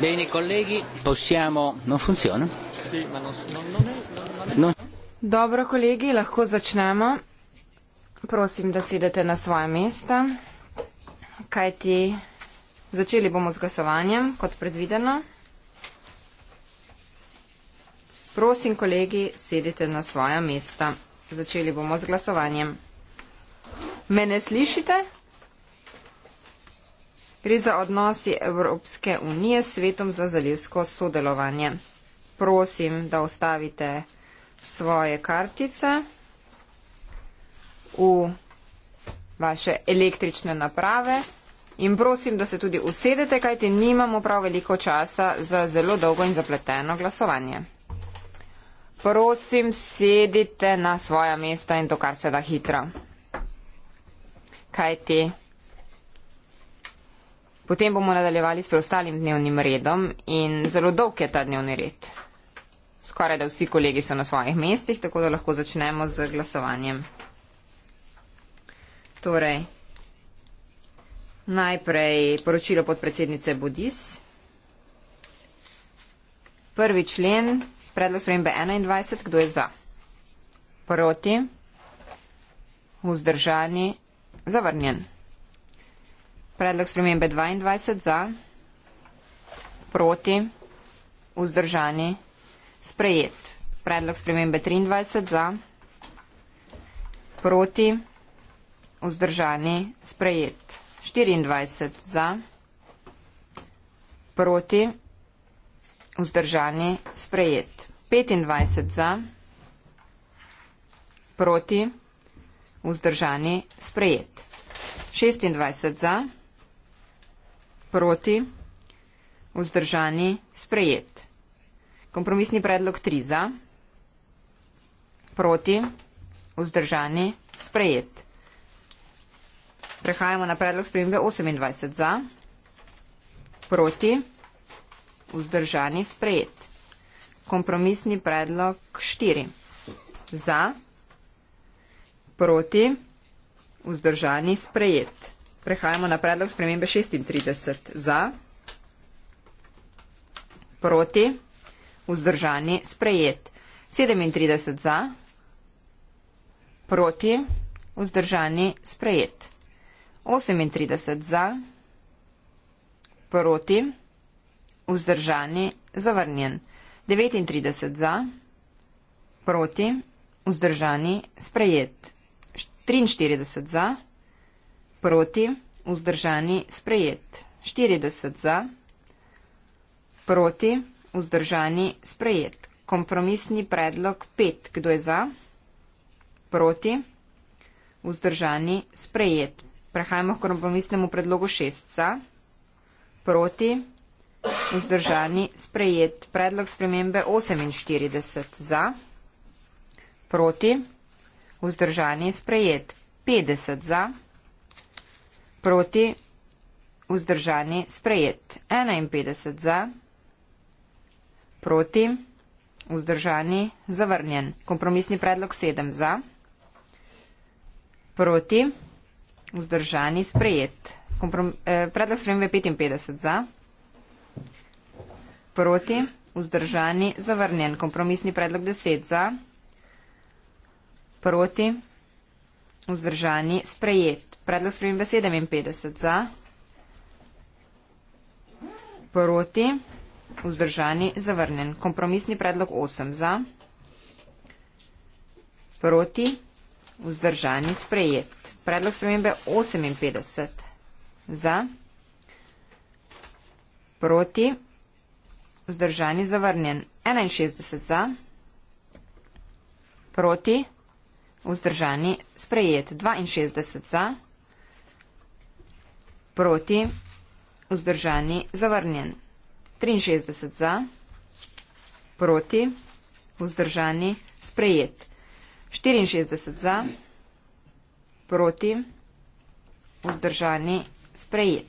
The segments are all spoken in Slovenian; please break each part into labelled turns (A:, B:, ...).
A: Bene colleghi, possiamo... Non funziona? Sì, ma non, non, non è...
B: Non... Dobro colleghi, lahko začnemo. Prosim, da sedete na svoje mesta. Kaj ti? Začeli bomo z glasovanjem, kot predvideno. Prosim, kolegi, sedite na svoja mesta. Začeli bomo z glasovanjem. Mene slišite? gre za odnosi Evropske unije s svetom za zalivsko sodelovanje. Prosim, da ostavite svoje kartice v vaše električne naprave in prosim, da se tudi usedete, kajti nimamo prav veliko časa za zelo dolgo in zapleteno glasovanje. Prosim, sedite na svoja mesta in dokar se da hitro. Kajti Potem bomo nadaljevali s preostalim dnevnim redom in zelo dolg je ta dnevni red. Skoraj da vsi kolegi so na svojih mestih, tako da lahko začnemo z glasovanjem. Torej, najprej poročilo podpredsednice Budis. Prvi člen, predlog spremembe 21, kdo je za? Proti, vzdržani, zavrnjen. Predlog spremembe 22 za, proti, vzdržani, sprejet. Predlog spremembe 23 za, proti, vzdržani, sprejet. 24 za, proti, vzdržani, sprejet. 25 za, proti, vzdržani, sprejet. 26 za, proti, vzdržani, sprejet. Proti, vzdržani, sprejet. Kompromisni predlog 3 za. Proti, vzdržani, sprejet. Prehajamo na predlog spremembe 28 za. Proti, vzdržani, sprejet. Kompromisni predlog 4 za. Proti, vzdržani, sprejet. Prehajamo na predlog spremembe 36. Za, proti, vzdržani, sprejet. 37 za, proti, vzdržani, sprejet. 38 za, proti, vzdržani, zavrnjen. 39 za, proti, vzdržani, sprejet. 43 za, proti. Proti, vzdržani, sprejet. 40 za. Proti, vzdržani, sprejet. Kompromisni predlog 5. Kdo je za? Proti, vzdržani, sprejet. Prehajamo k kompromisnemu predlogu 6. Za. Proti, vzdržani, sprejet. Predlog spremembe 48 za. Proti, vzdržani, sprejet. 50 za proti, vzdržani, sprejet. 51 za, proti, vzdržani, zavrnjen. Kompromisni predlog 7 za, proti, vzdržani, sprejet. Komprom eh, predlog spremembe 55 za, proti, vzdržani, zavrnjen. Kompromisni predlog 10 za, proti, vzdržani, sprejet. Predlog spremembe 57 za. Proti. Vzdržani. Zavrnen. Kompromisni predlog 8 za. Proti. Vzdržani. Sprejet. Predlog spremembe 58 za. Proti. Vzdržani. Zavrnen. 61 za. Proti. Vzdržani. Sprejet. 62 za. Proti proti, vzdržani, zavrnjen. 63 za, proti, vzdržani, sprejet. 64 za, proti, vzdržani, sprejet.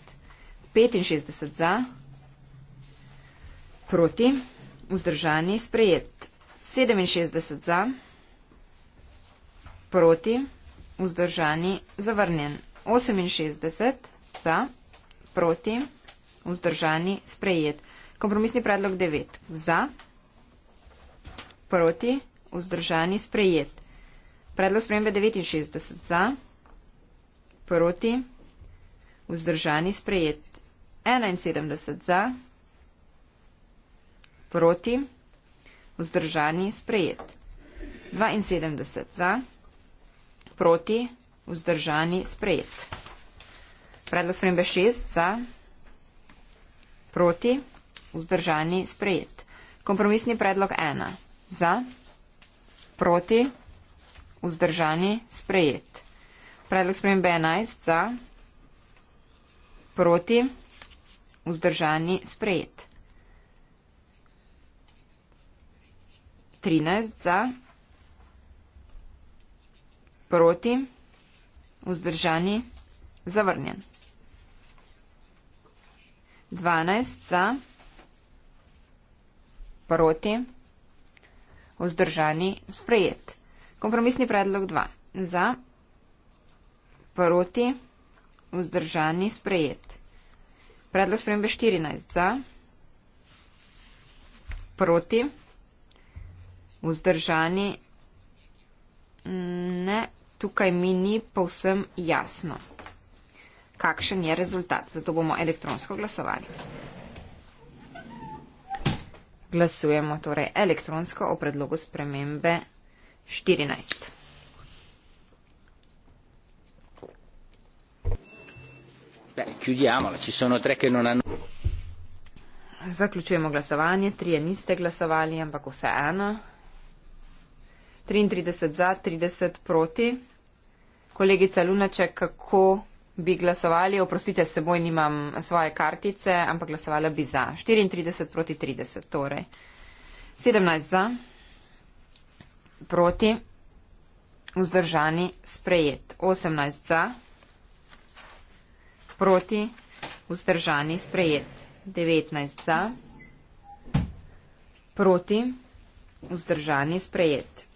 B: 65 za, proti, vzdržani, sprejet. 67 za, proti, vzdržani, zavrnjen. 68 za, za, proti, vzdržani, sprejet. Kompromisni predlog 9. Za, proti, vzdržani, sprejet. Predlog spremembe 69. Za, proti, vzdržani, sprejet. 71. Za, proti, vzdržani, sprejet. 72. Za, proti, vzdržani, sprejet. Predlog spremembe 6 za, proti, vzdržani, sprejet. Kompromisni predlog 1 za, proti, vzdržani, sprejet. Predlog spremembe 11 za, proti, vzdržani, sprejet. 13 za, proti, vzdržani, sprejet. Zavrnjen. 12 za, proti, vzdržani, sprejet. Kompromisni predlog 2. Za, proti, vzdržani, sprejet. Predlog spremembe 14. Za, proti, vzdržani, ne, tukaj mi ni povsem jasno kakšen je rezultat. Zato bomo elektronsko glasovali. Glasujemo torej elektronsko o predlogu spremembe 14.
A: Chiudiamola, ci sono tre che non hanno.
B: Zaključujemo glasovanje. Trije niste glasovali, ampak vseeno. 33 za, 30 proti. Kolegica Lunaček, kako bi glasovali, oprostite, seboj nimam svoje kartice, ampak glasovala bi za. 34 proti 30, torej. 17 za, proti, vzdržani, sprejet. 18 za, proti, vzdržani, sprejet. 19 za, proti, vzdržani, sprejet.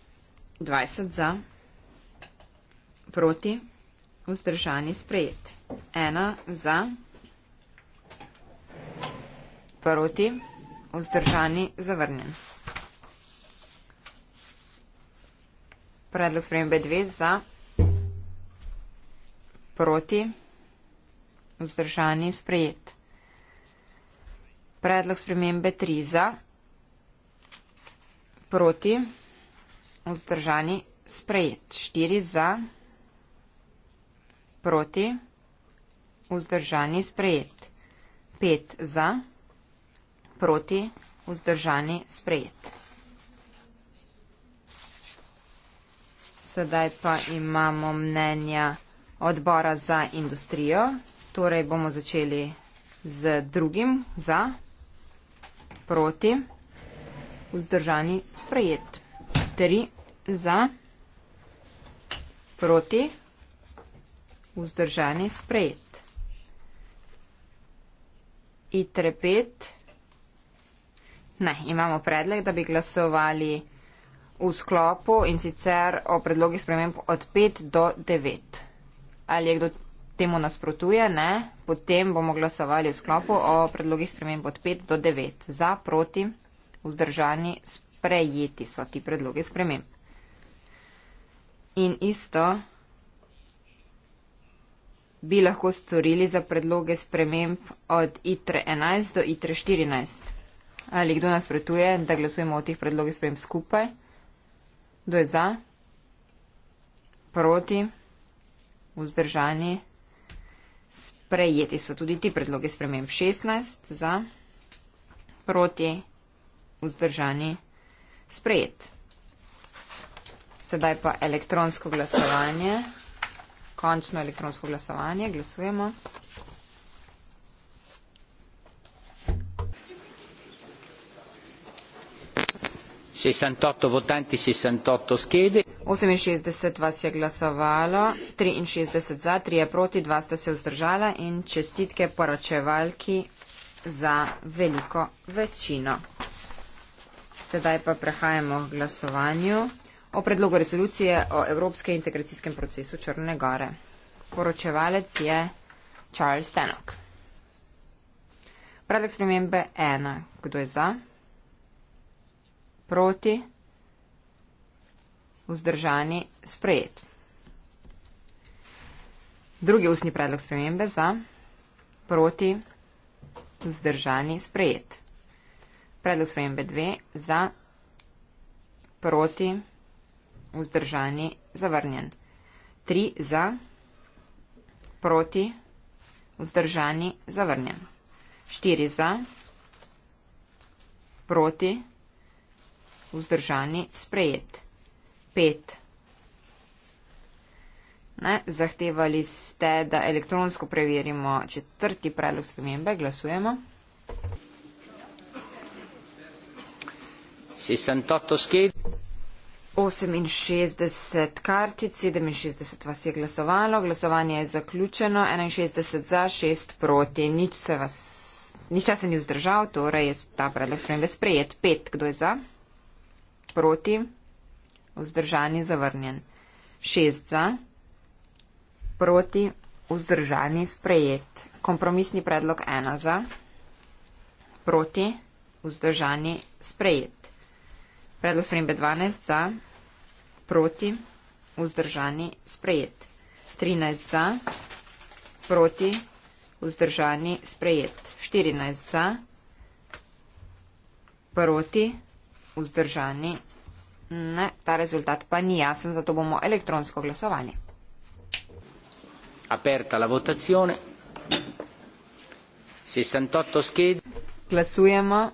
B: 20 za, proti, vzdržani, sprejet vzdržani sprejet. Ena za, proti, vzdržani zavrnjen. Predlog spremembe dve za, proti, vzdržani sprejet. Predlog spremembe tri za, proti, vzdržani sprejet. Štiri za, proti proti, vzdržani, sprejet. Pet za, proti, vzdržani, sprejet. Sedaj pa imamo mnenja odbora za industrijo, torej bomo začeli z drugim za, proti, vzdržani, sprejet. Tri za, proti, vzdržani, sprejet vzdržani sprejet. I trepet. Ne, imamo predlog, da bi glasovali v sklopu in sicer o predlogih sprememb od 5 do 9. Ali je kdo temu nasprotuje? Ne. Potem bomo glasovali v sklopu o predlogih sprememb od 5 do 9. Za, proti, vzdržani, sprejeti so ti predlogi sprememb. In isto bi lahko storili za predloge sprememb od ITRE 11 do ITRE 14? Ali kdo nas pretuje, da glasujemo o teh predlogih sprememb skupaj? Kdo je za? Proti? Vzdržani? Sprejeti so tudi ti predloge sprememb 16 za? Proti? Vzdržani? Sprejet. Sedaj pa elektronsko glasovanje končno elektronsko glasovanje. Glasujemo.
A: Votanti, 68
B: vas je glasovalo, 63 za, 3 je proti, 2 ste se vzdržala in čestitke poročevalki za veliko večino. Sedaj pa prehajamo k glasovanju o predlogu resolucije o evropskem integracijskem procesu Črne Gore. Poročevalec je Charles Stanok. Predlog spremembe ena. Kdo je za? Proti? Vzdržani? Sprejet. Drugi ustni predlog spremembe za? Proti? Vzdržani? Sprejet. Predlog spremembe dve. Za? Proti? Vzdržani? vzdržani, zavrnjen. 3 za, proti, vzdržani, zavrnjen. 4 za, proti, vzdržani, sprejet. 5. Ne, zahtevali ste, da elektronsko preverimo četrti predlog spremembe. Glasujemo.
A: 68 skedi.
B: 68 kartic, 67 vas je glasovalo, glasovanje je zaključeno, 61 za, 6 proti, nič se vas, nič se ni vzdržal, torej je ta predlog spremembe sprejet. 5, kdo je za? Proti, vzdržani, zavrnjen. 6 za, proti, vzdržani, sprejet. Kompromisni predlog 1 za, proti, vzdržani, sprejet. Predlog spremembe 12 za, proti, vzdržani, sprejet. 13 za, proti, vzdržani, sprejet. 14 za, proti, vzdržani, ne, ta rezultat pa ni jasen, zato bomo elektronsko glasovali.
A: Aperta la votazione. 68 schede.
B: Glasujemo.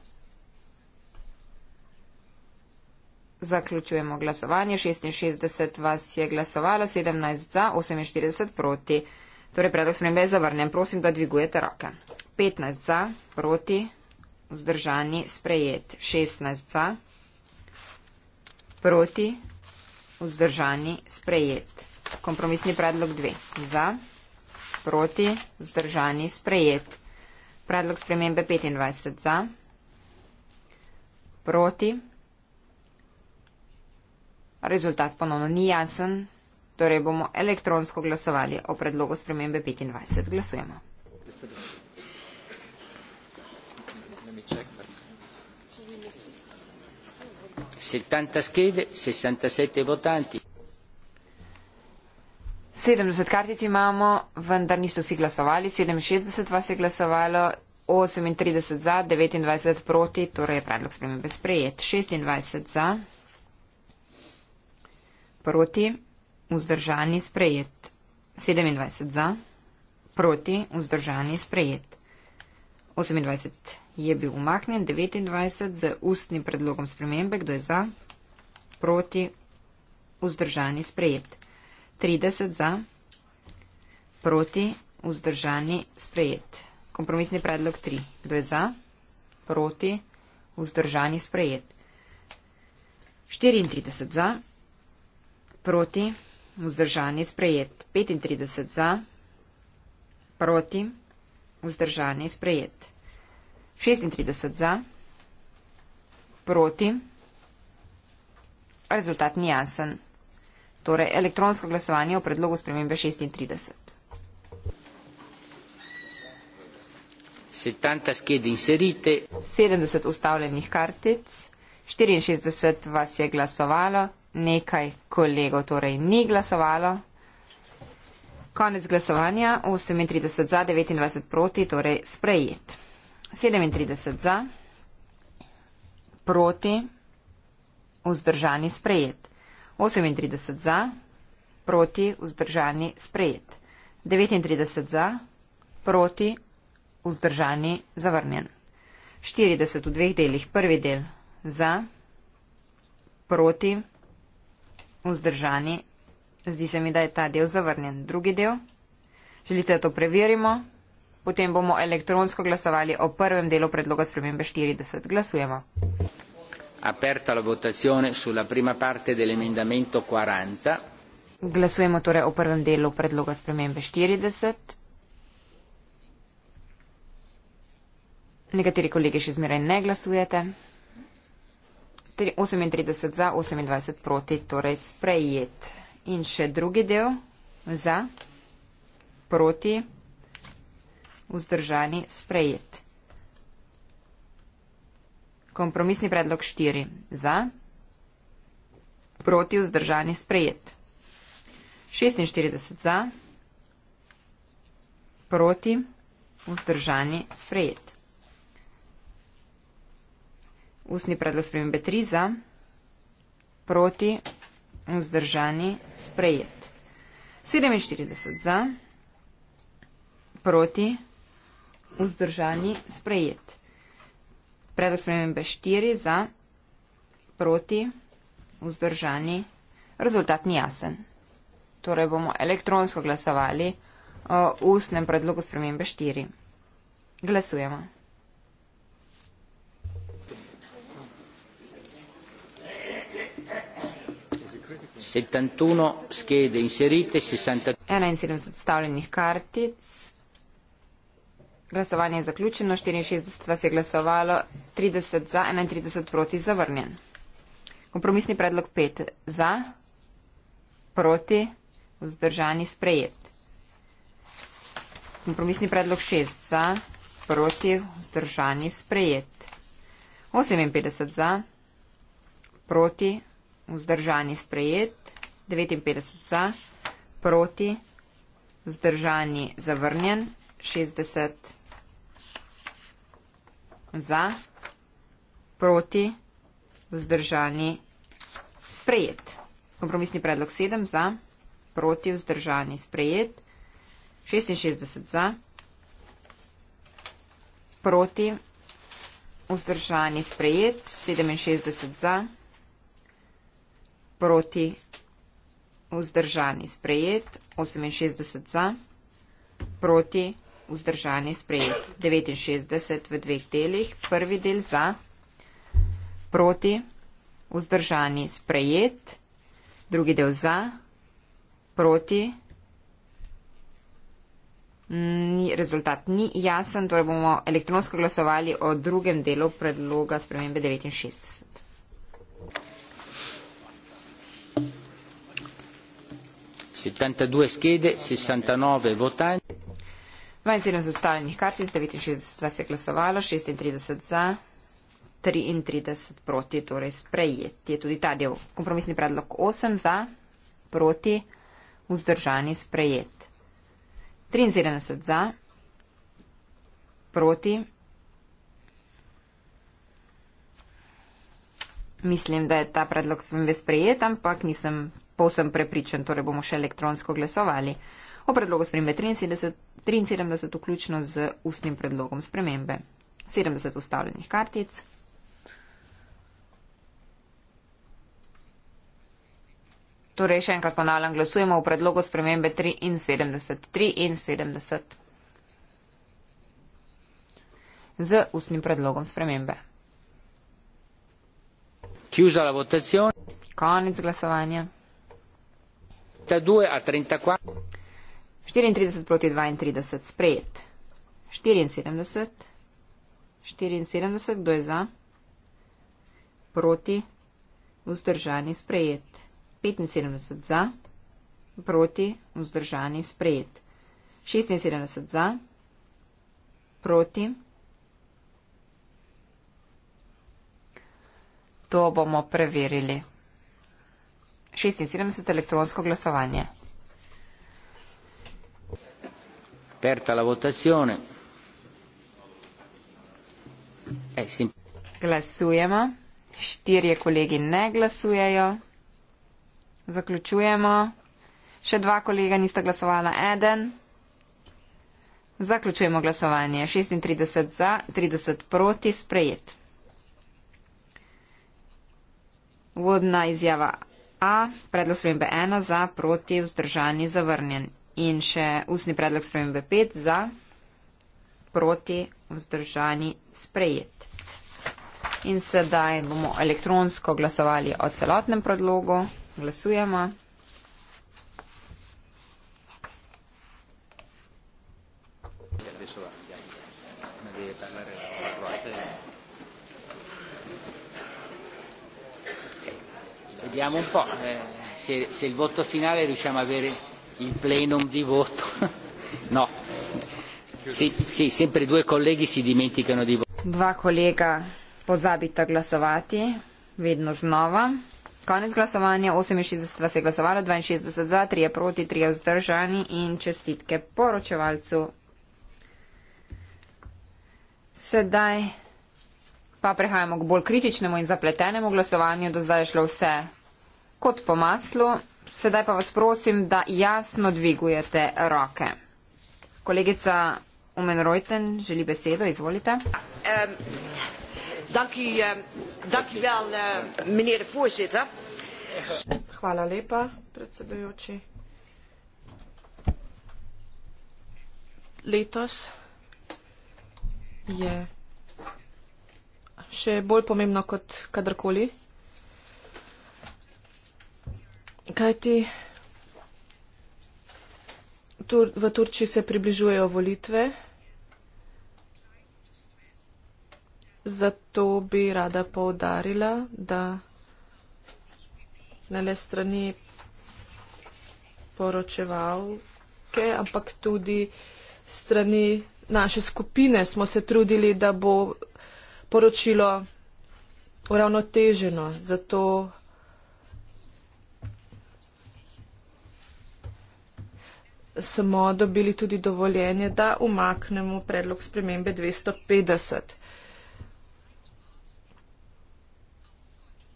B: Zaključujemo glasovanje. 66 vas je glasovalo, 17 za, 48 proti. Torej, predlog spremembe je zavrnjen. Prosim, da dvigujete roke. 15 za, proti, vzdržani, sprejet. 16 za, proti, vzdržani, sprejet. Kompromisni predlog 2. Za, proti, vzdržani, sprejet. Predlog spremembe 25 za, proti, vzdržani, sprejet. Rezultat ponovno ni jasen, torej bomo elektronsko glasovali o predlogu spremembe 25. Glasujemo. Sedemdeset kartic imamo, vendar niste vsi glasovali. 67 vas je glasovalo, 38 za, 29 proti, torej je predlog spremembe sprejet. 26 za proti, vzdržani sprejet. 27 za, proti, vzdržani sprejet. 28 je bil umaknjen, 29 z ustnim predlogom spremembe, kdo je za, proti, vzdržani sprejet. 30 za, proti, vzdržani sprejet. Kompromisni predlog 3, kdo je za, proti, vzdržani sprejet. 34 za, proti, vzdržani sprejet. 35 za, proti, vzdržani sprejet. 36 za, proti, rezultat ni jasen. Torej, elektronsko glasovanje o predlogu spremembe 36.
A: 70
B: ustavljenih kartic, 64 vas je glasovalo nekaj kolegov torej ni glasovalo. Konec glasovanja 38 za, 29 proti, torej sprejet. 37 za, proti, vzdržani sprejet. 38 za, proti, vzdržani sprejet. 39 za, proti, vzdržani zavrnjen. 40 v dveh delih. Prvi del za, proti, vzdržani sprejet vzdržani. Zdi se mi, da je ta del zavrnjen. Drugi del. Želite, da to preverimo? Potem bomo elektronsko glasovali o prvem delu predloga spremembe 40. Glasujemo.
A: Aperta la votazione sulla prima parte dell'emendamento 40.
B: Glasujemo torej o prvem delu predloga spremembe 40. Nekateri kolegi še zmeraj ne glasujete. 38 za, 28 proti, torej sprejet. In še drugi del za, proti, vzdržani, sprejet. Kompromisni predlog 4 za, proti, vzdržani, sprejet. 46 za, proti, vzdržani, sprejet. Ustni predlog spremembe 3 za, proti, vzdržani, sprejet. 47 za, proti, vzdržani, sprejet. Predlog spremembe 4 za, proti, vzdržani, rezultat ni jasen. Torej bomo elektronsko glasovali o ustnem predlogu spremembe 4. Glasujemo.
A: settantuno schede inserite,
B: sessantatré stavljenih kartic. Glasovanje je zaključeno, 64 vas je glasovalo, 30 za, 31 proti, zavrnjen. Kompromisni predlog 5 za, proti, vzdržani, sprejet. Kompromisni predlog 6 za, proti, vzdržani, sprejet. 58 za, proti, vzdržani sprejet, 59 za, proti, vzdržani zavrnjen, 60 za, proti, vzdržani sprejet. Kompromisni predlog 7 za, proti, vzdržani sprejet, 66 za, proti, vzdržani sprejet, 67 za proti, vzdržani, sprejet, 68 za, proti, vzdržani, sprejet, 69 v dveh delih, prvi del za, proti, vzdržani, sprejet, drugi del za, proti. Ni, rezultat ni jasen, torej bomo elektronsko glasovali o drugem delu predloga spremembe 69.
A: 72 schede, 69 votanti.
B: 72 odstavljenih kartic, 69 vas je glasovalo, 36 za, 33 proti, torej sprejet je tudi ta del. Kompromisni predlog 8 za, proti, vzdržani sprejet. 73 za, proti. Mislim, da je ta predlog sprejet, ampak nisem povsem prepričan, torej bomo še elektronsko glasovali. O predlogu spremembe 73, 73 vključno z ustnim predlogom spremembe. 70 ustavljenih kartic. Torej, še enkrat ponavljam, glasujemo v predlogu spremembe 73. 73. Z ustnim predlogom spremembe. Konec glasovanja.
A: 32 a 34.
B: 34 proti 32 sprejet. 74. 74, kdo je za? Proti. Vzdržani sprejet. 75 za. Proti. Vzdržani sprejet. 76 za. Proti. To bomo preverili. 76 elektronsko glasovanje. Eh, Glasujemo. Štirje kolegi ne glasujejo. Zaključujemo. Še dva kolega nista glasovala. Eden. Zaključujemo glasovanje. 36 za, 30 proti, sprejet. Vodna izjava A, predlog spremembe 1 za, proti, vzdržani, zavrnjen. In še ustni predlog spremembe 5 za, proti, vzdržani, sprejet. In sedaj bomo elektronsko glasovali o celotnem predlogu. Glasujemo.
A: vediamo un po' eh, se, se il voto finale riusciamo ad avere il plenum di voto. no, sì, sì, sempre due colleghi si dimenticano di voto.
B: Dva collega pozabita glasovati, vedno znova. Konec glasovanja, 68 se je glasovalo, 62 za, 3 proti, 3 vzdržani in čestitke poročevalcu. Sedaj pa prehajamo k bolj kritičnemu in zapletenemu glasovanju, do zdaj je šlo vse kot po maslu. Sedaj pa vas prosim, da jasno dvigujete roke. Kolegica Umen Rojten želi besedo, izvolite. Um, danki, danki vel,
C: Hvala lepa, predsedujoči. Letos je še bolj pomembno kot kadarkoli kaj ti Tur v Turčiji se približujejo volitve. Zato bi rada poudarila, da ne le strani poročevalke, ampak tudi strani naše skupine smo se trudili, da bo poročilo uravnoteženo. Zato smo dobili tudi dovoljenje, da umaknemo predlog spremembe 250.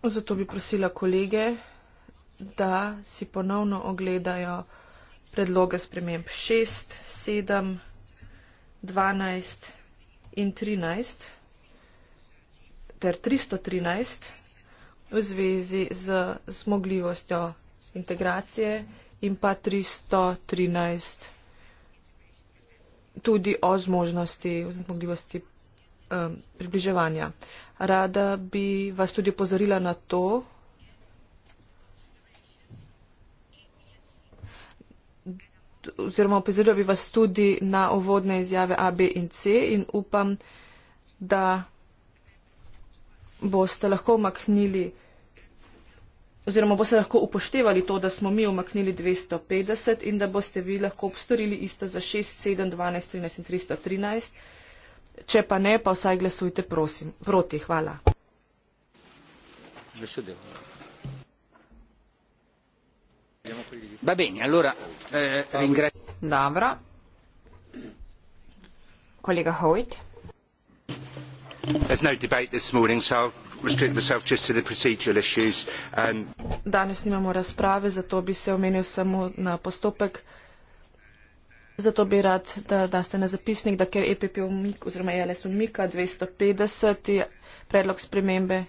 C: Zato bi prosila kolege, da si ponovno ogledajo predloge sprememb 6, 7, 12 in 13 ter 313 v zvezi z zmogljivostjo integracije in pa 313 tudi o zmožnosti, zmogljivosti um, približevanja. Rada bi vas tudi pozorila na to, oziroma opozorila bi vas tudi na uvodne izjave A, B in C in upam, da boste lahko omaknili oziroma boste lahko upoštevali to, da smo mi umaknili 250 in da boste vi lahko obstorili isto za 6, 7, 12, 13 in 313. Če pa ne, pa vsaj glasujte prosim. proti. Hvala.
A: Va bene, allora, eh,
B: ringra... Dobro. Kolega Hoyt.
D: There's no debate this morning, so I'll
C: danes nimamo razprave, zato bi se omenil samo na postopek. Zato bi rad, da daste na zapisnik, da ker EPP umik oziroma ELS umika 250 predlog spremembe,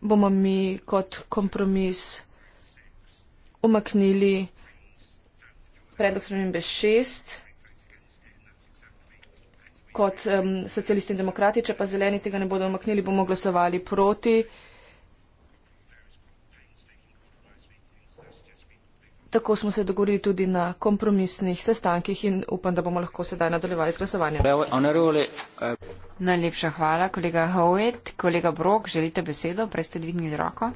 C: bomo mi kot kompromis umaknili predlog spremembe 6 kot um, socialisti in demokrati, če pa zeleni tega ne bodo omaknili, bomo glasovali proti. Tako smo se dogovorili tudi na kompromisnih sestankih in upam, da bomo lahko sedaj nadaljevali z glasovanjem.
A: Eh,
B: Najlepša hvala, kolega Howitt. Kolega Brok, želite besedo? Prej ste dvignili roko.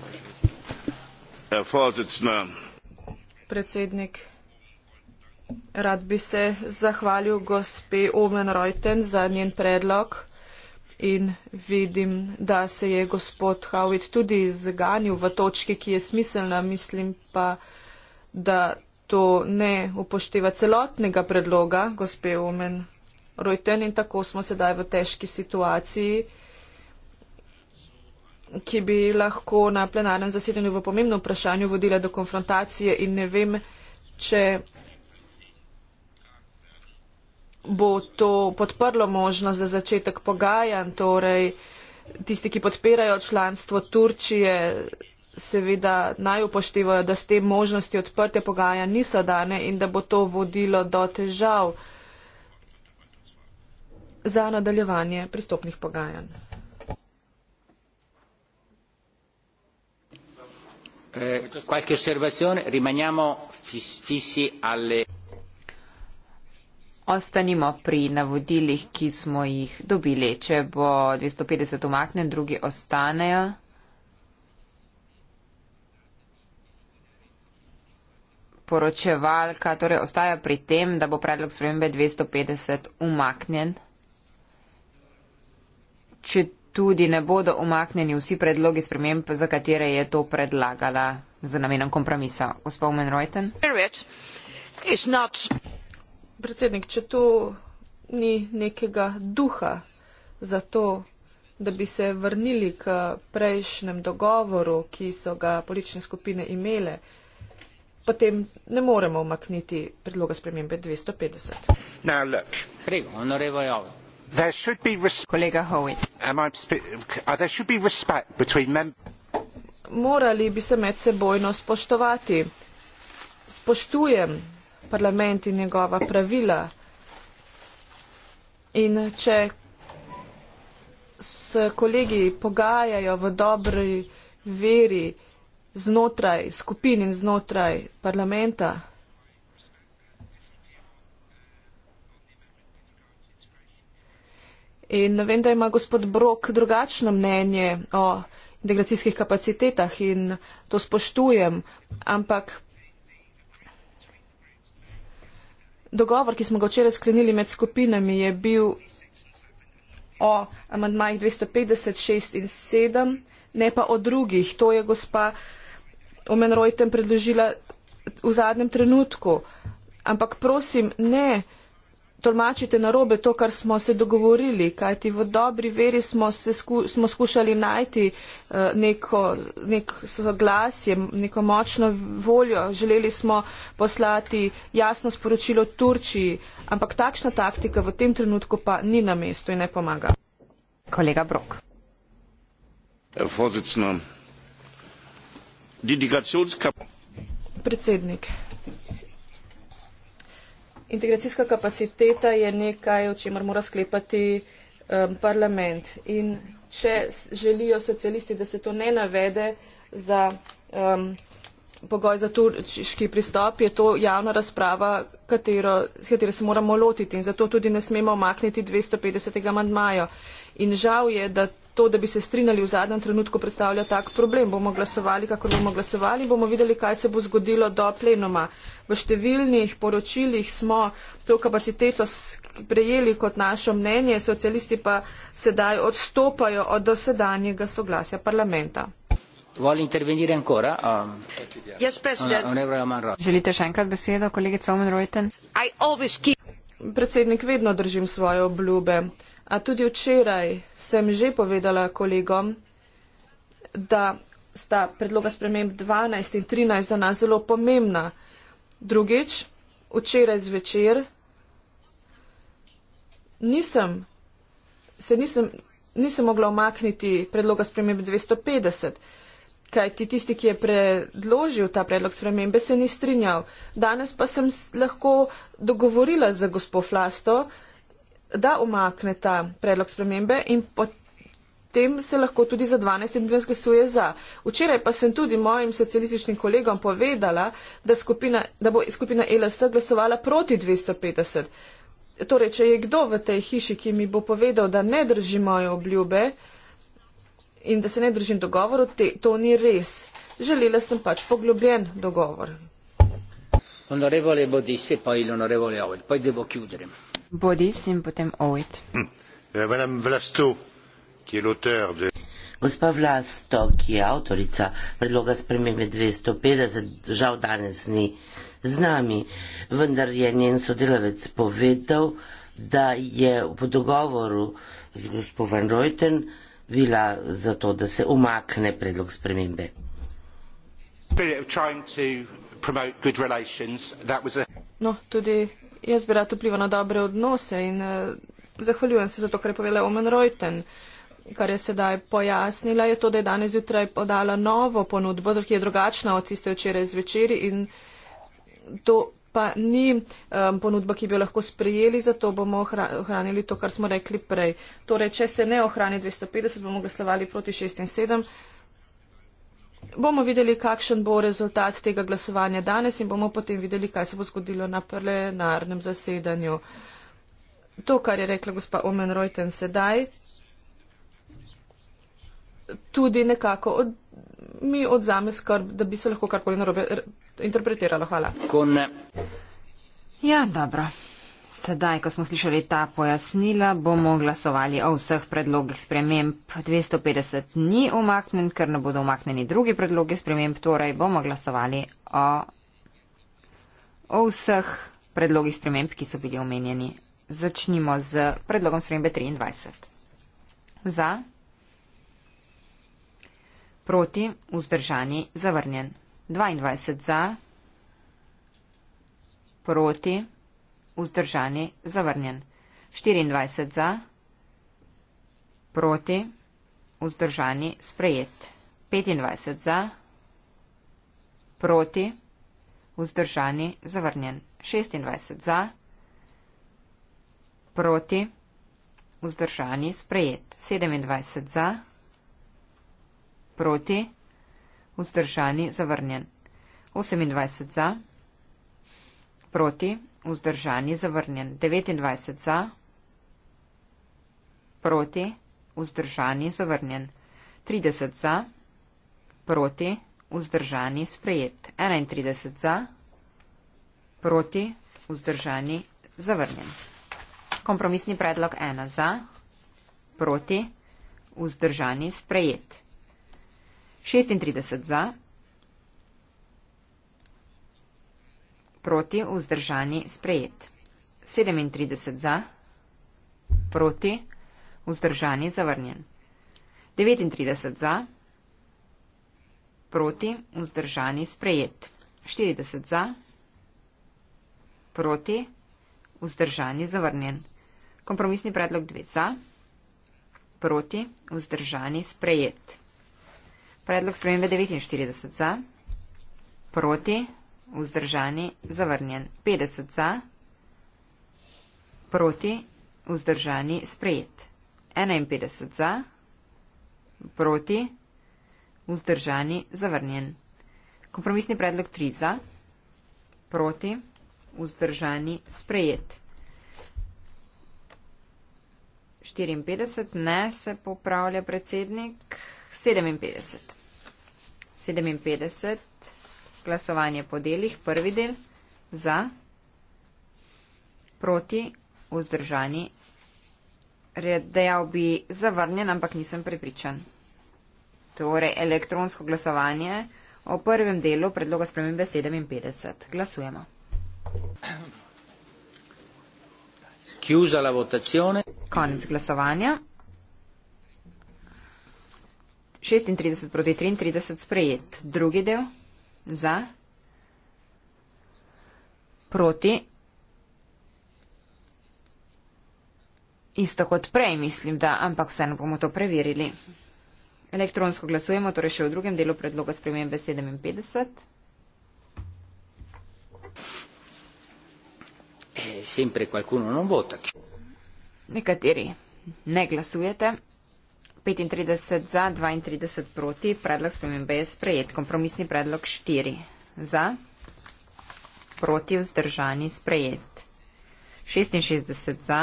C: Predsednik. Rad bi se zahvalil gospe Omen Reuten za njen predlog in vidim, da se je gospod Howitt tudi izganil v točki, ki je smiselna. Mislim pa, da to ne upošteva celotnega predloga gospe Omen Reuten in tako smo sedaj v težki situaciji ki bi lahko na plenarnem zasedanju v pomembno vprašanju vodila do konfrontacije in ne vem, če bo to podprlo možnost za začetek pogajanj. Torej, tisti, ki podpirajo članstvo Turčije, seveda naj upoštevajo, da s tem možnosti odprte pogaja niso dane in da bo to vodilo do težav za nadaljevanje pristopnih pogajanj.
A: Eh, qualche osservazione, rimaniamo fissi alle.
B: Ostanimo pri navodilih, ki smo jih dobili. Če bo 250 umaknen, drugi ostanejo. Poročevalka torej ostaja pri tem, da bo predlog spremembe 250 umaknen. Če tudi ne bodo umaknjeni vsi predlogi sprememb, za katere je to predlagala z namenom kompromisa. Gospod Menrojten
C: predsednik, če tu ni nekega duha za to, da bi se vrnili k prejšnjem dogovoru, ki so ga politične skupine imele, potem ne moremo umakniti predloga spremembe 250. Uh, Morali bi se med sebojno spoštovati. Spoštujem parlament in njegova pravila. In če se kolegi pogajajo v dobri veri znotraj skupin in znotraj parlamenta, In vem, da ima gospod Brok drugačno mnenje o integracijskih kapacitetah in to spoštujem, ampak dogovor, ki smo ga včeraj sklenili med skupinami, je bil o amandmajih 256 in 7, ne pa o drugih. To je gospa Omen Rojten predložila v zadnjem trenutku. Ampak prosim, ne tolmačite narobe to, kar smo se dogovorili, kajti v dobri veri smo, se sku, smo skušali najti eh, neko, nek soglasje, neko močno voljo. Želeli smo poslati jasno sporočilo Turčiji, ampak takšna taktika v tem trenutku pa ni na mestu in ne pomaga. Kolega Brok. Predsednik integracijska kapaciteta je nekaj, o čemer mora sklepati um, parlament. In če želijo socialisti, da se to ne navede za um, pogoj za turčki pristop, je to javna razprava, katero, s katero se moramo lotiti. In zato tudi ne smemo omakniti 250. mandmajo. In žal je, da to, da bi se strinjali v zadnjem trenutku, predstavlja tak problem. Bomo glasovali, kako bomo glasovali, bomo videli, kaj se bo zgodilo do plenoma. V številnih poročilih smo to kapaciteto prejeli kot naše mnenje, socialisti pa sedaj odstopajo od dosedanjega soglasja parlamenta.
A: Ancora, um, yes, ah, Želite
B: še enkrat besedo, kolegica Omen Reuten?
C: Predsednik, vedno držim svoje obljube. A tudi včeraj sem že povedala kolegom, da sta predloga sprememb 12 in 13 za nas zelo pomembna. Drugič, včeraj zvečer nisem, se nisem, nisem mogla omakniti predloga sprememb 250, kajti tisti, ki je predložil ta predlog spremembe, se ni strinjal. Danes pa sem lahko dogovorila za gospod Flasto, da omakneta predlog spremembe in potem se lahko tudi za 12 in 13 glasuje za. Včeraj pa sem tudi mojim socialističnim kolegom povedala, da, skupina, da bo skupina e LS glasovala proti 250. Torej, če je kdo v tej hiši, ki mi bo povedal, da ne drži moje obljube in da se ne držim dogovoru, te, to ni res. Želela sem pač poglobljen dogovor.
A: Onorevole Bodisi, pa il onorevole Aoli, pa idemo k judrem.
B: Hmm.
E: Eh, Gospa Vlasto, ki je avtorica predloga spremembe 250, žal danes ni z nami, vendar je njen sodelavec povedal, da je po dogovoru z gospodom Reuten bila za to, da se umakne predlog spremembe.
C: No, tudi jaz bi rad vplival na dobre odnose in eh, zahvaljujem se za to, kar je povedala Omen Reuten. Kar je sedaj pojasnila, je to, da je danes zjutraj podala novo ponudbo, ki je drugačna od tiste včeraj zvečer in to pa ni um, ponudba, ki bi jo lahko sprejeli, zato bomo ohranili to, kar smo rekli prej. Torej, če se ne ohrani 250, bomo glasovali proti 6 in 7 bomo videli, kakšen bo rezultat tega glasovanja danes in bomo potem videli, kaj se bo zgodilo na plenarnem zasedanju. To, kar je rekla gospa Omen Reuten sedaj, tudi nekako od, mi odzame skrb, da bi se lahko karkoli narobe interpretiralo. Hvala.
B: Ja, dobro. Sedaj, ko smo slišali ta pojasnila, bomo glasovali o vseh predlogih sprememb. 250 ni umaknen, ker ne bodo umakneni drugi predlogi sprememb, torej bomo glasovali o, o vseh predlogih sprememb, ki so bili omenjeni. Začnimo z predlogom spremembe 23. Za, proti, vzdržani, zavrnjen. 22 za, proti, vzdržani vzdržani, zavrnjen. 24 za, proti, vzdržani, sprejet. 25 za, proti, vzdržani, zavrnjen. 26 za, proti, vzdržani, sprejet. 27 za, proti, vzdržani, zavrnjen. 28 za, proti, vzdržan je zavrnjen. 29 za, proti, vzdržan je zavrnjen. 30 za, proti, vzdržan je sprejet. 31 za, proti, vzdržan je zavrnjen. Kompromisni predlog 1 za, proti, vzdržan je sprejet. 36 za, proti, vzdržan je sprejet. proti vzdržani sprejet. 37 za, proti vzdržani zavrnjen. 39 za, proti vzdržani sprejet. 40 za, proti vzdržani zavrnjen. Kompromisni predlog 2 za, proti vzdržani sprejet. Predlog spremembe 49 za, proti vzdržani zavrnjen vzdržani, zavrnjen. 50 za, proti, vzdržani, sprejet. 51 za, proti, vzdržani, zavrnjen. Kompromisni predlog 3 za, proti, vzdržani, sprejet. 54, ne se popravlja predsednik, 57. 57 glasovanje po delih. Prvi del za, proti, vzdržani. Dejal bi zavrnjen, ampak nisem prepričan. Torej, elektronsko glasovanje o prvem delu predloga spremembe 57. Glasujemo. Konec glasovanja. 36 proti 33 sprejet. Drugi del za, proti. Isto kot prej, mislim, da, ampak vseeno bomo to preverili. Elektronsko glasujemo, torej še v drugem delu predloga spremembe 57.
A: Eh, sempre qualcuno non vota.
B: Nekateri ne glasujete. 35 za, 32 proti. Predlog spremembe je sprejet. Kompromisni predlog 4 za, proti vzdržani sprejet. 66 za,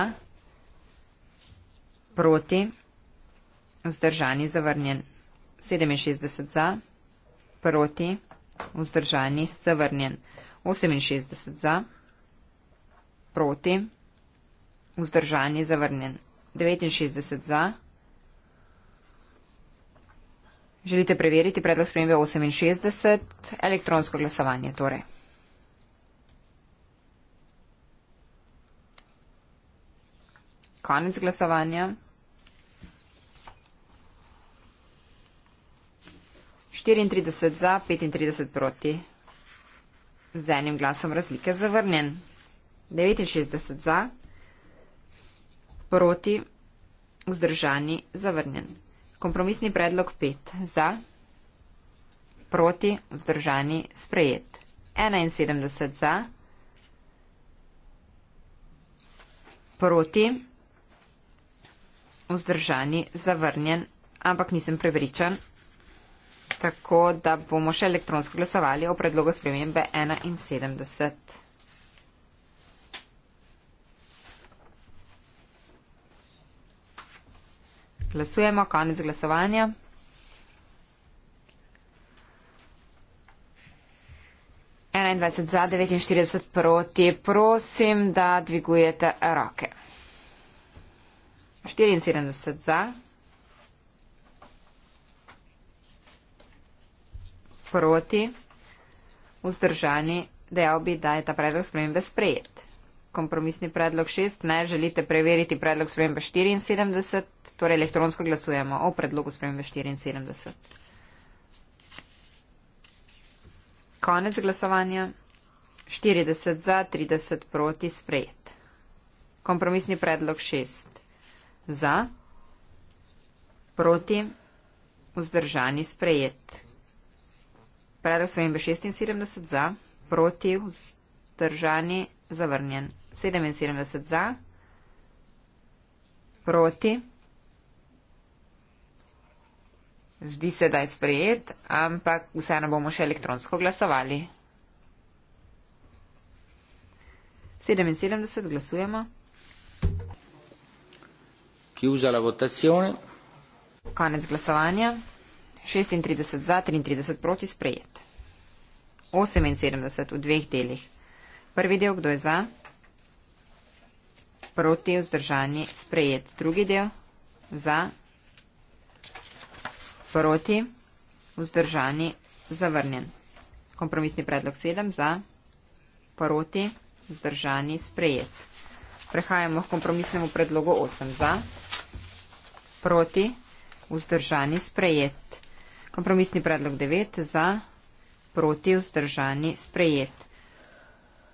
B: proti vzdržani zavrnjen. 67 za, proti vzdržani zavrnjen. 68 za, proti vzdržani zavrnjen. 69 za, proti vzdržani zavrnjen. Želite preveriti predlog spremembe 68, elektronsko glasovanje torej. Konec glasovanja. 34 za, 35 proti. Z enim glasom razlike zavrnjen. 69 za, proti, vzdržani, zavrnjen. Kompromisni predlog 5. Za. Proti. Vzdržani. Sprejet. 71 za. Proti. Vzdržani. Zavrnjen. Ampak nisem prepričan. Tako da bomo še elektronsko glasovali o predlogu spremembe 71. Glasujemo, konec glasovanja. za 49 proti. Prosim, da dvigujete roke. 74 za. Proti. Vzdržani. Dejal bi, da je ta predlog spremembe sprejet kompromisni predlog 6, ne želite preveriti predlog spremembe 74, torej elektronsko glasujemo o predlogu spremembe 74. Konec glasovanja. 40 za, 30 proti, sprejet. Kompromisni predlog 6 za, proti, vzdržani, sprejet. Predlog spremembe 76 za, proti, vzdržani, zavrnjen. 77 za, proti. Zdi se, da je sprejet, ampak vseeno bomo še elektronsko glasovali. 77 glasujemo.
A: Chiusa la votazione.
B: Konec glasovanja. 36 za, 33 proti sprejet. 78 v dveh delih. Prvi del, kdo je za? Proti vzdržani sprejet. Drugi del, za? Proti vzdržani zavrnjen. Kompromisni predlog 7, za? Proti vzdržani sprejet. Prehajamo k kompromisnemu predlogu 8, za? Proti vzdržani sprejet. Kompromisni predlog 9, za? Proti vzdržani sprejet.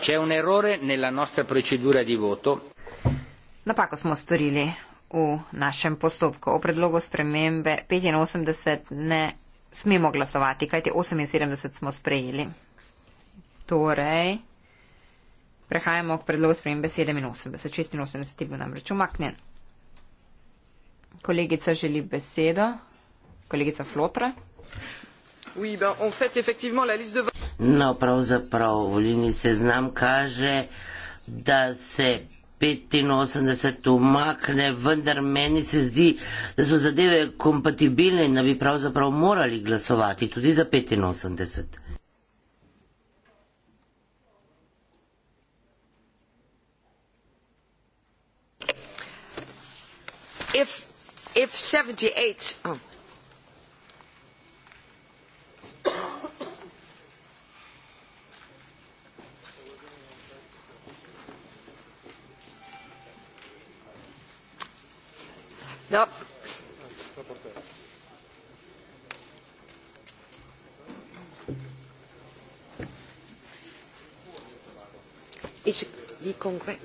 A: C'è un errore nella nostra procedura di voto.
B: Napako smo storili v našem postopku. O predlogu spremembe 85 ne smemo glasovati, kajti 78 smo sprejeli. Torej, prehajamo k predlogu spremembe 87. 86 je bil namreč umaknjen. Kolegica želi besedo. Kolegica Flotra.
E: No, pravzaprav volilni seznam kaže, da se 85 umakne, vendar meni se zdi, da so zadeve kompatibilne in da bi pravzaprav morali glasovati tudi za 85.
B: If, if 78, oh.
E: Da. Is die
D: congres?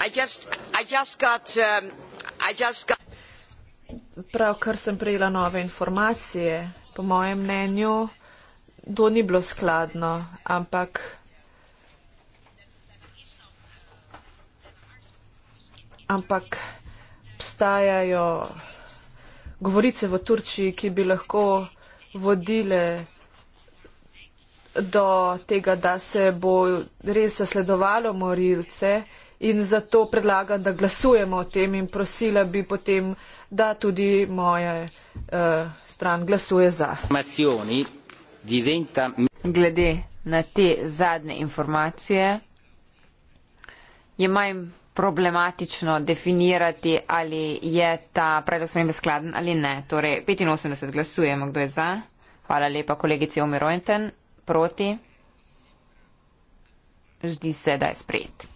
B: Um,
C: Pravkar sem prejela nove informacije. Po mojem mnenju to ni bilo skladno, ampak. Ampak obstajajo govorice v Turčiji, ki bi lahko vodile do tega, da se bo res zasledovalo morilce in zato predlagam, da glasujemo o tem in prosila bi potem, da tudi moja uh,
B: stran glasuje za. Glede na te zadnje informacije je manj problematično definirati, ali je ta predlog spremembe skladen ali ne. Torej, 85 glasujemo, kdo je za. Hvala lepa kolegici Omi Rojnten. Proti. Zdi se, da je sprejet.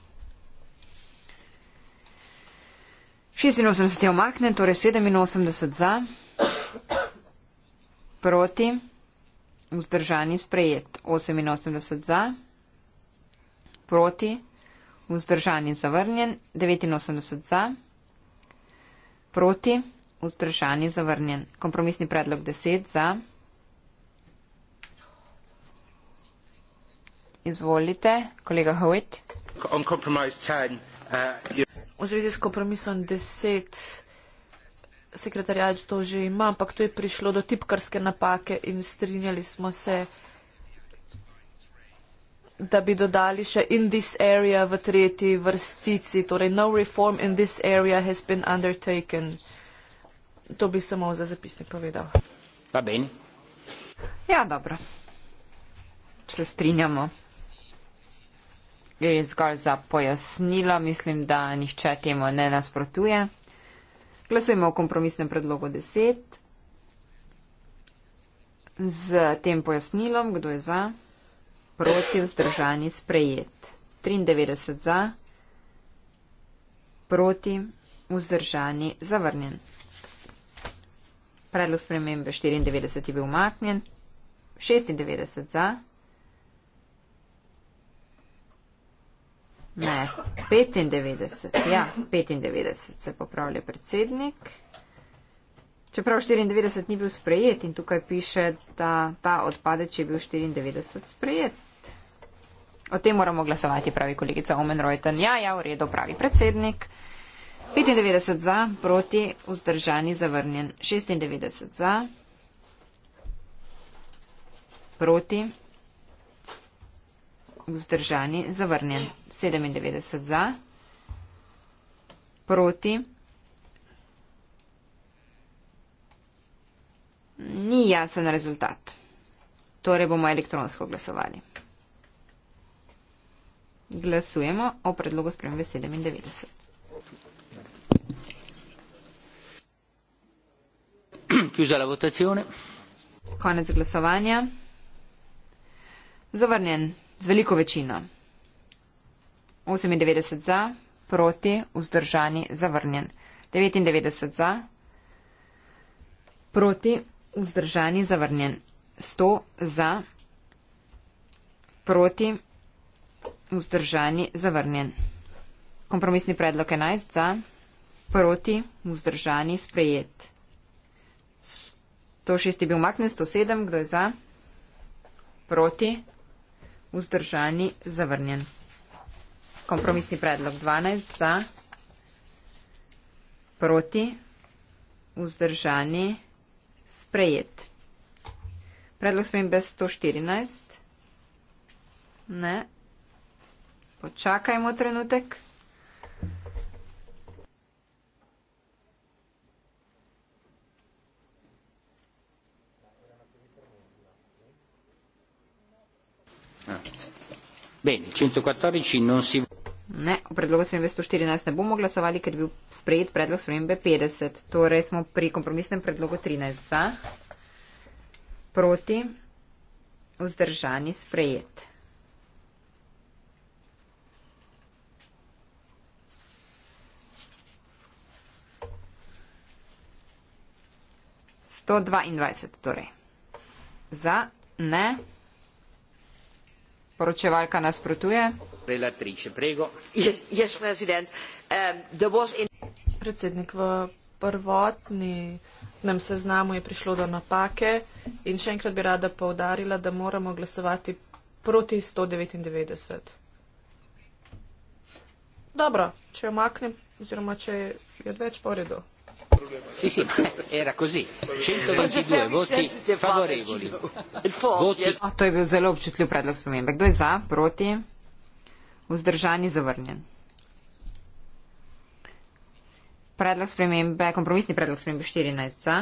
B: 86 je omaknen, torej 87 za, proti, vzdržani sprejet, 88 za, proti, vzdržani zavrnjen, 89 za, proti, vzdržani zavrnjen. Kompromisni predlog 10 za. Izvolite, kolega Howitt
C: v zvezi s kompromisom deset sekretarjač to že ima, ampak to je prišlo do tipkarske napake in strinjali smo se, da bi dodali še in this area v tretji vrstici, torej no reform in this area has been undertaken. To bi samo za zapisnik
B: povedal. Pa Beni? Ja, dobro. Se strinjamo. Gre zgolj za pojasnilo, mislim, da nihče temu ne nasprotuje. Glasujemo o kompromisnem predlogu 10. Z tem pojasnilom, kdo je za, proti vzdržani sprejet. 93 za, proti vzdržani zavrnjen. Predlog spremembe 94 je bil umaknjen. 96 za. Ne, 95, ja, 95 se popravlja predsednik. Čeprav 94 ni bil sprejet in tukaj piše, da ta odpade, če je bil 94 sprejet. O tem moramo glasovati, pravi kolegica Omen Reuten. Ja, ja, v redu, pravi predsednik. 95 za, proti, vzdržani, zavrnjen. 96 za, proti, vzdržani zavrnjen. 97 za, proti. Ni jasen rezultat. Torej bomo elektronsko glasovali. Glasujemo o predlogu spremembe 97. Chiusa votazione. Konec glasovanja. Zavrnjen z veliko večino. 98 za, proti, vzdržani, zavrnjen. 99 za, proti, vzdržani, zavrnjen. 100 za, proti, vzdržani, zavrnjen. Kompromisni predlog 11 za, proti, vzdržani, sprejet. 106 je bil maknen, 107, kdo je za? Proti, vzdržani zavrnjen. Kompromisni predlog 12 za, proti, vzdržani sprejet. Predlog smo jim bez 114. Ne. Počakajmo trenutek.
A: Bene, 114 non si
B: Ne, o predlogu spremembe 114 ne bomo glasovali, ker je bil sprejet predlog spremembe 50. Torej smo pri kompromisnem predlogu 13 za, proti, vzdržani, sprejet. Sto dvaindvajset torej. Za, ne poročevalka nasprotuje. Um,
C: Predsednik, v prvotnem seznamu je prišlo do napake in še enkrat bi rada povdarila, da moramo glasovati proti 199. Dobro, če jo maknem oziroma če je odveč po redu.
A: Sì, sì, eh, era così. 122 voti favorevoli. Voti. Oh, to
B: je bil zelo občutljiv predlog spremembe. Kdo je za, proti, vzdržani, zavrnjen? Predlog spremembe, kompromisni predlog spremembe 14 za.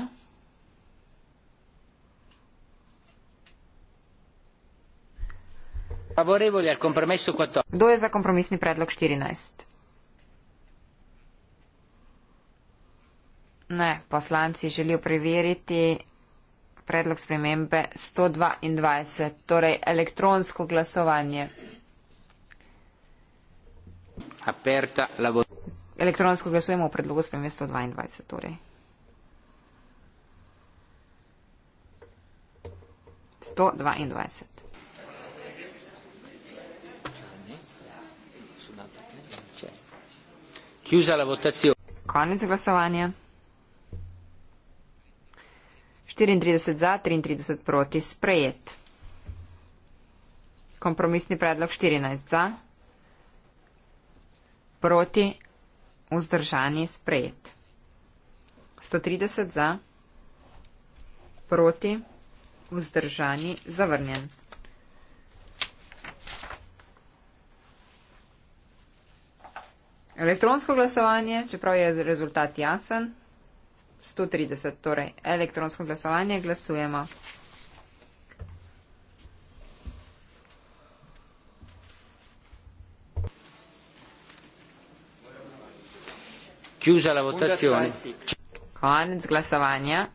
A: Favorevoli al compromesso 14.
B: Dove è il compromesso 14? Ne, poslanci želijo preveriti predlog spremembe 122, torej elektronsko glasovanje.
A: Aperta la vo.
B: Elektronsko glasujemo v predlogu spremembe 122, torej. 122. Chiusa la votazione. Konec glasovanja. 34 za, 33 proti sprejet. Kompromisni predlog 14 za, proti vzdržani sprejet. 130 za, proti vzdržani zavrnjen. Elektronsko glasovanje, čeprav je rezultat jasen. 130, torej elektronsko glasovanje, glasujemo. Konec glasovanja.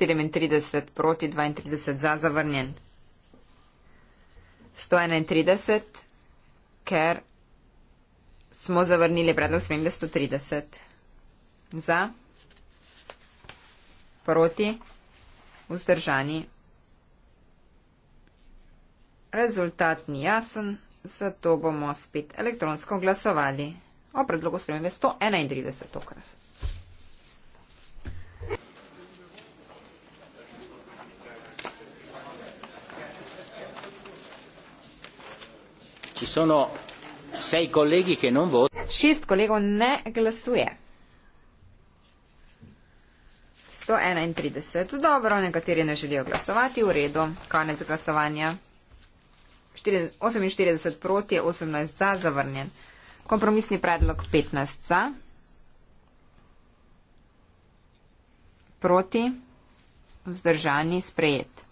B: sedemintrideset proti dvaintrideset za zavrnjen sto enaintrideset ker smo zavrnili predlog spremembe 130. Za, proti, vzdržani. Rezultat ni jasen, zato bomo spet elektronsko glasovali o predlogu spremembe 131. Tokrat.
A: Ci sono sei colleghi che non votano.
B: Šest kolegov ne glasuje. 131. Dobro, nekateri ne želijo glasovati. V redu. Konec glasovanja. 48 proti, 18 za, zavrnjen. Kompromisni predlog 15 za. Proti, vzdržani, sprejet.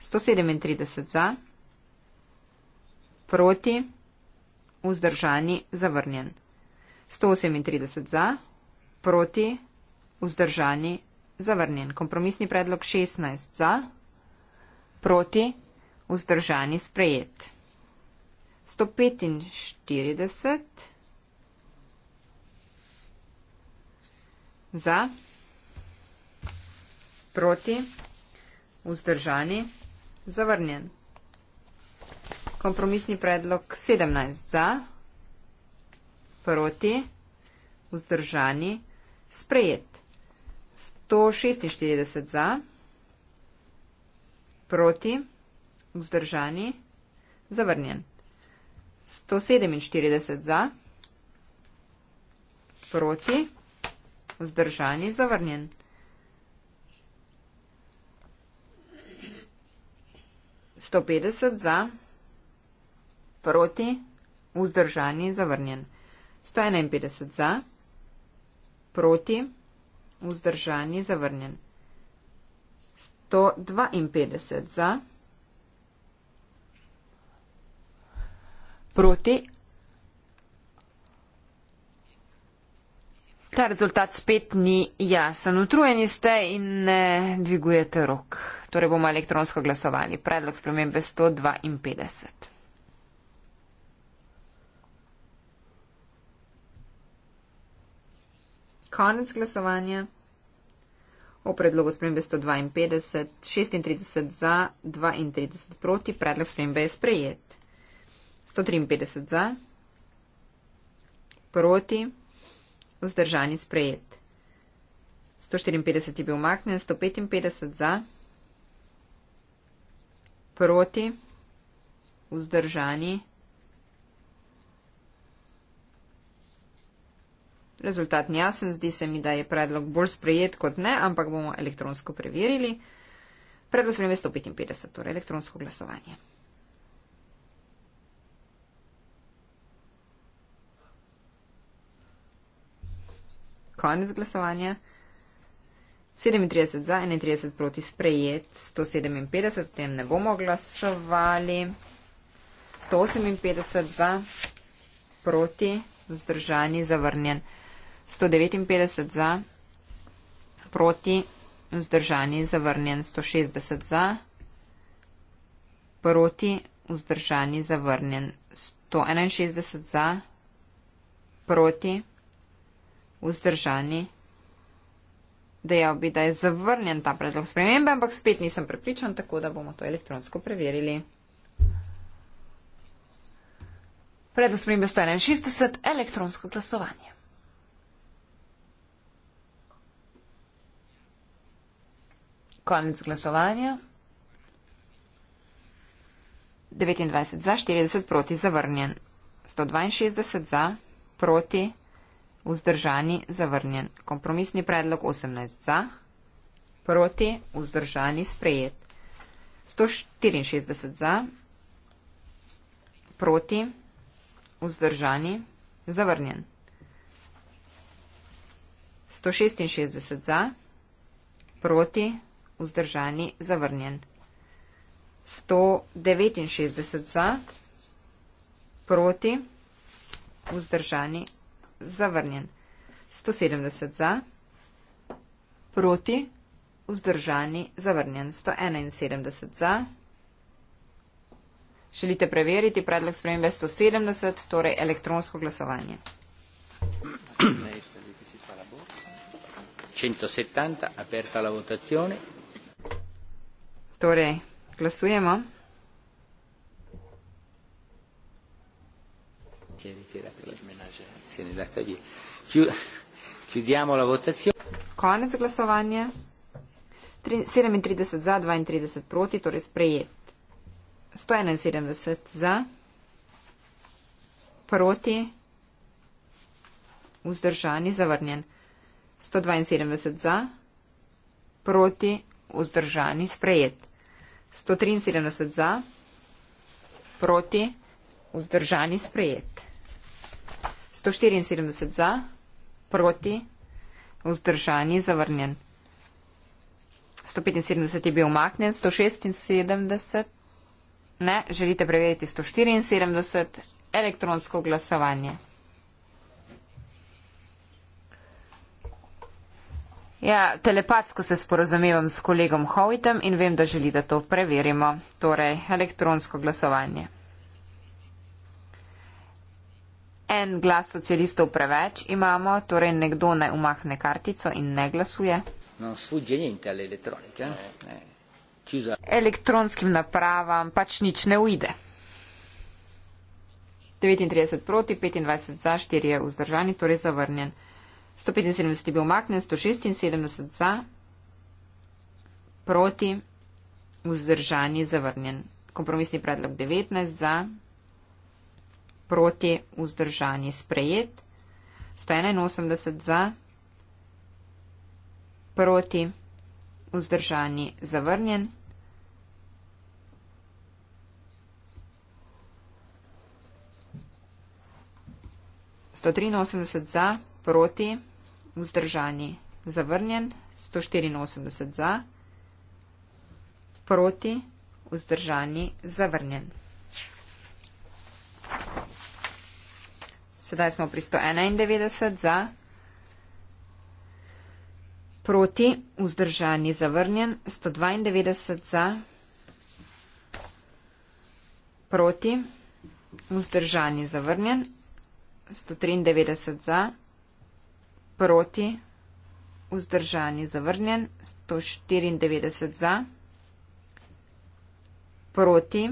B: 137 za proti, vzdržani, zavrnjen. 138 za, proti, vzdržani, zavrnjen. Kompromisni predlog 16 za, proti, vzdržani, sprejet. 145 za, proti, vzdržani, zavrnjen. Kompromisni predlog 17 za, proti, vzdržani, sprejet. 146 za, proti, vzdržani, zavrnjen. 147 za, proti, vzdržani, zavrnjen. Sto petdeset za. Proti, vzdržani, zavrnjen. 151 za, proti, vzdržani, zavrnjen. 152 za, proti. Ta rezultat spet ni jasen. Utrujeni ste in ne dvigujete rok. Torej bomo elektronsko glasovali. Predlog spremembe 152. Konec glasovanja. O predlogu spremembe 152, 36 za, 32 proti, predlog spremembe je sprejet. 153 za, proti, vzdržani sprejet. 154 je bil umaknen, 155 za, proti, vzdržani sprejet. Rezultat ni jasen, zdi se mi, da je predlog bolj sprejet kot ne, ampak bomo elektronsko preverili. Predlog sprejem je 155, torej elektronsko glasovanje. Konec glasovanja. 37 za, 31 proti sprejet, 157, o tem ne bomo glasovali. 158 za, proti, vzdržani, zavrnjen. 159 za, proti, vzdržani, zavrnjen 160 za, proti, vzdržani, zavrnjen 161 za, proti, vzdržani. Dejal bi, da je zavrnjen ta predlog spremembe, ampak spet nisem prepričan, tako da bomo to elektronsko preverili. Predlog spremembe 161, elektronsko glasovanje. Konec glasovanja. 29 za, 40 proti zavrnjen. 162 za, proti vzdržani zavrnjen. Kompromisni predlog 18 za, proti vzdržani sprejet. 164 za, proti vzdržani zavrnjen. 166 za, proti vzdržani zavrnjen vzdržani, zavrnjen. 169 za, proti, vzdržani, zavrnjen. 170 za, proti, vzdržani, zavrnjen. 171 za. Želite preveriti predlog spremembe 170, torej elektronsko glasovanje.
A: 170, aperta la votazione.
B: Torej, glasujemo. Konec glasovanja. 37 za, 32 proti, torej sprejet. 171 za, proti, vzdržani, zavrnjen. 172 za, proti, vzdržani sprejet. 173 za, proti, vzdržani sprejet. 174 za, proti, vzdržani zavrnjen. 175 je bil omaknjen, 176 ne, želite preveriti 174 elektronsko glasovanje. Ja, telepatsko se sporozumevam s kolegom Howitem in vem, da želi, da to preverimo, torej elektronsko glasovanje. En glas socialistov preveč imamo, torej nekdo ne umahne kartico in ne glasuje.
A: No, eh? Eh. Eh,
B: Elektronskim napravam pač nič ne ujde. 39 proti, 25 za, 4 je vzdržani, torej zavrnjen. 175 je bil omaknjen, 176 za, proti, vzdržani, zavrnjen. Kompromisni predlog 19 za, proti, vzdržani, sprejet. 181 za, proti, vzdržani, zavrnjen. Sto triinosemdeset za, proti vzdržani. Zavrnjen 184 za, proti vzdržani zavrnjen. Sedaj smo pri 191 za, proti vzdržani zavrnjen 192 za, proti vzdržani zavrnjen 193 za proti, vzdržani, zavrnjen, 194 za, proti,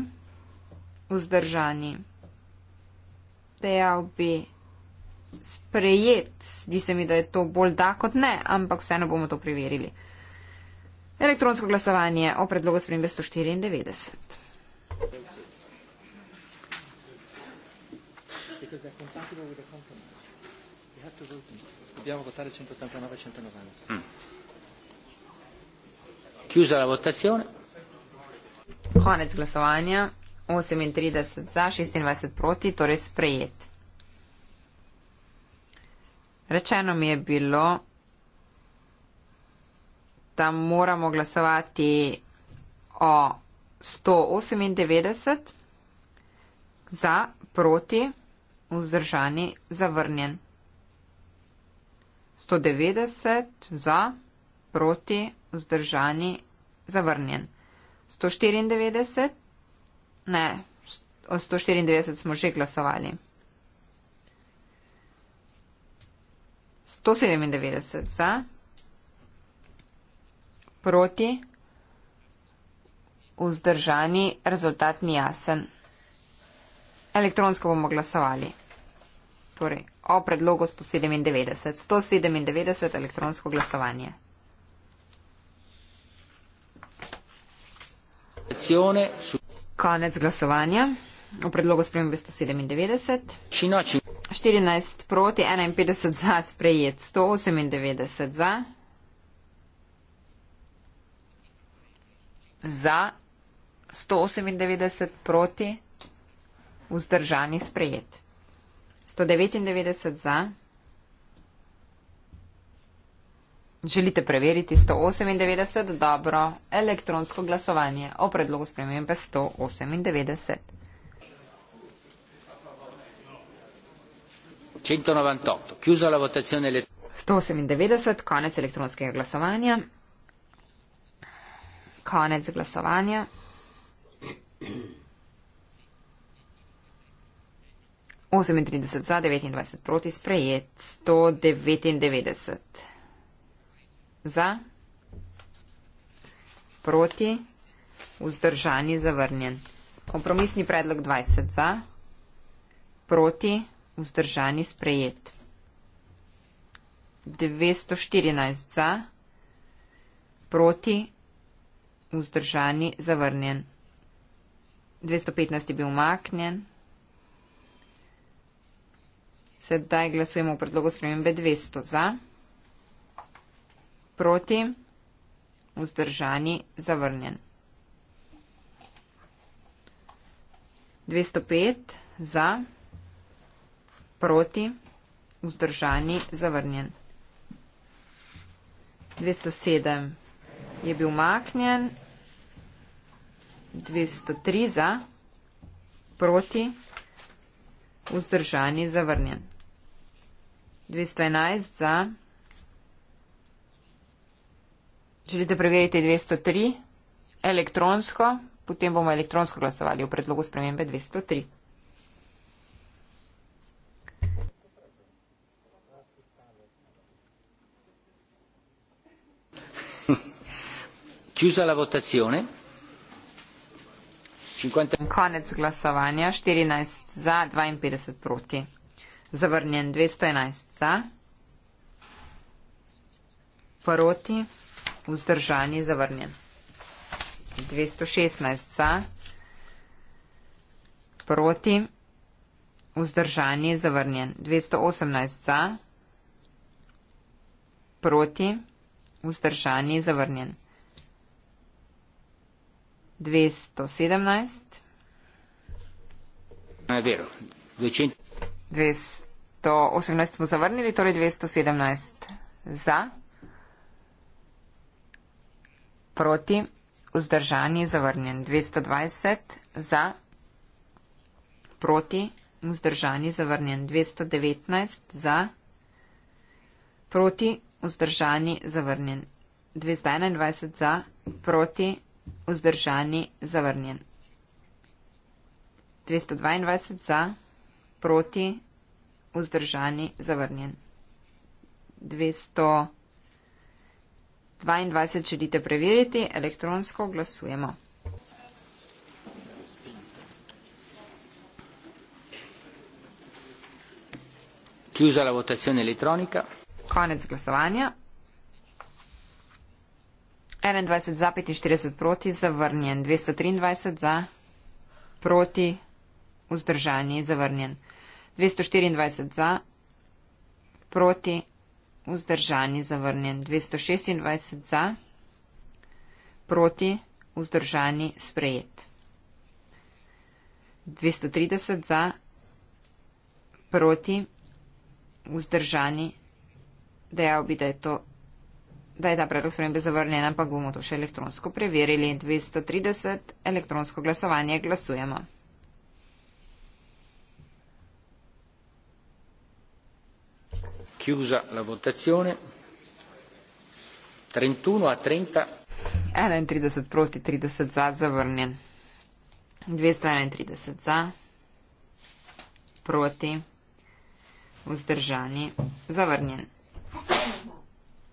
B: vzdržani. Dejal bi sprejet, zdi se mi, da je to bolj da kot ne, ampak vseeno bomo to preverili. Elektronsko glasovanje o predlogu spremembe 194.
F: Because they're compatible with the compromise. You have to vote in dobbiamo votare 189 e 190.
A: Mm. Chiusa la votazione.
B: Konec glasovanja, 38 za, 26 proti, torej sprejet. Rečeno mi je bilo, da moramo glasovati o 198 za, proti, vzdržani, zavrnjen. 190 za, proti, vzdržani, zavrnjen. 194, ne, o 194 smo že glasovali. 197 za, proti, vzdržani, rezultat ni jasen. Elektronsko bomo glasovali. Torej, o predlogu 197. 197 elektronsko glasovanje. Konec glasovanja. O predlogu spremembe 197. 14 proti 51 za sprejet. 198 za. Za 198 proti vzdržani sprejet. 199 za. Želite preveriti 198, dobro, elektronsko glasovanje o predlogu spremembe 198.
A: 198,
B: konec elektronskega glasovanja. Konec glasovanja. 38 za, 29 proti, sprejet 199. Za, proti, vzdržani, zavrnjen. Kompromisni predlog 20 za, proti, vzdržani, sprejet. 214 za, proti, vzdržani, zavrnjen. 215 je bil umaknjen. Sedaj glasujemo o predlogu spremembe 200 za, proti, vzdržani, zavrnjen. 205 za, proti, vzdržani, zavrnjen. 207 je bil maknjen, 203 za, proti, vzdržani, zavrnjen. 211 za. Želite preveriti 203 elektronsko, potem bomo elektronsko glasovali v predlogu spremembe 203. Konec glasovanja 14 za 52 proti. Zavrnjen 211 za. Proti. Vzdržani zavrnjen. 216 za. Proti. Vzdržani zavrnjen. 218 za. Proti. Vzdržani zavrnjen. 217.
A: Na no, vero. Večin.
B: 218 smo zavrnili, torej 217 za, proti, vzdržani, zavrnjen. 220 za, proti, vzdržani, zavrnjen. 219 za, proti, vzdržani, zavrnjen. 221 za, proti, vzdržani, zavrnjen. 222 za, proti, vzdržani, zavrnjen vzdržani, zavrnjen. 222 želite preveriti, elektronsko glasujemo. Konec glasovanja. 21 za, 45 proti, zavrnjen. 223 za, proti, vzdržani, zavrnjen. 224 za, proti, vzdržani, zavrnjen. 226 za, proti, vzdržani, sprejet. 230 za, proti, vzdržani, dejal bi, da je to. Da je ta predlog spremembe zavrnjen, ampak bomo to še elektronsko preverili. 230 elektronsko glasovanje glasujemo. enaintrideset proti trideset za zavrnjen dvesto enaintrideset za proti vzdržani zavrnjen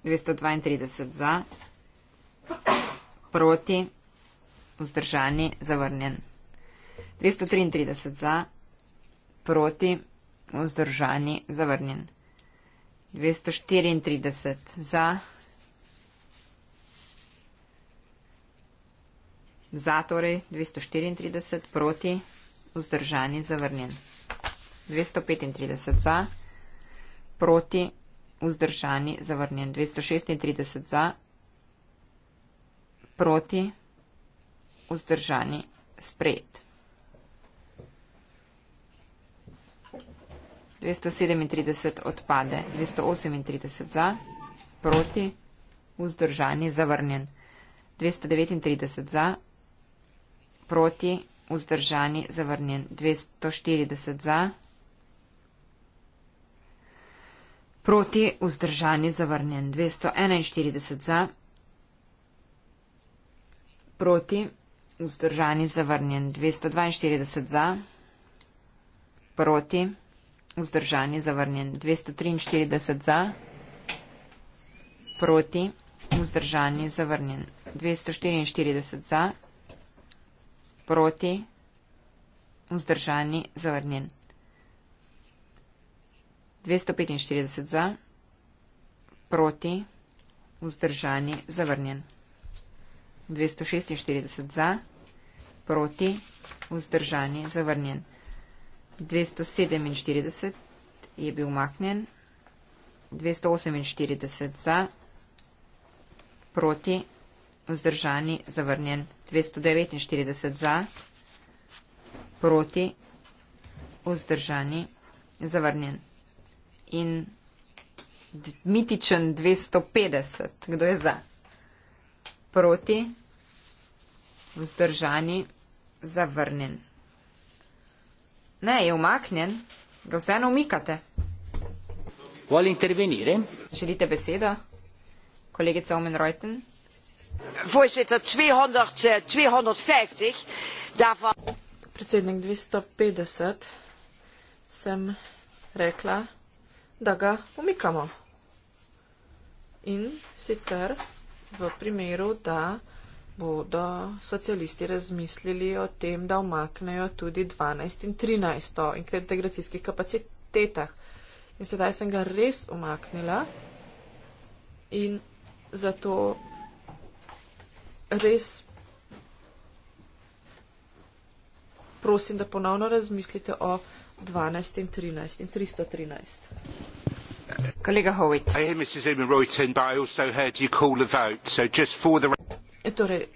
B: dvesto dvaintrideset za proti vzdržani zavrnjen dvesto triintrideset za proti vzdržani zavrnjen 234 za. Za torej 234 proti, vzdržani zavrnjen. 235 za, proti, vzdržani zavrnjen. 236 za, proti, vzdržani sprejet. 237 odpade, 238 za, proti, vzdržani, zavrnjen. 239 za, proti, vzdržani, zavrnjen. 240 za, proti, vzdržani, zavrnjen. 241 za, proti, vzdržani, zavrnjen. 242 za, proti, vzdržani, zavrnjen vzdržani, zavrnjen. 243 za, proti, vzdržani, zavrnjen. 244 za, proti, vzdržani, zavrnjen. 245 za, proti, vzdržani, zavrnjen. 246 za, proti, vzdržani, zavrnjen. 247 je bil umaknjen, 248 za, proti, vzdržani, zavrnjen, 249 za, proti, vzdržani, zavrnjen. In mitičen 250, kdo je za? Proti, vzdržani, zavrnjen. Ne, je umaknjen. Ga vseeno umikate.
A: Vole intervenire?
B: Želite besedo? Kolegica Omen Reuten? Voorzitter, 200, 250, eh, daarvan.
C: Predsednik, 250 sem rekla, da ga umikamo. In sicer v primeru, da bodo socialisti razmislili o tem, da omaknejo tudi 12 in 13 integracijskih kapacitetah. In sedaj sem ga res omaknila in zato res prosim, da ponovno razmislite o 12 in 13 in 313. Kolega Hovit.
D: I hear Mrs. Imeroyten, but I also heard you call a vote. So just for the...
C: E, torej,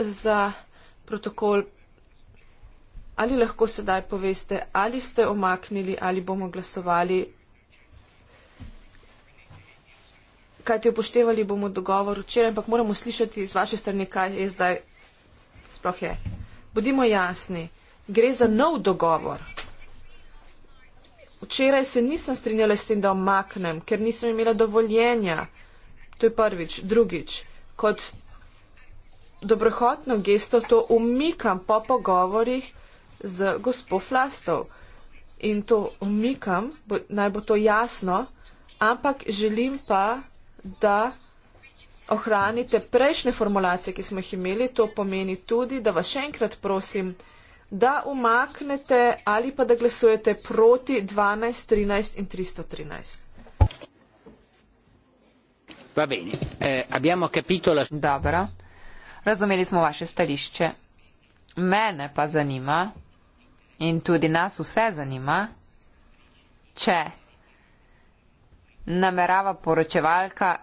C: za protokol, ali lahko sedaj poveste, ali ste omaknili, ali bomo glasovali. Kaj ti upoštevali bomo dogovor včeraj, ampak moramo slišati z vaše strani, kaj je zdaj sploh je. Bodimo jasni, gre za nov dogovor. Včeraj se nisem strinjala s tem, da omaknem, ker nisem imela dovoljenja. To je prvič. Drugič, kot dobrohotno gesto to umikam po pogovorih z gospod Flastov. In to umikam, bo, naj bo to jasno, ampak želim pa, da ohranite prejšnje formulacije, ki smo jih imeli. To pomeni tudi, da vas še enkrat prosim, da umaknete ali pa da glasujete proti 12, 13
B: in 313.
A: Va bene, eh, abbiamo capito la... Dobro,
B: Razumeli smo vaše stališče. Mene pa zanima in tudi nas vse zanima, če namerava poročevalka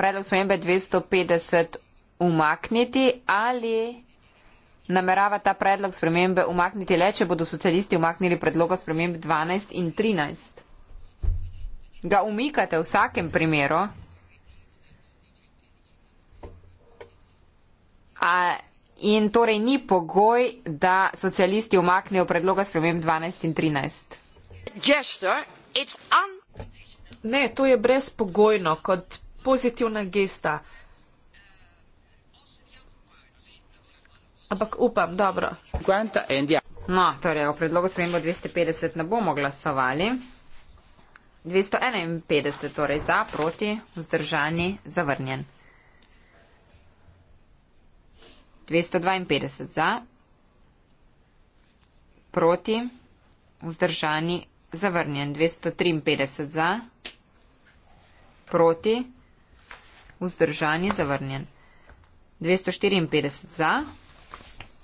B: predlog smembe 250 umakniti ali namerava ta predlog spremembe umakniti le, če bodo socialisti umaknili predlogo sprememb 12 in 13. Ga umikate v vsakem primeru A, in torej ni pogoj, da socialisti umaknejo predloga spremem 12 in 13. Gesture, un... Ne, to je brezpogojno kot pozitivna gesta. Ampak upam, dobro. No, torej o predlogu spremembo 250 ne bomo glasovali. 251 torej za, proti, vzdržani, zavrnjen. 252 za, proti, vzdržani, zavrnjen. 253 za, proti, vzdržani, zavrnjen. 254 za,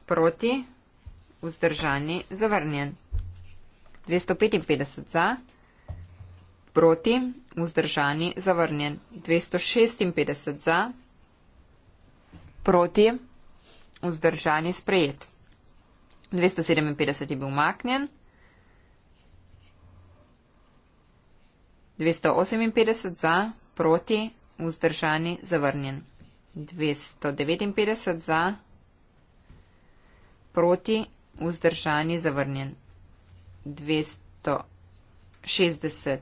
B: proti, vzdržani, zavrnjen. 255 za, proti, vzdržani, zavrnjen. 256 za, proti, vzdržani, zavrnjen vzdržan je sprejet. 257 je bil umaknjen. 258 za, proti, vzdržani, zavrnjen. 259 za, proti, vzdržani, zavrnjen. 260,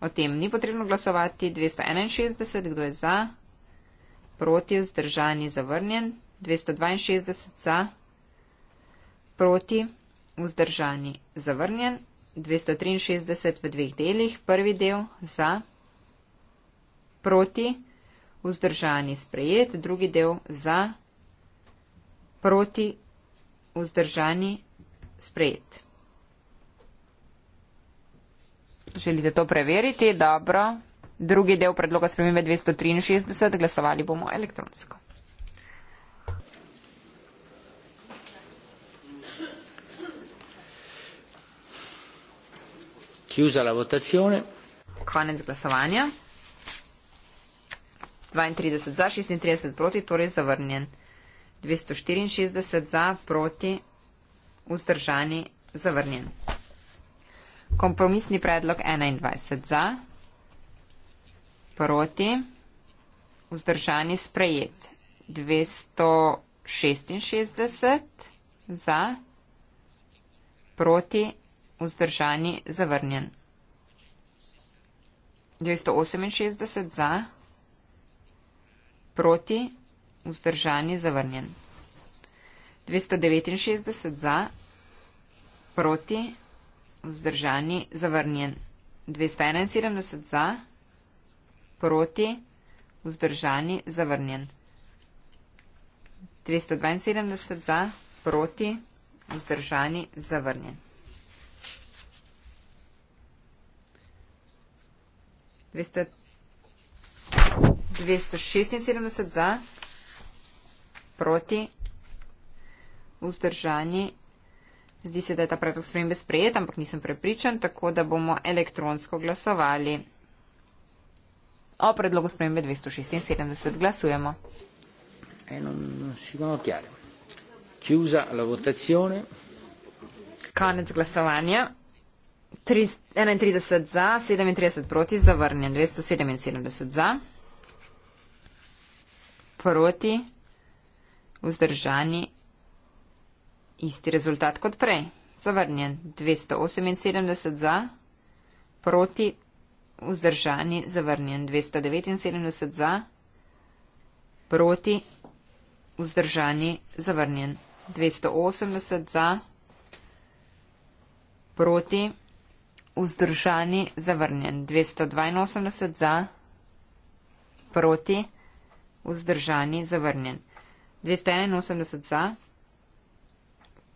B: o tem ni potrebno glasovati. 261, kdo je za, proti, vzdržani, zavrnjen. 262 za, proti, vzdržani, zavrnjen, 263 v dveh delih, prvi del za, proti, vzdržani, sprejet, drugi del za, proti, vzdržani, sprejet. Želite to preveriti? Dobro. Drugi del predloga spremembe 263 glasovali bomo elektronsko.
A: chiusa la votazione.
B: Konec glasovanja. 32 za, 36 proti, torej zavrnjen. 264 za, proti, vzdržani, zavrnjen. Kompromisni predlog 21 za, proti, vzdržani, sprejet. 266 za, proti, vzdržani, zavrnjen. 268 za, proti, vzdržani, zavrnjen. 269 za, proti, vzdržani, zavrnjen. 271 za, proti, vzdržani, zavrnjen. 272 za, proti, vzdržani, zavrnjen. 276 za, proti, vzdržani. Zdi se, da je ta predlog spremembe sprejet, ampak nisem prepričan, tako da bomo elektronsko glasovali. O predlogu spremembe 276 glasujemo. E Konec glasovanja. 31 za, 37 proti, zavrnjen. 277 za, proti, vzdržani, isti rezultat kot prej. Zavrnjen. 278 za, proti, vzdržani, zavrnjen. 279 za, proti, vzdržani, zavrnjen. 280 za, proti, vzdržani, zavrnjen vzdržani zavrnjen. 282 za, proti, vzdržani zavrnjen. 281 za,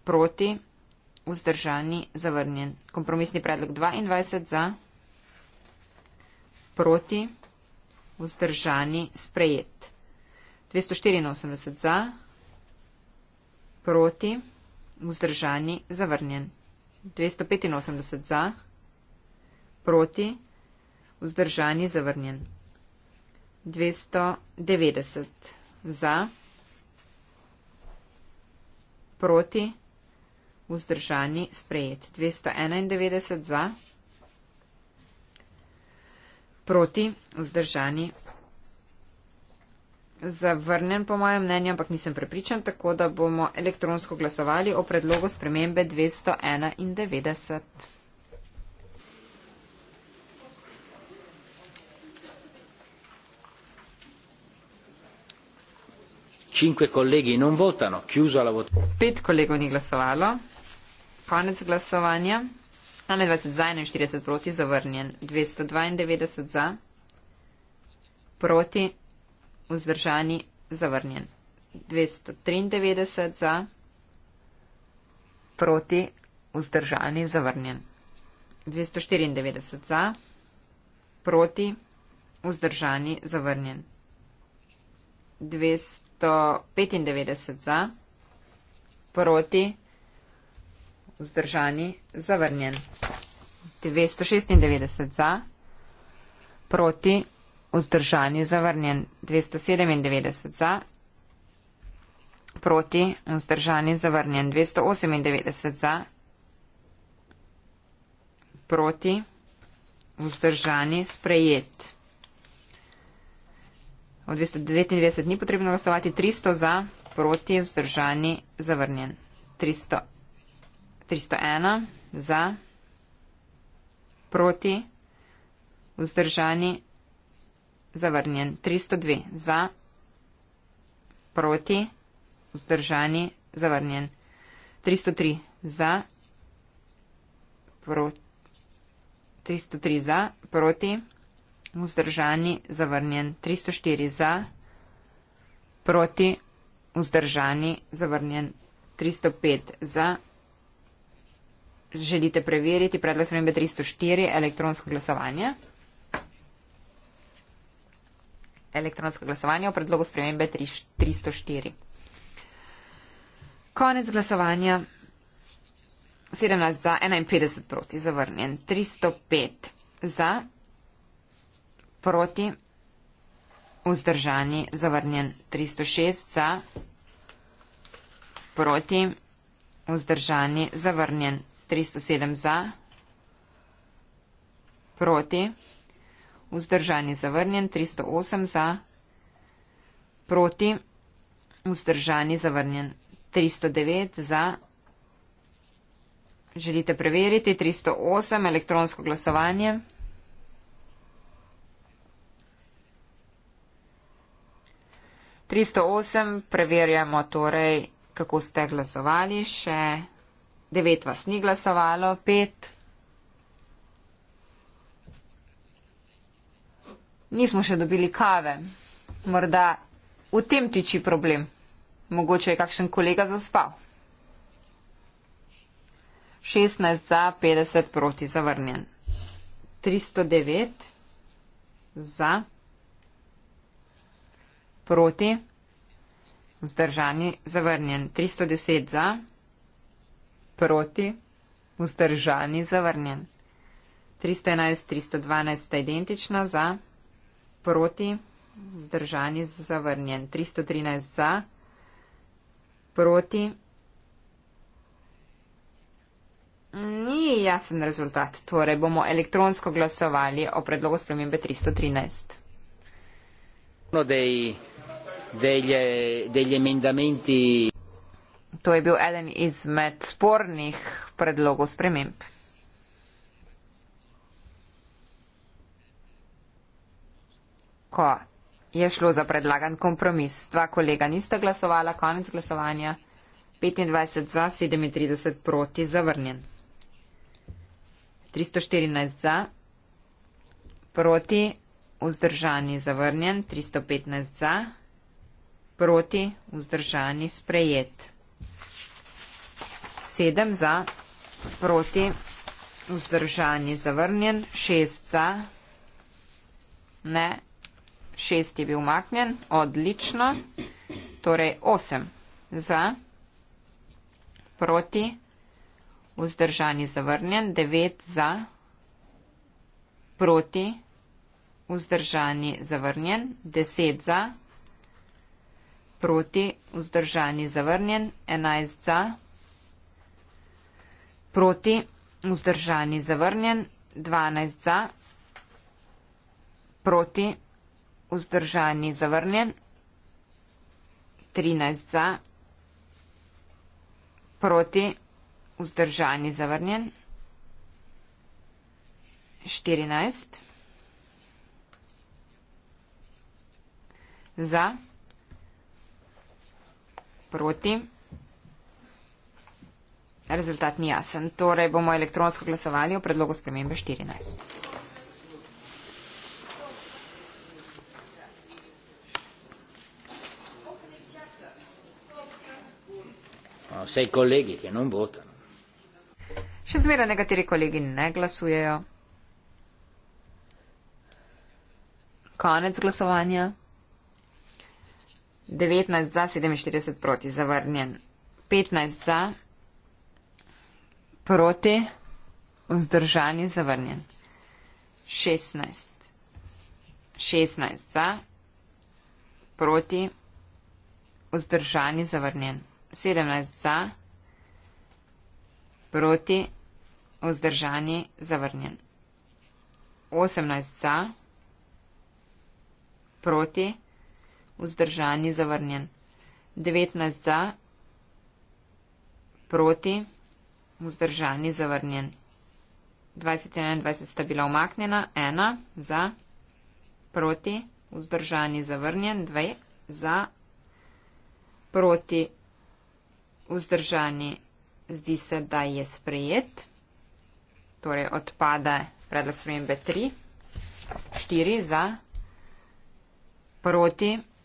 B: proti, vzdržani zavrnjen. Kompromisni predlog 22 za, proti, vzdržani sprejet. 284 za, proti, vzdržani zavrnjen. 285 za, proti, vzdržani zavrnjen proti, vzdržani zavrnjen. 290 za, proti, vzdržani sprejet. 291 za, proti, vzdržani. Zavrnen po mojem mnenju, ampak nisem prepričan, tako da bomo elektronsko glasovali o predlogu spremembe 291. cinque colleghi non votano, chiuso la votazione. Pet colleghi ni glasovalo. Konec glasovanja. 21 za, 41 proti, zavrnjen. 292 za, proti, vzdržani, zavrnjen. 293 za, proti, vzdržani, zavrnjen. 294 za, proti, vzdržani, zavrnjen. 200 195 za, proti, vzdržani, zavrnjen. 296 za, proti, vzdržani, zavrnjen. 297 za, proti, vzdržani, zavrnjen. 298 za, proti, vzdržani, sprejet. 299 ni potrebno glasovati, 300 za, proti, vzdržani, zavrnjen. 300, 301 za, proti, vzdržani, zavrnjen. 302 za, proti, vzdržani, zavrnjen. 303 za, proti. 303 za, proti, vzdržani, zavrnjen 304 za, proti, vzdržani, zavrnjen 305 za. Želite preveriti predlog spremembe 304 elektronsko glasovanje? Elektronsko glasovanje o predlogu spremembe 304. Konec glasovanja. 17 za, 51 proti, zavrnjen. 305 za proti, vzdržani, zavrnjen 306 za, proti, vzdržani, zavrnjen 307 za, proti, vzdržani, zavrnjen 308 za, proti, vzdržani, zavrnjen 309 za. Želite preveriti 308 elektronsko glasovanje? 308, preverjamo torej, kako ste glasovali. Še 9 vas ni glasovalo, 5. Nismo še dobili kave. Morda v tem tiči problem. Mogoče je kakšen kolega zaspal. 16 za, 50 proti zavrnjen. 309 za, proti. Vzdržani, zavrnjen. 310 za, proti, vzdržani, zavrnjen. 311, 312 sta identična za, proti, vzdržani, zavrnjen. 313 za, proti. Ni jasen rezultat, torej bomo elektronsko glasovali o predlogu spremembe 313.
A: No degli emendamenti.
B: To je bil eden izmed spornih predlogov sprememb. Ko je šlo za predlagan kompromis, dva kolega nista glasovala, konec glasovanja, 25 za, 37 proti, zavrnjen. 314 za, proti, vzdržani, zavrnjen, 315 za proti vzdržani sprejet. 7 za, proti vzdržani zavrnjen, 6 za, ne, 6 je bil umaknjen, odlično, torej 8 za, proti vzdržani zavrnjen, 9 za, proti vzdržani zavrnjen, 10 za, proti, vzdržani zavrnjen, 11 za, proti, vzdržani zavrnjen, 12 za, proti, vzdržani zavrnjen, 13 za, proti, vzdržani zavrnjen, 14 za proti. Rezultat ni jasen. Torej bomo elektronsko glasovali o predlogu spremembe 14.
A: Vse kolegi, ki nam bodo.
B: Še zmera nekateri kolegi ne glasujejo. Konec glasovanja. 19 za, 47 proti, zavrnjen. 15 za, proti, vzdržani, zavrnjen. 16. 16 za, proti, vzdržani, zavrnjen. 17 za, proti, vzdržani, zavrnjen. 18 za, proti, vzdržani, zavrnjen vzdržani zavrnjen. 19 za, proti, vzdržani zavrnjen. 21 sta bila omaknjena, 1 za, proti, vzdržani zavrnjen, 2 za, proti, vzdržani zdi se, da je sprejet. Torej odpada predlog spremembe 3, 4 za, proti, vzdržani zavrnjen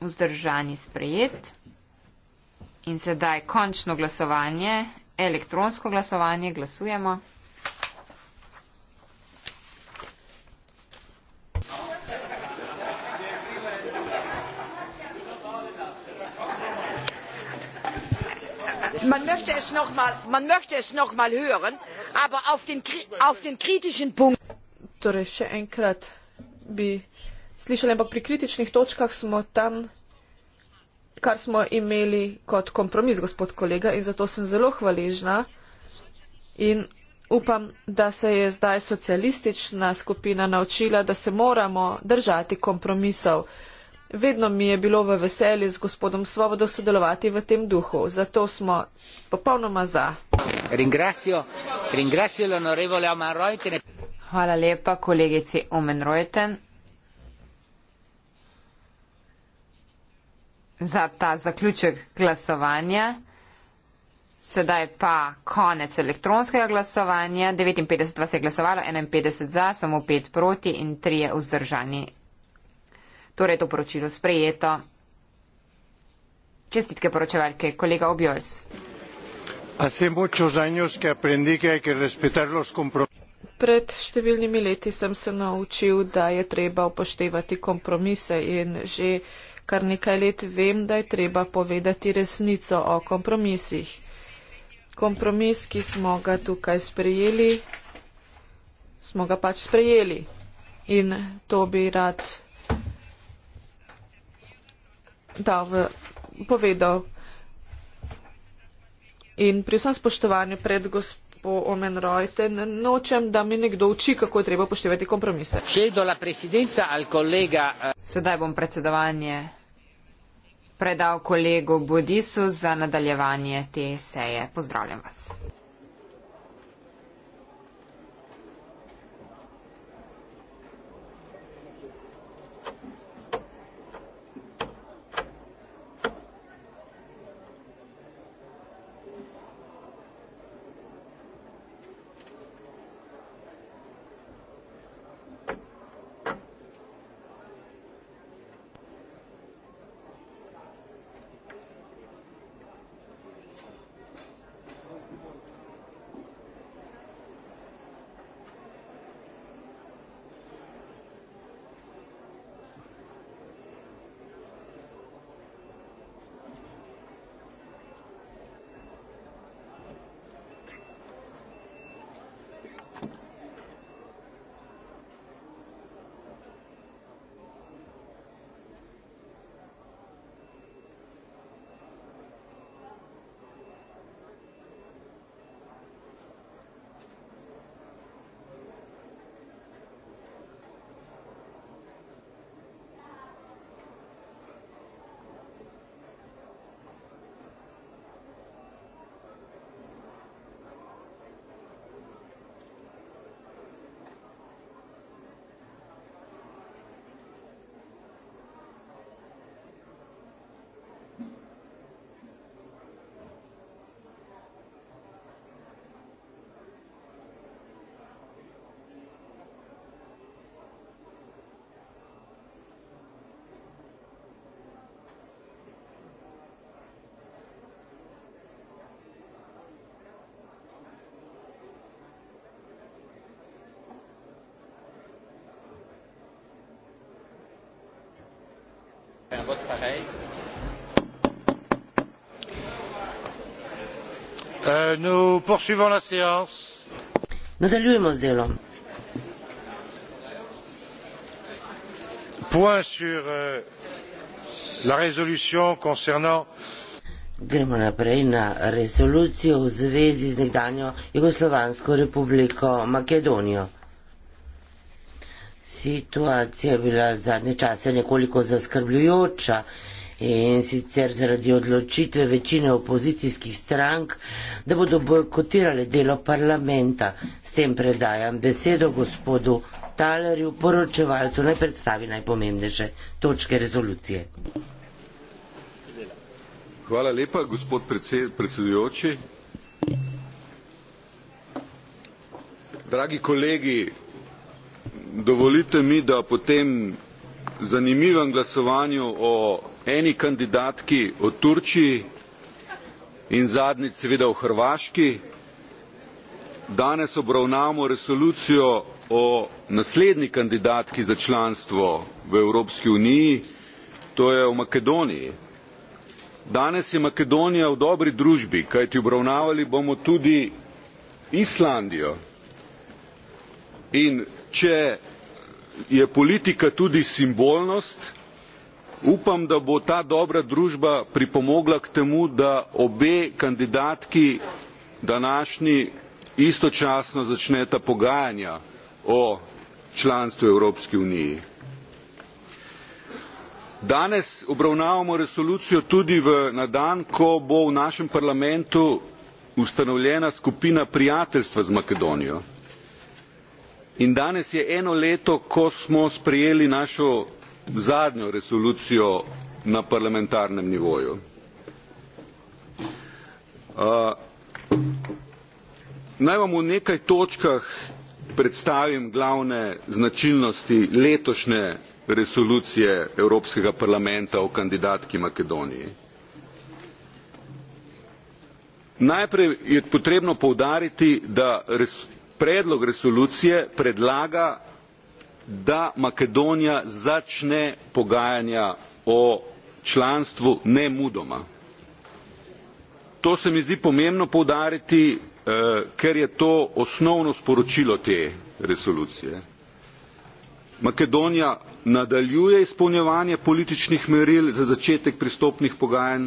B: vzdržani sprejet. In sedaj končno glasovanje, elektronsko glasovanje, glasujemo. Man möchte es noch mal, man möchte es noch mal hören, aber auf den, auf den kritischen Punkt.
C: Torej, še enkrat bi slišali, ampak pri kritičnih točkah smo tam, kar smo imeli kot kompromis, gospod kolega, in zato sem zelo hvaležna in upam, da se je zdaj socialistična skupina naučila, da se moramo držati kompromisov. Vedno mi je bilo v veselju z gospodom Svobodo sodelovati v tem duhu, zato smo popolnoma
A: za.
B: Hvala lepa kolegici Omen Rojten. za ta zaključek glasovanja. Sedaj pa konec elektronskega glasovanja. 59 vas je glasovalo, 51 za, samo 5 proti in 3 je vzdržani. Torej to poročilo sprejeto. Čestitke poročevalke, kolega Objors. Pred številnimi leti
C: sem se naučil, da je treba upoštevati kompromise in že kar nekaj let vem, da je treba povedati resnico o kompromisih. Kompromis, ki smo ga tukaj sprejeli, smo ga pač sprejeli. In to bi rad dal v povedal. In pri vsem spoštovanju pred gospodom po omenrojte, nočem, da mi nekdo uči, kako je treba poštevati
B: kompromise. Kolega, uh... Eh, Sedaj bom predsedovanje predal kolegu Bodisu za nadaljevanje te seje. Pozdravljam vas.
A: vote pareil.
D: Euh, nous poursuivons la séance.
E: Nous allumons des lampes.
D: Point sur euh, la résolution concernant.
E: Gremo naprej na rezolucijo v zvezi z nekdanjo Jugoslovansko republiko Makedonijo situacija bila zadnje čase nekoliko zaskrbljujoča in sicer zaradi odločitve večine opozicijskih strank, da bodo bojkotirale delo parlamenta. S tem predajam besedo gospodu Talerju, poročevalcu, naj predstavi najpomembnejše točke rezolucije.
G: Hvala lepa, gospod predsedujoči. Dragi kolegi, dovolite mi da po tem zanimivem glasovanju o eni kandidatki o turčiji in zadnjič seveda o hrvaški danes obravnavamo resolucijo o naslednji kandidatki za članstvo v evropski uniji to je o makedoniji danes je makedonija v dobri družbi kajti obravnavali bomo tudi islandijo in če je politika tudi simbolnost upam da bo ta dobra družba pripomogla k temu da obe kandidatki današnji istočasno začneta pogajanja o članstvu evropske unije. danes obravnavamo resolucijo tudi v na dan ko bo v našem parlamentu ustanovljena skupina prijateljstva z makedonijo in danes je eno leto ko smo sprejeli našo zadnjo resolucijo na parlamentarnem nivoju. Uh, naj vam v nekaj točkah predstavim glavne značilnosti letošnje resolucije Evropskega parlamenta o kandidatki Makedoniji. Najprej je potrebno poudariti, da res, predlog resolucije predlaga da makedonija začne pogajanja o članstvu nemudoma to se mi zdi pomembno poudariti eh, ker je to osnovno sporočilo te resolucije makedonija nadaljuje izpolnjevanje političnih meril za začetek pristopnih pogajanj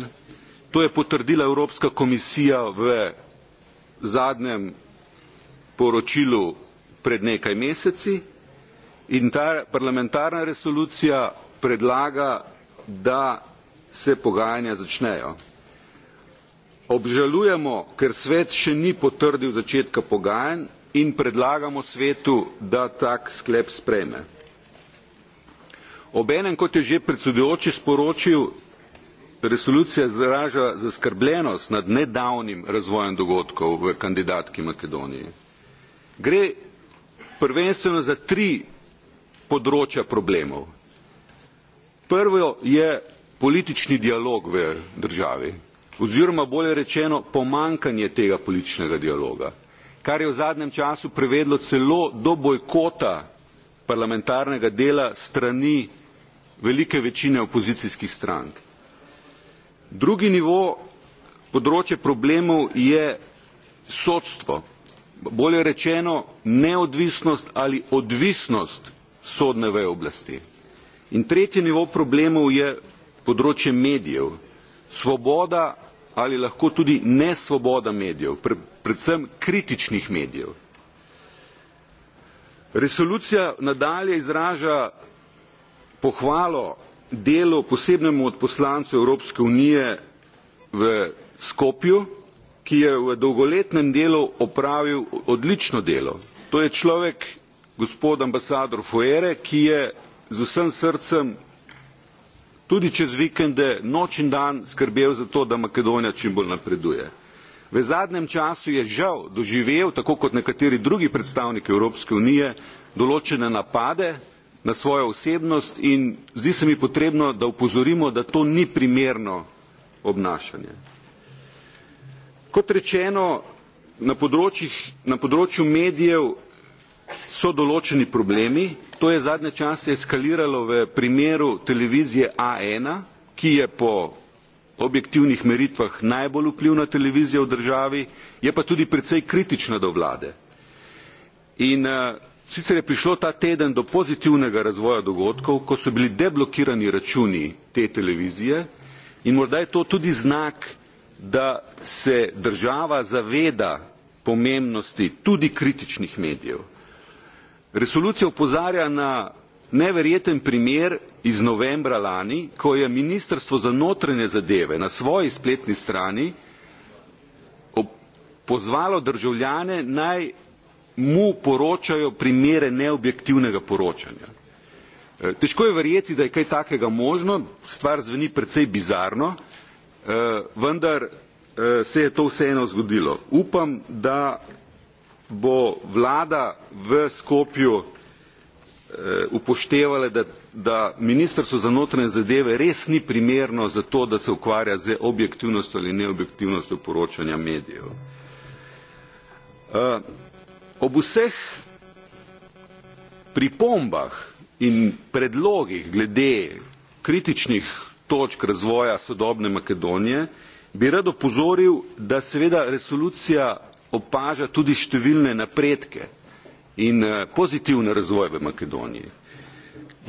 G: to je potrdila evropska komisija v zadnjem poročilu pred nekaj meseci in ta parlamentarna resolucija predlaga, da se pogajanja začnejo. Obžalujemo, ker svet še ni potrdil začetka pogajanj in predlagamo svetu, da tak sklep sprejme. Obenem, kot je že predsedujoči sporočil, resolucija izraža zaskrbljenost nad nedavnim razvojem dogodkov v kandidatki Makedoniji gre prvenstveno za tri področja problemov. Prvo je politični dialog v državi oziroma bolje rečeno pomankanje tega političnega dialoga, kar je v zadnjem času privedlo celo do bojkota parlamentarnega dela strani velike večine opozicijskih strank. Drugi nivo področje problemov je sodstvo bolje rečeno neodvisnost ali odvisnost sodne veje oblasti. In tretji nivo problemov je področje medijev. Svoboda ali lahko tudi nesvoboda medijev, predvsem kritičnih medijev. Resolucija nadalje izraža pohvalo delu posebnemu odposlancu Evropske unije v Skopju ki je v dolgoletnem delu opravil odlično delo. To je človek, gospod ambasador Fuere, ki je z vsem srcem tudi čez vikende noč in dan skrbel za to, da Makedonija čim bolj napreduje. V zadnjem času je žal doživel, tako kot nekateri drugi predstavniki Evropske unije, določene napade na svojo osebnost in zdi se mi potrebno, da upozorimo, da to ni primerno obnašanje. Kot rečeno, na, na področju medijev so določeni problemi. To je zadnje čase eskaliralo v primeru televizije A1, ki je po objektivnih meritvah najbolj vplivna televizija v državi, je pa tudi precej kritična do vlade. In uh, sicer je prišlo ta teden do pozitivnega razvoja dogodkov, ko so bili deblokirani računi te televizije in morda je to tudi znak, da se država zaveda pomembnosti tudi kritičnih medijev. Resolucija opozarja na neverjeten primer iz novembra lani, ko je Ministrstvo za notranje zadeve na svoji spletni strani pozvalo državljane naj mu poročajo primere neobjektivnega poročanja. E, težko je verjeti, da je kaj takega možno, stvar zveni precej bizarno, Eh, vendar eh, se je to vseeno zgodilo. Upam, da bo vlada v Skopju eh, upoštevala, da, da ministrstvo za notranje zadeve res ni primerno za to, da se ukvarja z objektivnostjo ali neobjektivnostjo poročanja medijev. Ob vseh pripombah in predlogih glede kritičnih točk razvoja sodobne Makedonije, bi rad opozoril, da seveda resolucija opaža tudi številne napredke in eh, pozitivne razvoje v Makedoniji.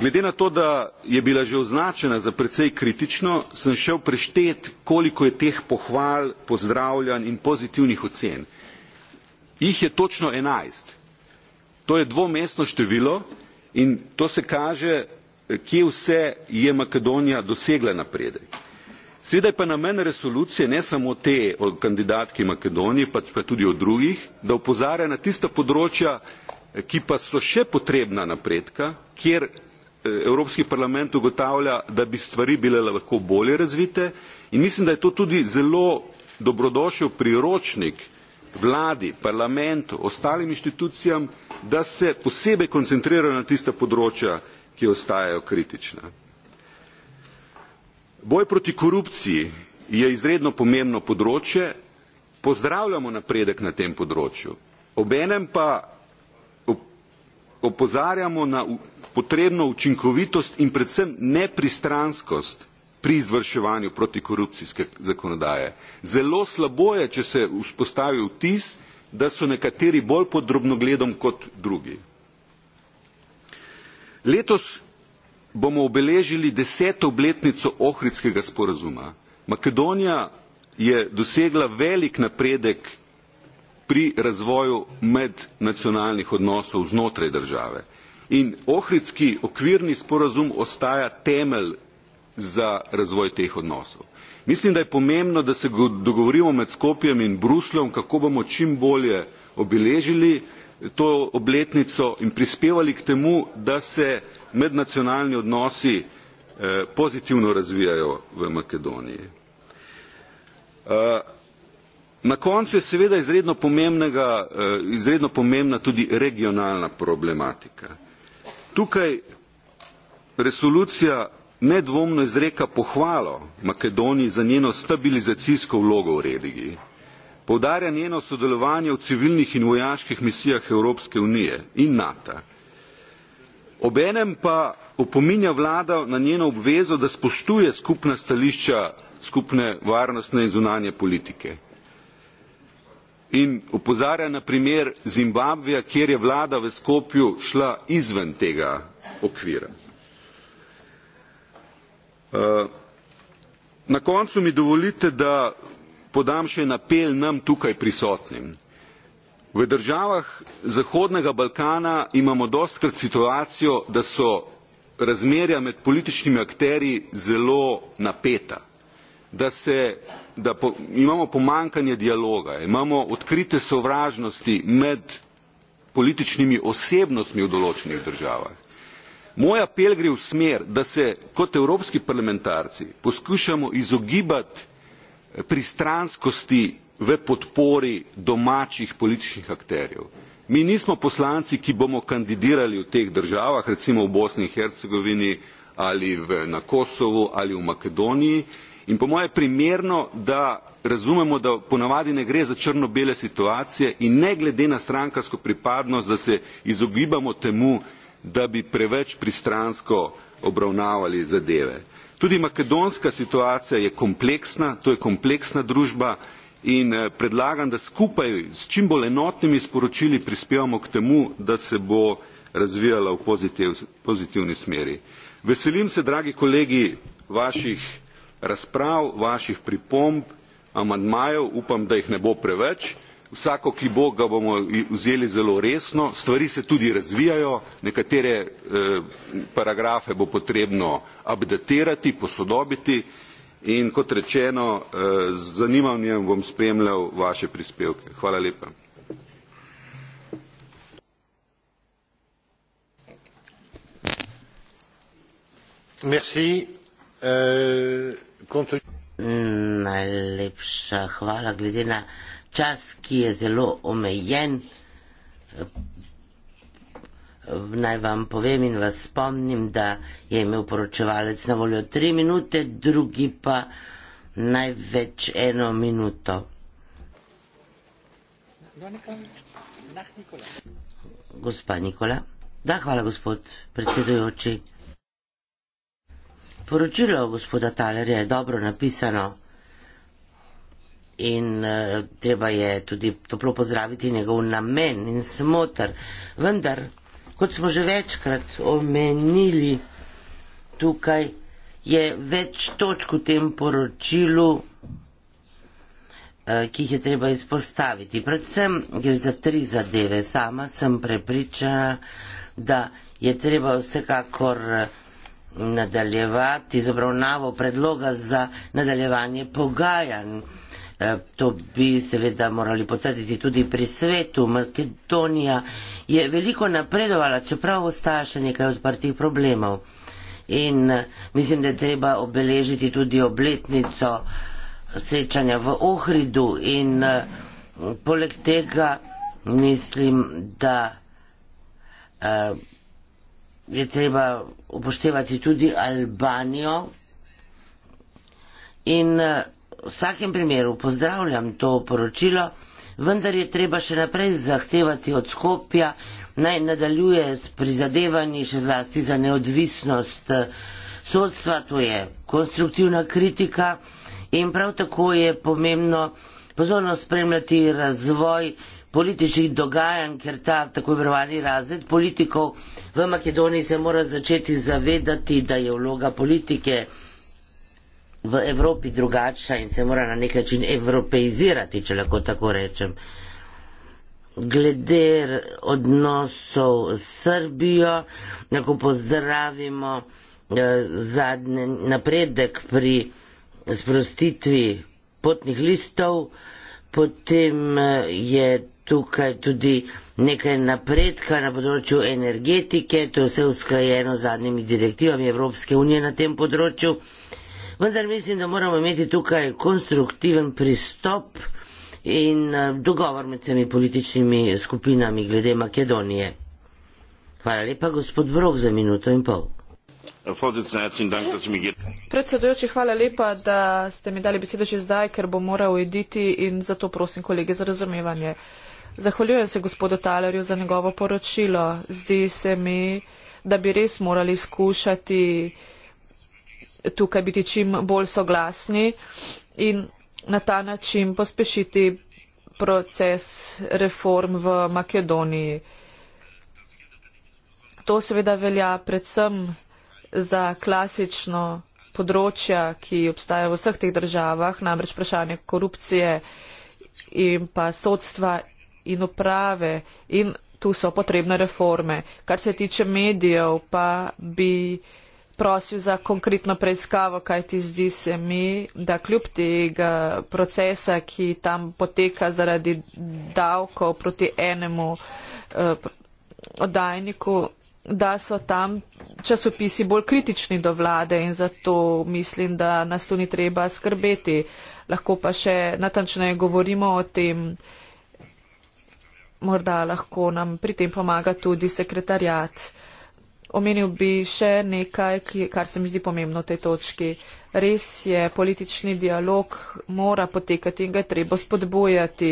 G: Glede na to, da je bila že označena za precej kritično, sem šel preštet, koliko je teh pohval, pozdravljanj in pozitivnih ocen. Jih je točno enajst. To je dvomestno število in to se kaže kje vse je Makedonija dosegla napredek. Seveda je pa namen resolucije, ne samo te o kandidatki Makedoniji, pač pa tudi o drugih, da opozarja na tista področja, ki pa so še potrebna napredka, kjer eh, Evropski parlament ugotavlja, da bi stvari bile lahko bolje razvite in mislim, da je to tudi zelo dobrodošel priročnik vladi, parlamentu, ostalim inštitucijam, da se posebej koncentrirajo na tista področja, ki ostajajo kritična. Boj proti korupciji je izredno pomembno področje, pozdravljamo napredek na tem področju, obenem pa opozarjamo na potrebno učinkovitost in predvsem nepristranskost pri izvrševanju protikorupcijske zakonodaje. Zelo slabo je, če se vzpostavi vtis, da so nekateri bolj pod drobnogledom kot drugi. Letos bomo obeležili deseto obletnico Ohridskega sporazuma. Makedonija je dosegla velik napredek pri razvoju mednacionalnih odnosov znotraj države. In Ohridski okvirni sporazum ostaja temelj za razvoj teh odnosov. Mislim, da je pomembno, da se dogovorimo med Skopjem in Brusljem, kako bomo čim bolje obeležili to obletnico in prispevali k temu, da se mednacionalni odnosi eh, pozitivno razvijajo v Makedoniji. Eh, na koncu je seveda izredno, eh, izredno pomembna tudi regionalna problematika. Tukaj resolucija nedvomno izreka pohvalo Makedoniji za njeno stabilizacijsko vlogo v regiji. Poudarja njeno sodelovanje v civilnih in vojaških misijah Evropske unije in NATO. Obenem pa opominja vlada na njeno obvezo, da spoštuje skupna stališča skupne varnostne in zunanje politike. In opozarja na primer Zimbabveja, kjer je vlada v Skopju šla izven tega okvira. Uh, na koncu mi dovolite, da podam še en apel nam tukaj prisotnim v državah zahodnega balkana imamo dostkrat situacijo da so razmerja med političnimi akterji zelo napeta da se da po, imamo pomankanje dialoga imamo odkrite sovražnosti med političnimi osebnostmi v določenih državah moj apel gre v smer da se kot evropski parlamentarci poskušamo izogibati pristranskosti v podpori domačih političnih akterjev. Mi nismo poslanci, ki bomo kandidirali v teh državah, recimo v Bosni in Hercegovini ali v, na Kosovu ali v Makedoniji in po moje primerno, da razumemo, da ponavadi ne gre za črno-bele situacije in ne glede na strankarsko pripadnost, da se izogibamo temu, da bi preveč pristransko obravnavali zadeve. Tudi makedonska situacija je kompleksna, to je kompleksna družba in eh, predlagam, da skupaj s čim bolj enotnimi sporočili prispevamo k temu, da se bo razvijala v pozitiv, pozitivni smeri. Veselim se, dragi kolegi, vaših razprav, vaših pripomb, amandmajev, upam, da jih ne bo preveč vsako ki bo ga bomo vzeli zelo resno stvari se tudi razvijajo nekatere eh, paragrafe bo potrebno updatirati posodobiti in kot rečeno eh, z zanimanjem bom spremljal vaše prispevke hvala lepa
E: Merci. Uh, kontu... mm, najlepša hvala glede na čas, ki je zelo omejen. Naj vam povem in vas spomnim, da je imel poročevalec na voljo tri minute, drugi pa največ eno minuto. Gospa Nikola. Da, hvala, gospod predsedujoči. Poročilo gospoda Talerja je dobro napisano in uh, treba je tudi toplo pozdraviti njegov namen in smotr. Vendar, kot smo že večkrat omenili, tukaj je več točk v tem poročilu, uh, ki jih je treba izpostaviti. Predvsem gre za tri zadeve. Sama sem prepričana, da je treba vsekakor eh, nadaljevati z obravnavo predloga za nadaljevanje pogajanj. Eh, to bi seveda morali potrditi tudi pri svetu. Makedonija je veliko napredovala, čeprav ostaja še nekaj odprtih problemov. In eh, mislim, da je treba obeležiti tudi obletnico srečanja v Ohridu in eh, poleg tega mislim, da je treba upoštevati tudi Albanijo in v vsakem primeru pozdravljam to poročilo, vendar je treba še naprej zahtevati od Skopja, naj nadaljuje s prizadevanji še zlasti za neodvisnost eh, sodstva, to je konstruktivna kritika in prav tako je pomembno pozorno spremljati razvoj političnih dogajanj, ker ta tako imenovani razred politikov v Makedoniji se mora začeti zavedati, da je vloga politike v Evropi drugačna in se mora na nek način evropeizirati, če lahko tako rečem. Glede odnosov s Srbijo, lahko pozdravimo eh, zadnji napredek pri sprostitvi potnih listov, potem eh, je tukaj tudi nekaj napredka na področju energetike, to je vse usklajeno z zadnjimi direktivami Evropske unije na tem področju. Eh, vendar mislim, da moramo imeti tukaj konstruktiven pristop in eh, dogovor med vsemi političnimi skupinami glede Makedonije. Hvala lepa, gospod Brok, za minuto in pol.
C: Predsedujoči, hvala lepa, da ste mi dali besedo že zdaj, ker bom moral iditi in zato prosim kolege za razumevanje. Zahvaljujem se gospodu Talerju za njegovo poročilo. Zdi se mi, da bi res morali skušati uh, tukaj biti čim bolj soglasni in na ta način pospešiti proces reform v Makedoniji. To seveda velja predvsem za klasično področja, ki obstaja v vseh teh državah, namreč vprašanje korupcije in pa sodstva in uprave in tu so potrebne reforme. Kar se tiče medijev, pa bi prosil za konkretno preiskavo, kaj ti zdi se mi, da kljub tega procesa, ki tam poteka zaradi davkov proti enemu eh, oddajniku, da so tam časopisi bolj kritični do vlade in zato mislim, da nas tu ni treba skrbeti. Lahko pa še natančneje govorimo o tem. Morda lahko nam pri tem pomaga tudi sekretarjat. Uh, Omenil bi še nekaj, kar se mi zdi pomembno v tej točki. Res je, politični dialog mora potekati in ga je treba spodbujati.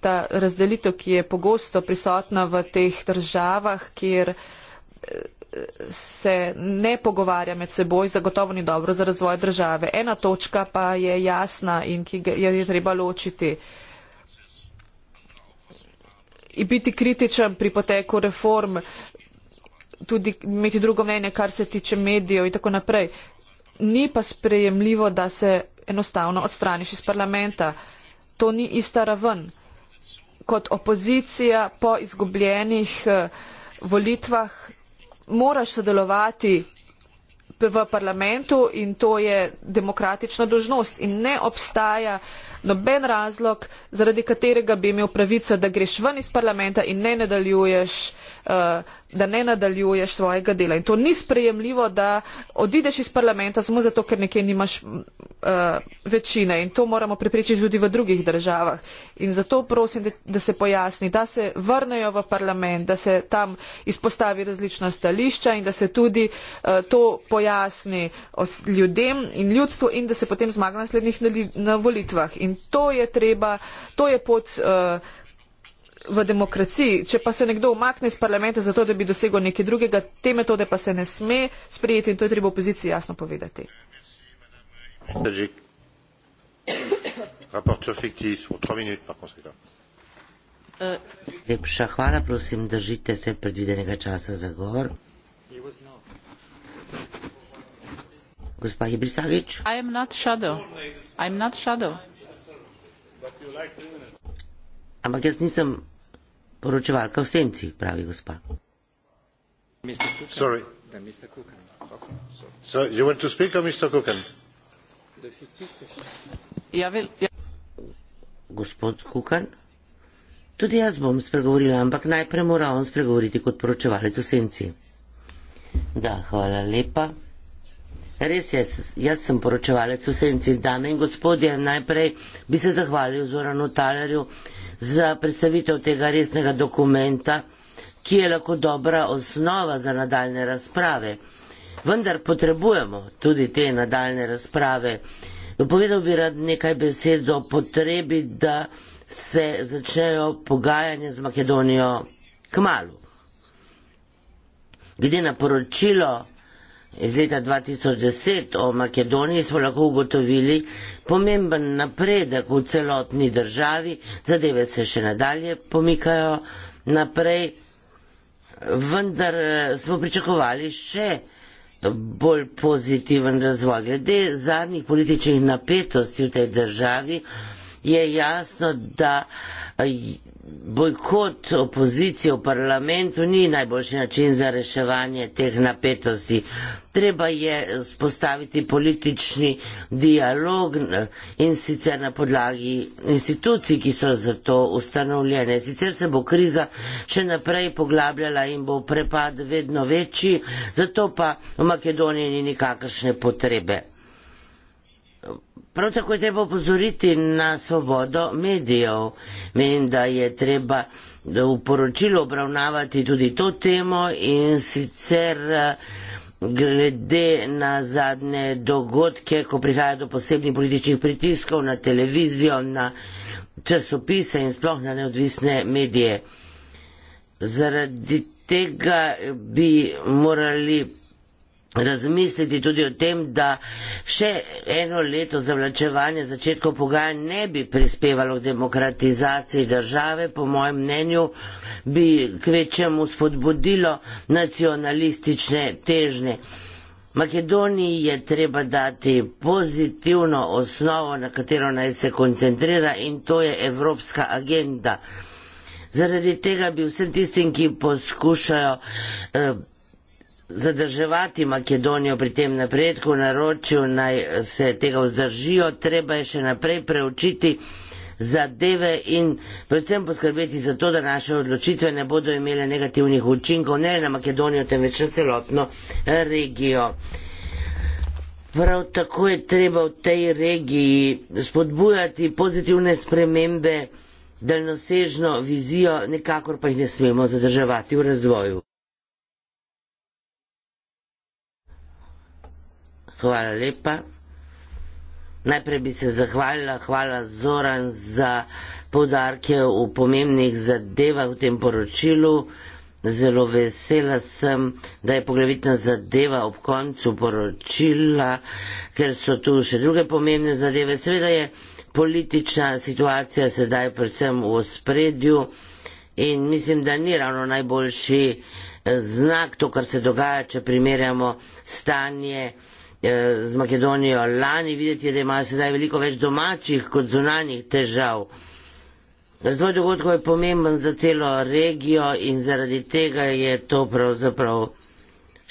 C: Ta razdelitev, ki je pogosto prisotna v teh državah, kjer eh, se ne pogovarja med seboj, zagotovo ni dobro za razvoj države. Ena točka pa je jasna in ki jo je treba ločiti. In biti kritičen pri poteku reform tudi imeti drugo mnenje, kar se tiče medijev in tako naprej. Ni pa sprejemljivo, da se enostavno odstraniš iz parlamenta. To ni ista raven. Kot opozicija po izgubljenih eh, volitvah moraš sodelovati v parlamentu in to je demokratična dožnost in ne obstaja noben razlog, zaradi katerega bi imel pravico, da greš ven iz parlamenta in ne nadaljuješ uh, Eh, da ne nadaljuješ svojega dela. In to ni sprejemljivo, da odideš iz parlamenta samo zato, ker nekje nimaš uh, večine. In to moramo pripričati tudi v drugih državah. In zato prosim, da, da se pojasni, da se vrnejo v parlament, da se tam izpostavi različna stališča in da se tudi uh, to pojasni ljudem in ljudstvu in da se potem zmaga naslednjih na, na volitvah. In to je treba, to je pot. Uh, v demokraciji. Če pa se nekdo umakne iz parlamenta zato, da bi dosegel nekaj drugega, te metode pa se ne sme sprijeti in to je treba opoziciji jasno povedati.
B: Eh,
E: Lepša hvala, prosim, držite se predvidenega časa za govor. Gospa Ibrisagič. Ampak jaz nisem poročevalka v senci, pravi gospa. Ja, ja. Gospod Kukan, tudi jaz bom spregovorila, ampak najprej mora on spregovoriti kot poročevalec v senci. Da, hvala lepa. Res je, jaz sem poročevalec v senci. Dame in gospodje, najprej bi se zahvalil Zoranu Talerju za predstavitev tega resnega dokumenta, ki je lahko dobra osnova za nadaljne razprave. Vendar potrebujemo tudi te nadaljne razprave. Povedal bi rad nekaj besed o potrebi, da se začnejo pogajanje z Makedonijo k malu. Glede na poročilo iz leta 2010 o Makedoniji smo lahko ugotovili pomemben napredek v celotni državi, zadeve se še nadalje pomikajo naprej, vendar eh, smo pričakovali še bolj pozitiven razvoj. Glede zadnjih političnih napetosti v tej državi je jasno, da eh, Bojkot opozicije v parlamentu ni najboljši način za reševanje teh napetosti. Treba je spostaviti politični dialog in sicer na podlagi institucij, ki so za to ustanovljene. Sicer se bo kriza še naprej poglabljala in bo prepad vedno večji, zato pa v Makedoniji ni nikakršne potrebe. Prav tako je treba upozoriti na svobodo medijev. Menim, da je treba v poročilu obravnavati tudi to temo in sicer eh, glede na zadnje dogodke, ko prihaja do posebnih političnih pritiskov na televizijo, na časopise in sploh na neodvisne medije. Zaradi tega bi morali razmisliti tudi o tem, da še eno leto zavlačevanja začetkov pogajanj ne bi prispevalo k demokratizaciji države, po mojem mnenju bi k večjemu spodbudilo nacionalistične težnje. Makedoniji je treba dati pozitivno osnovo, na katero naj se koncentrira in to je evropska agenda. Zaradi tega bi vsem tistim, ki poskušajo eh, zadrževati Makedonijo pri tem napredku, naročil naj se tega vzdržijo, treba je še naprej preučiti zadeve in predvsem poskrbeti za to, da naše odločitve ne bodo imele negativnih učinkov ne le na Makedonijo, temveč na celotno regijo. Prav tako je treba v tej regiji spodbujati pozitivne spremembe, daljnosežno vizijo, nekakor pa jih ne smemo zadrževati v razvoju. Hvala lepa. Najprej bi se zahvalila, hvala Zoran za podarke v pomembnih zadevah v tem poročilu. Zelo vesela sem, da je poglavitna zadeva ob koncu poročila, ker so tu še druge pomembne zadeve. Seveda je politična situacija sedaj predvsem v spredju in mislim, da ni ravno najboljši eh, znak to, kar se dogaja, če primerjamo stanje Eh, z Makedonijo lani, videti je, da imajo sedaj veliko več domačih kot zunanjih težav. Razvoj dogodkov je pomemben za celo regijo in zaradi tega je to pravzaprav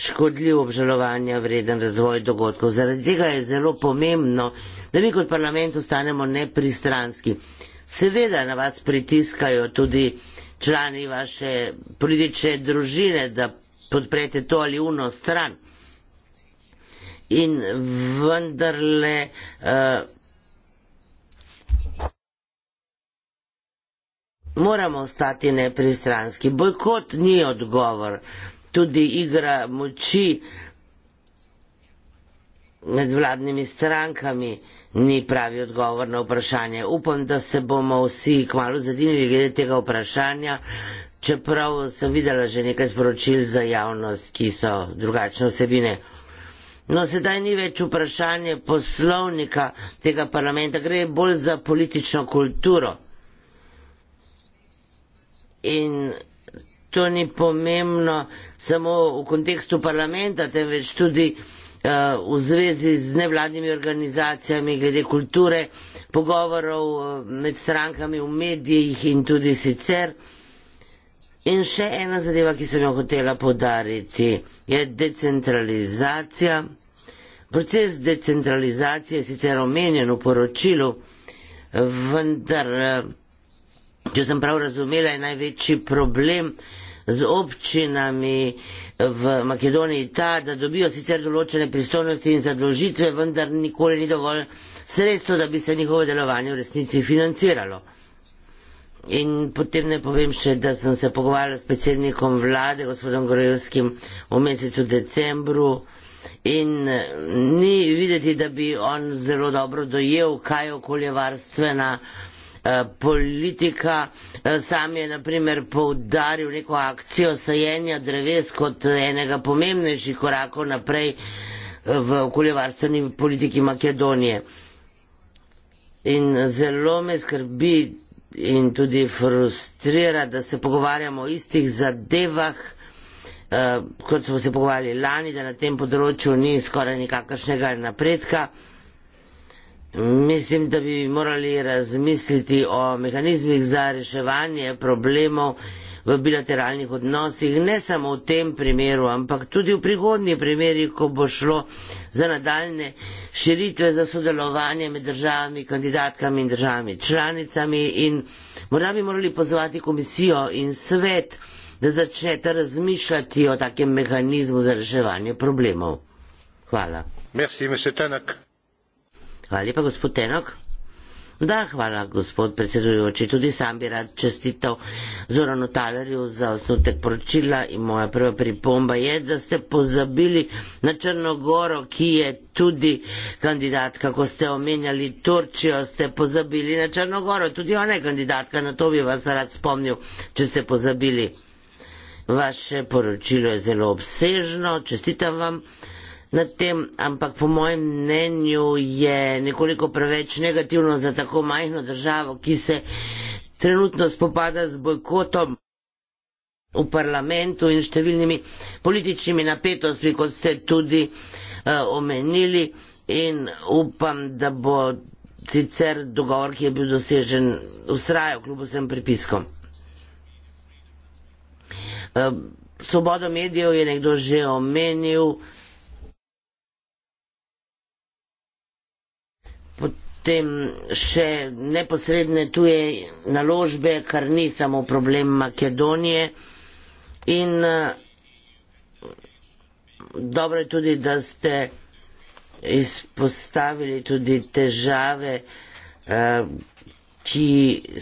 E: škodljiv obžalovanja vreden razvoj dogodkov. Zaradi tega je zelo pomembno, da mi kot parlament ostanemo nepristranski. Seveda na vas pritiskajo tudi člani vaše politične družine, da podprete to ali uno stran in vendarle uh, moramo ostati nepristranski. Bojkot ni odgovor, tudi igra moči med vladnimi strankami ni pravi odgovor na vprašanje. Upam, da se bomo vsi kmalo zadinili glede tega vprašanja, čeprav sem videla že nekaj sporočil za javnost, ki so drugačne vsebine. No, sedaj ni več vprašanje poslovnika tega parlamenta, gre bolj za politično kulturo. In to ni pomembno samo v kontekstu parlamenta, temveč tudi uh, v zvezi z nevladnimi organizacijami glede kulture, pogovorov eh, med strankami v medijih in tudi sicer. In še ena zadeva, ki sem jo hotela podariti, je decentralizacija. Proces decentralizacije je sicer omenjen v poročilu, vendar, eh, če sem prav razumela, je največji problem z občinami v Makedoniji ta, da dobijo sicer določene pristojnosti in zadložitve, vendar nikoli ni dovolj sredstvo, da bi se njihovo delovanje v resnici financiralo. In potem ne povem še, da sem se pogovarjala s predsednikom vlade, gospodom Grojevskim, v mesecu decembru In eh, ni videti, da bi on zelo dobro dojel, kaj je okoljevarstvena eh, politika. Eh, sam je naprimer poudaril neko akcijo sajenja dreves kot enega pomembnejših korakov naprej v okoljevarstveni politiki Makedonije. In zelo me skrbi in tudi frustrira, da se pogovarjamo o istih zadevah uh, kot smo se pogovarjali lani, da na tem področju ni skoraj nikakršnega napredka. Mislim, da bi morali razmisliti o mehanizmih za reševanje problemov v bilateralnih odnosih, ne samo v tem primeru, ampak tudi v prihodnji primeri, ko bo šlo za nadaljne širitve za sodelovanje med državami, kandidatkami in državami članicami in morda bi morali pozvati komisijo in svet da začnete razmišljati o takem mehanizmu za reševanje problemov. Hvala.
D: Merci, monsieur Tenak.
E: Hvala lepa, gospod Tenak. Da, hvala, gospod predsedujoči. Tudi sam bi rad čestital Zoranu Talerju za osnutek poročila in moja prva pripomba je, da ste pozabili na Črnogoro, ki je tudi kandidat, kako ste omenjali Turčijo, ste pozabili na Črnogoro. Tudi ona je kandidatka, na to bi vas rad spomnil, če ste pozabili. Vaše poročilo je zelo obsežno, čestitam vam na tem, ampak po mojem mnenju je nekoliko preveč negativno za tako majhno državo, ki se trenutno spopada z bojkotom v parlamentu in številnimi političnimi napetostmi, kot ste tudi uh, omenili in upam, da bo sicer dogovor, ki je bil dosežen, ustrajal kljub vsem pripiskom. Svobodo medijev je nekdo že omenil. Potem še neposredne tuje naložbe, kar ni samo problem Makedonije. In eh, dobro je tudi, da ste izpostavili tudi težave, eh, ki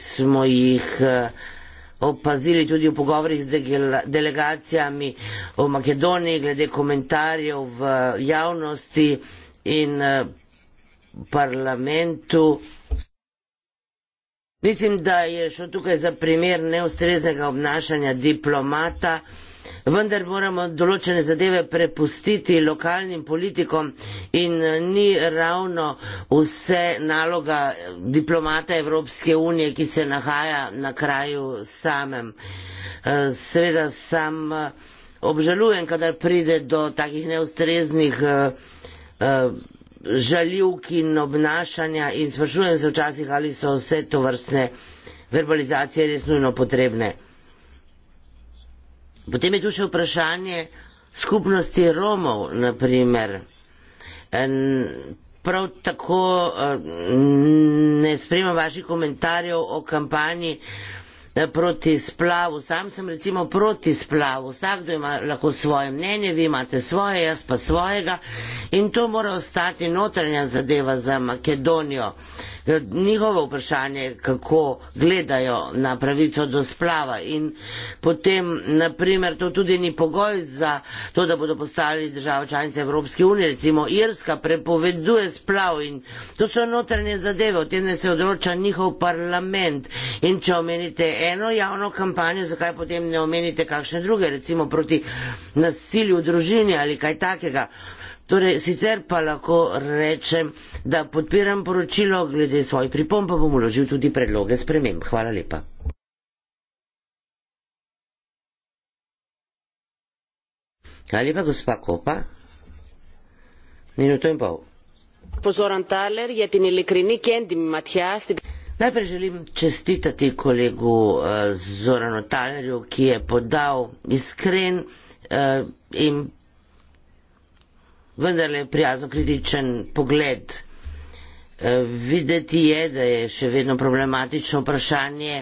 E: smo jih eh, opazili tudi v pogovorih z delegacijami v Makedoniji glede komentarjev v javnosti in eh, parlamentu. Mislim, da je šlo tukaj za primer neustreznega obnašanja diplomata vendar moramo določene zadeve prepustiti lokalnim politikom in eh, ni ravno vse naloga eh, diplomata Evropske unije, ki se nahaja na kraju samem. Eh, seveda sam obžalujem, kadar pride do takih neustreznih žaljivk in obnašanja in sprašujem se včasih, ali so vse to vrstne verbalizacije res nujno potrebne. Potem je tu še vprašanje skupnosti Romov, naprimer. Prav tako eh, ne spremem vaših komentarjev o kampanji eh, proti splavu. Sam sem recimo proti splavu. Vsakdo ima lahko svoje mnenje, vi imate svoje, jaz pa svojega. In to mora ostati notranja zadeva za Makedonijo njihovo vprašanje, kako gledajo na pravico do splava in potem, naprimer, to tudi ni pogoj za to, da bodo postali država članice Evropske unije, recimo Irska prepoveduje splav in to so notranje zadeve, o tem ne se odroča njihov parlament in če omenite eno javno kampanjo, zakaj potem ne omenite kakšne druge, recimo proti nasilju v družini ali kaj takega. Torej, sicer pa lahko rečem, da podpiram poročilo glede svojih pripomb, pa bom uložil tudi predloge sprememb. Hvala lepa. Hvala lepa, gospa Kopa. Minuto in pol. Pozoran Taler, jedini likrini, kendi mi matjasti. Najprej želim čestitati kolegu uh, Zoranu Talerju, ki je podal iskren uh, in vendarle prijazno kritičen pogled. E, videti je, da je še vedno problematično vprašanje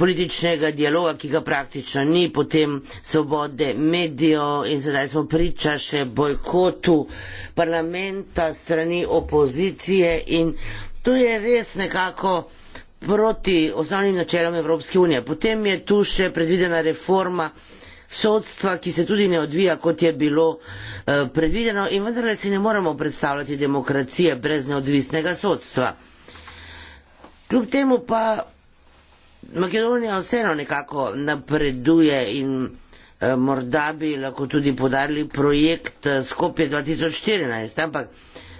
E: političnega dialoga, ki ga praktično ni, potem svobode medijev in sedaj smo priča še bojkotu parlamenta strani opozicije in to je res nekako proti osnovnim načelom Evropske unije. Potem je tu še predvidena reforma uh, sodstva, ki se tudi ne odvija, kot je bilo eh, predvideno, in vendarle si ne moremo predstavljati demokracije brez neodvisnega sodstva. Kljub temu pa Makedonija vseeno nekako napreduje in eh, morda bi lahko tudi podarili projekt eh, Skopje 2014, ampak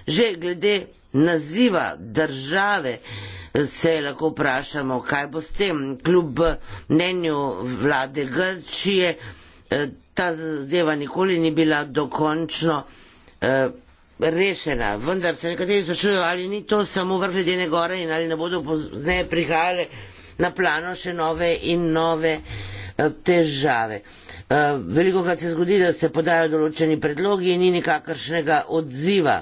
E: že glede naziva države, se lahko vprašamo, kaj bo s tem. Kljub mnenju vlade Grčije, eh, ta zadeva nikoli ni bila dokončno eh, rešena. Vendar se nekateri sprašujejo, ali ni to samo vrh ledene gore in ali ne bodo pozneje prihajale na plano še nove in nove eh, težave. Veliko krat se zgodi, da se podajo določeni predlogi in ni nikakršnega odziva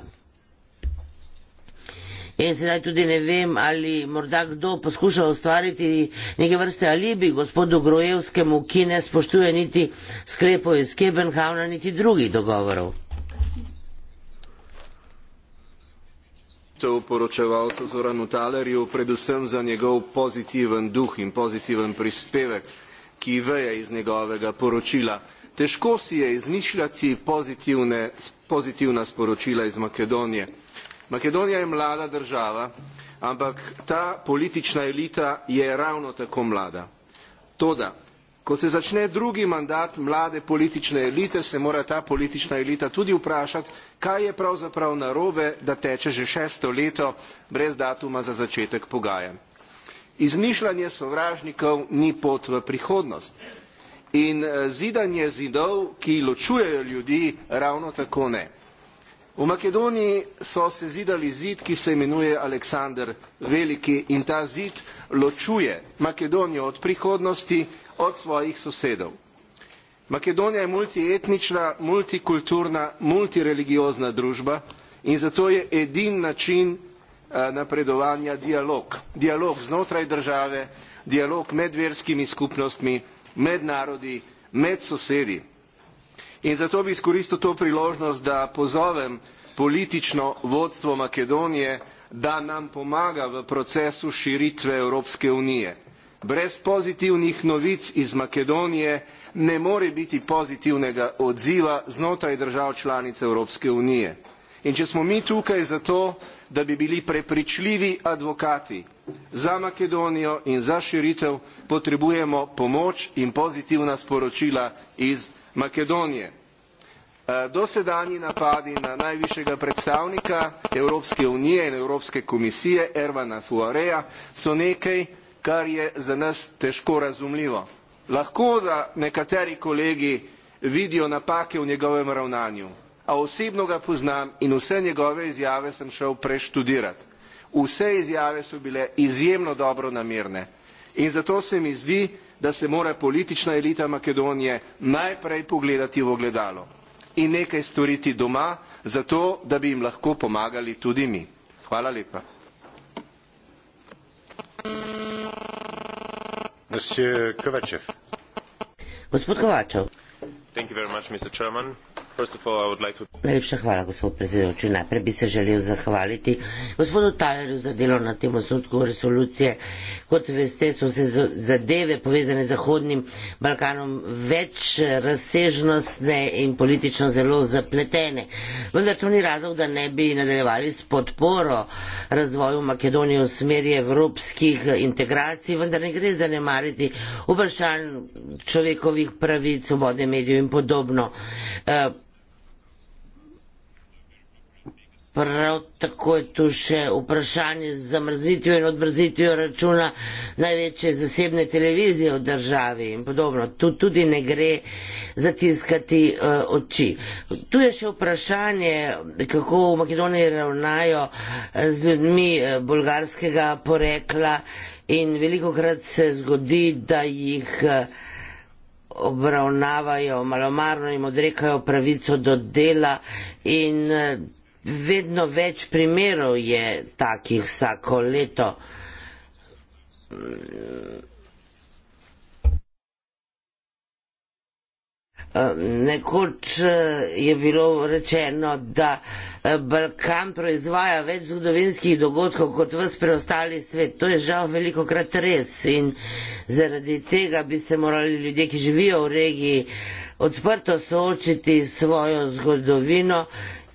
E: in sedaj tudi ne vem, ali morda kdo poskuša ustvariti neke vrste alibi gospodu Grojevskemu, ki ne spoštuje niti sklepov iz Kebenhavna, niti drugih dogovorov.
H: poročevalcu Zoranu Talerju, predvsem za njegov pozitiven duh in pozitiven prispevek, ki veje iz njegovega poročila. Težko si je izmišljati pozitivna sporočila iz Makedonije. Makedonija je mlada država, ampak ta politična elita je ravno tako mlada. Toda, ko se začne drugi mandat mlade politične elite, se mora ta politična elita tudi vprašati, kaj je pravzaprav narobe, da teče že šesto leto brez datuma za začetek pogajanj. Izmišljanje sovražnikov ni pot v prihodnost. In eh, zidanje zidov, ki ločujejo ljudi, ravno tako ne. V Makedoniji so se zidali zid, ki se imenuje Aleksandr Veliki in ta zid ločuje Makedonijo od prihodnosti, od svojih sosedov. Makedonija je multietnična, multikulturna, multireligiozna družba in zato je edin način eh, napredovanja dialog. Dialog znotraj države, dialog med verskimi skupnostmi, med narodi, med sosedi. In zato bi izkoristil to priložnost, da pozovem politično vodstvo Makedonije, da nam pomaga v procesu širitve Evropske unije. Brez pozitivnih novic iz Makedonije ne more biti pozitivnega odziva znotraj držav članic Evropske unije. In če smo mi tukaj zato, da bi bili prepričljivi advokati za Makedonijo in za širitev, potrebujemo pomoč in pozitivna sporočila iz Makedonije. Makedonije. Eh, dosedanji napadi na najvišjega predstavnika Evropske unije in Evropske komisije Ervana Fuareja so nekaj, kar je za nas težko razumljivo. Lahko, da nekateri kolegi vidijo napake v njegovem ravnanju, a osebno ga poznam in vse njegove izjave sem šel preštudirati. Vse izjave so bile izjemno dobro namirne in zato se mi zdi, da se mora politična elita Makedonije najprej pogledati v ogledalo in nekaj storiti doma, zato da bi jim lahko pomagali tudi mi. Hvala lepa.
D: Gospod Kovačev.
E: Gospod Kovačev.
D: Thank you very much, Mr. Chairman.
E: Najlepša hvala, gospod predsednik. Najprej bi se želel zahvaliti gospodu Talerju za delo na tem osnutku resolucije. Kot veste, so se zadeve povezane z Zahodnim Balkanom več razsežnostne in politično zelo zapletene. Vendar to ni razlog, da ne bi nadaljevali s podporo razvoju Makedonije v smeri evropskih integracij, vendar ne gre zanemariti vprašanj človekovih pravic, svobode medijev in podobno. Eh, Prav tako je tu še vprašanje z zamrznitvijo in odmrznitvijo računa največje zasebne televizije v državi in podobno. Tu tudi ne gre zatiskati uh, oči. Tu je še vprašanje, kako v Makedoniji ravnajo eh, z ljudmi eh, bolgarskega porekla in veliko krat se zgodi, da jih obravnavajo malomarno, jim odrekajo pravico do dela in uh, Vedno več primerov je takih vsako leto. Nekoč eh, je bilo rečeno, da eh, Balkan proizvaja več zgodovinskih dogodkov kot vse preostali svet. To je žal veliko krat res in zaradi tega bi se morali ljudje, ki živijo v regiji, odprto soočiti svojo zgodovino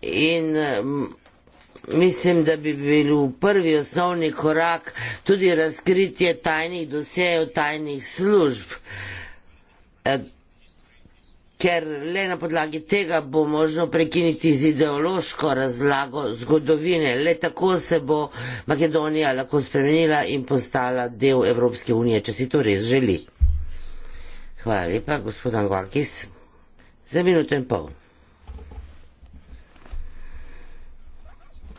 E: in mm, mislim, da bi bil prvi osnovni korak tudi razkritje tajnih dosejev, tajnih služb. E, ker le na podlagi tega bo možno prekiniti z ideološko razlago zgodovine, le tako se bo Makedonija lahko spremenila in postala del Evropske unije, če si to res želi. Hvala lepa, gospod Angvakis, za minuto in pol.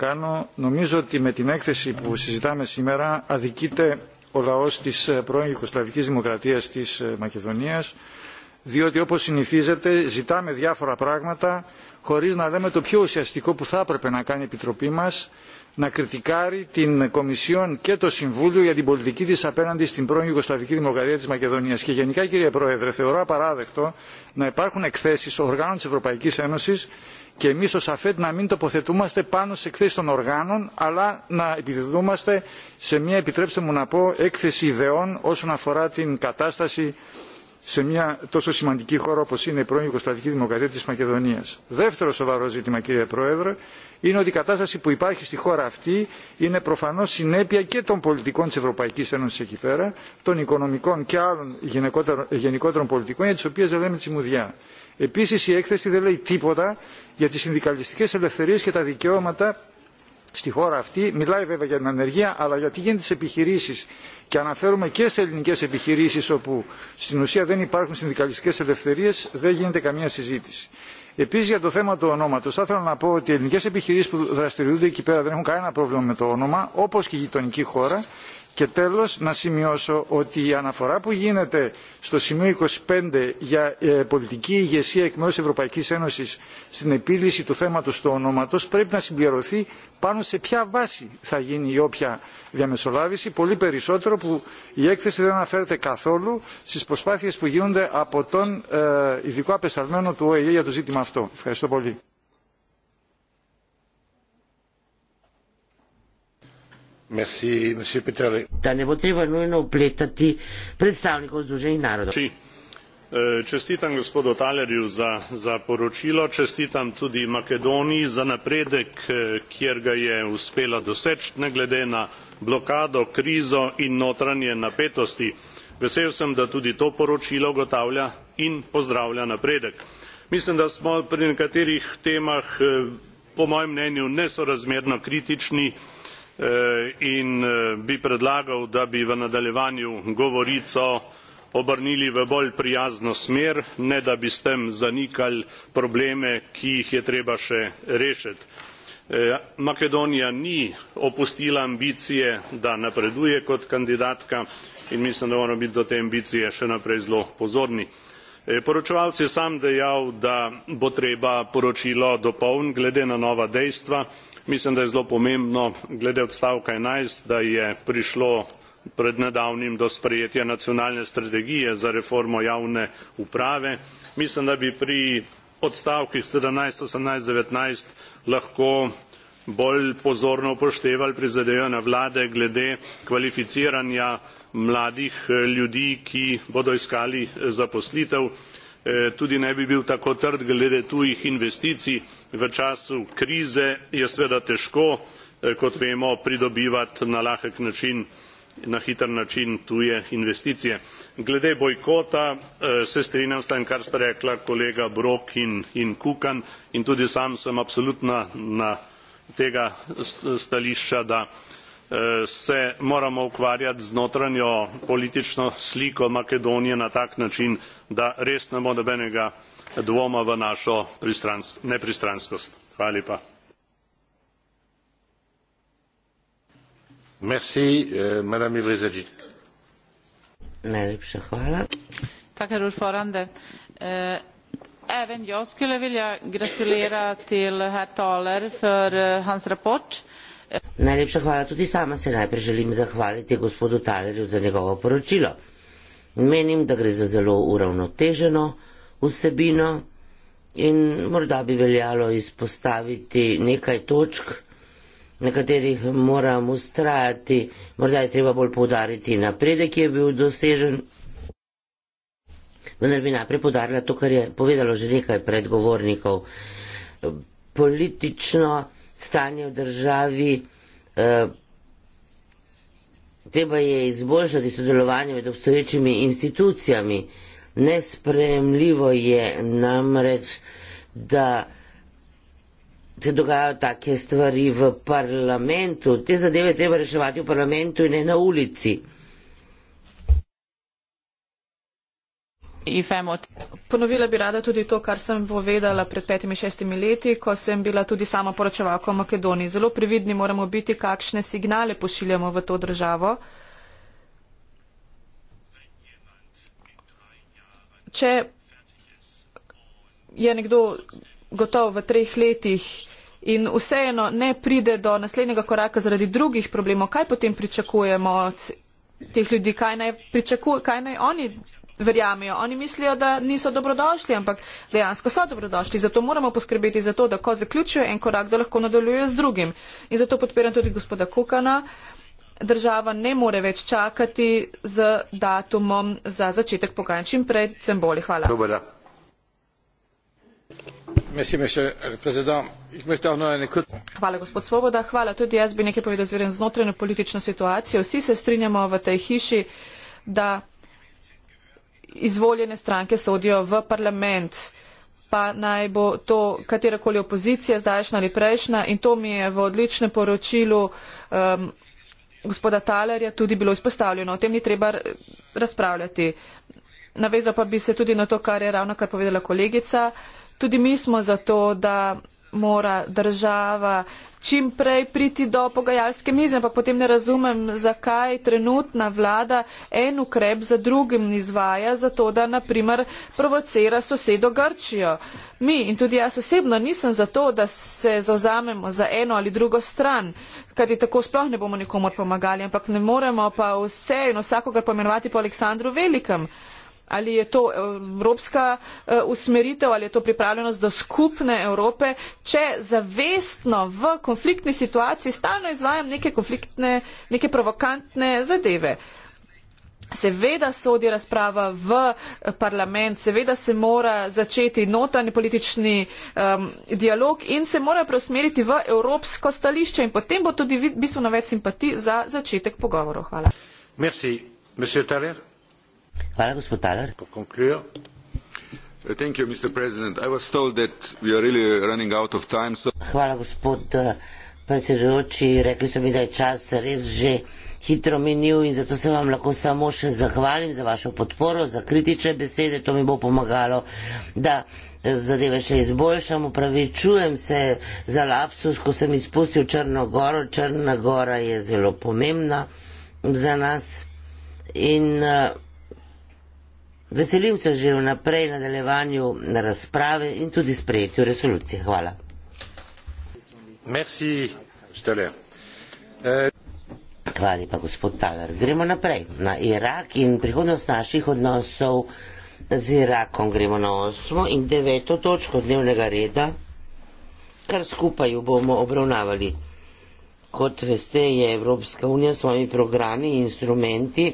F: κάνω. Νομίζω ότι με την έκθεση που συζητάμε σήμερα αδικείται ο λαός της πρώην Ιουκοσλαβικής Δημοκρατίας της Μακεδονίας, διότι όπως συνηθίζεται ζητάμε διάφορα πράγματα χωρίς να λέμε το πιο ουσιαστικό που θα έπρεπε να κάνει η Επιτροπή μας, να κριτικάρει την Κομισιόν και το Συμβούλιο για την πολιτική της απέναντι στην πρώην Ιουγκοσλαβική Δημοκρατία της Μακεδονίας. Και γενικά κύριε Πρόεδρε, θεωρώ απαράδεκτο να υπάρχουν εκθέσεις οργάνων της Ευρωπαϊκής Ένωσης και εμείς ως ΑΦΕΤ να μην τοποθετούμαστε πάνω σε εκθέσεις των οργάνων, αλλά να επιδεδούμαστε σε μια, επιτρέψτε μου να πω, έκθεση ιδεών όσον αφορά την κατάσταση σε μια τόσο σημαντική χώρα όπως είναι η πρώην Ιουγκοσλαβική Δημοκρατία της Μακεδονίας. Δεύτερο σοβαρό ζήτημα κύριε Πρόεδρε είναι ότι η κατάσταση που υπάρχει στη χώρα αυτή είναι προφανώς συνέπεια και των πολιτικών της Ευρωπαϊκής Ένωσης εκεί πέρα, των οικονομικών και άλλων γενικότερων πολιτικών για τις οποίες λέμε τσιμουδιά. Επίσης η έκθεση δεν λέει τίποτα για τις συνδικαλιστικές ελευθερίες και τα δικαιώματα στη χώρα αυτή, μιλάει βέβαια για την ανεργία, αλλά για τι γίνεται στι επιχειρήσει και αναφέρομαι και σε ελληνικέ επιχειρήσει όπου στην ουσία δεν υπάρχουν συνδικαλιστικέ ελευθερίε, δεν γίνεται καμία συζήτηση. Επίση για το θέμα του ονόματο, θα ήθελα να πω ότι οι ελληνικέ επιχειρήσει που δραστηριοποιούνται εκεί πέρα δεν έχουν κανένα πρόβλημα με το όνομα, όπω και η γειτονική χώρα. Και τέλο, να σημειώσω ότι η αναφορά που γίνεται στο σημείο 25 για ε, πολιτική ηγεσία εκ μέρου Ευρωπαϊκή Ένωση στην επίλυση του θέματο του ονόματο πρέπει να συμπληρωθεί πάνω σε ποια βάση θα γίνει η όποια διαμεσολάβηση, πολύ περισσότερο που η έκθεση δεν αναφέρεται καθόλου στις προσπάθειες που γίνονται από τον ε, ειδικό απεσταλμένο του ΟΕΕ για το ζήτημα αυτό. Ευχαριστώ πολύ.
E: Merci, monsieur Petrelli. Τα νεποτρίβανο είναι ο πλήτατη πρεστάωνικος του Ζεϊνάρωτα. Sì.
I: E, čestitam gospodu thalerju za poročilo čestitam tudi makedoniji za napredek e, kjer ga je uspela doseči ne glede na blokado krizo in notranje napetosti. vesel sem da tudi to poročilo ugotavlja in pozdravlja napredek. mislim da smo pri nekaterih temah e, po mojem mnenju nesorazmerno kritični in bi predlagal da bi v nadaljevanju govorico obrnili v bolj prijazno smer ne da bi s tem zanikali probleme ki jih je treba še rešiti. E, makedonija ni opustila ambicije da napreduje kot kandidatka in mislim da moramo biti do te ambicije še naprej zelo pozorni. E, poročevalec je sam dejal da bo treba poročilo dopolniti glede na nova dejstva. mislim da je zelo pomembno glede odstavka enajst da je prišlo pred nedavnim do sprejetja nacionalne strategije za reformo javne uprave mislim da bi pri odstavkih sedemnajst osemnajst devetnajst lahko bolj pozorno upoštevali prizadevanja vlade glede kvalificiranja mladih eh, ljudi ki bodo iskali eh, zaposlitev eh, tudi ne bi bil tako trd glede tujih investicij v času krize je seveda težko kot vemo pridobivati na lahek način na hiter način tuje investicije. glede bojkota eh, se strinjam s tem kar sta rekla kolega brok in in kukan in tudi sam sem absolutno na tega stališča da eh, se moramo ukvarjati z notranjo politično sliko makedonije na tak način da res ne bo nobenega dvoma v našo nepristranskost.
D: Euh,
E: najlepša hvala
A: tackar ordförande även eh, jag skulle vilja gratulera till herr thaler för eh, hans rapport
E: najlepša hvala tudi sama se najprej želim zahvaliti gospodu thalerju za njegovo poročilo menim da gre za zelo uravnoteženo vsebino in morda bi veljalo izpostaviti nekaj točk ki so na katerih moramo ustrajati. Morda je treba bolj povdariti napredek, ki je bil dosežen. Vendar bi najprej podarila to, kar je povedalo že nekaj predgovornikov. Politično stanje v državi, eh, treba je izboljšati sodelovanje med obstoječimi institucijami. Nespremljivo je namreč, da se dogajajo take stvari v parlamentu. Te zadeve treba reševati v parlamentu in ne na ulici.
C: Ifemot. Ponovila bi rada tudi to, kar sem povedala pred petimi, šestimi leti, ko sem bila tudi sama poročevalka v Makedoniji. Zelo previdni moramo biti, kakšne signale pošiljamo v to državo. Če je nekdo gotov v treh letih in vseeno ne pride do naslednjega koraka zaradi drugih problemov, kaj potem pričakujemo od teh ljudi, kaj naj, kaj naj oni verjamejo. Oni mislijo, da niso dobrodošli, ampak dejansko so dobrodošli. Zato moramo poskrbeti za to, da ko zaključijo en korak, da lahko nadaljujejo z drugim. In zato podpiram tudi gospoda Kukana. Država ne more več čakati z datumom za začetek pogajanj čim prej.
F: Tem bolje. Hvala. Dobre
C: hvala tudi jaz bi nekaj povedal zveren z notranjo politično situacijo vsi se strinjamo v tej hiši da izvoljene stranke sodijo v parlament pa naj bo to katerakoli opozicija zdajšnja ali prejšnja in to mi je v odličnem poročilu um, gospoda Talerja tudi bilo izpostavljeno. O tem ni treba razpravljati. Navezal pa bi se tudi na to, kar je ravno kar povedala kolegica. Uh, Tudi mi smo za to, da mora država čim prej priti do pogajalske mize, ampak potem ne razumem, zakaj trenutna vlada en ukrep za drugim izvaja, zato da naprimer provocira sosedo Grčijo. Mi in tudi jaz osebno nisem za to, da se zauzamemo za eno ali drugo stran, kajti tako sploh ne bomo nikomor pomagali, ampak ne moremo pa vse in vsakogar pomenovati po Aleksandru Velikem ali je to eh, evropska eh, usmeritev, ali je to pripravljenost do skupne Evrope, če zavestno v konfliktni situaciji stalno izvajam neke konfliktne, neke provokantne zadeve. Seveda sodi razprava v eh, parlament, seveda se mora začeti notranji politični um, dialog in se mora preusmeriti v evropsko stališče in potem bo tudi bistveno več simpati za začetek pogovorov. Hvala.
D: Merci. Monsieur Taler. Hvala, gospod Taler. Uh,
G: thank you, Mr. President. I was told that we are really running out of time.
E: So Hvala, gospod uh, predsedujoči. Rekli ste mi, da je čas res že hitro minil in zato se vam lahko samo še zahvalim za vašo podporo, za kritične besede. To mi bo pomagalo, da eh, zadeve še izboljšamo. Pravičujem se za lapsus, ko sem izpustil Črno goro. Črna gora je zelo pomembna za nas. In, uh, Veselim se že vnaprej nadaljevanju na razprave in tudi sprejetju resolucije. Hvala. Merci. Eh. Hvala lepa, gospod Taler. Gremo naprej na Irak in prihodnost naših odnosov z Irakom. Gremo na osmo in deveto točko dnevnega reda, kar skupaj jo bomo obravnavali. Kot veste, je Evropska unija s svojimi programi in instrumenti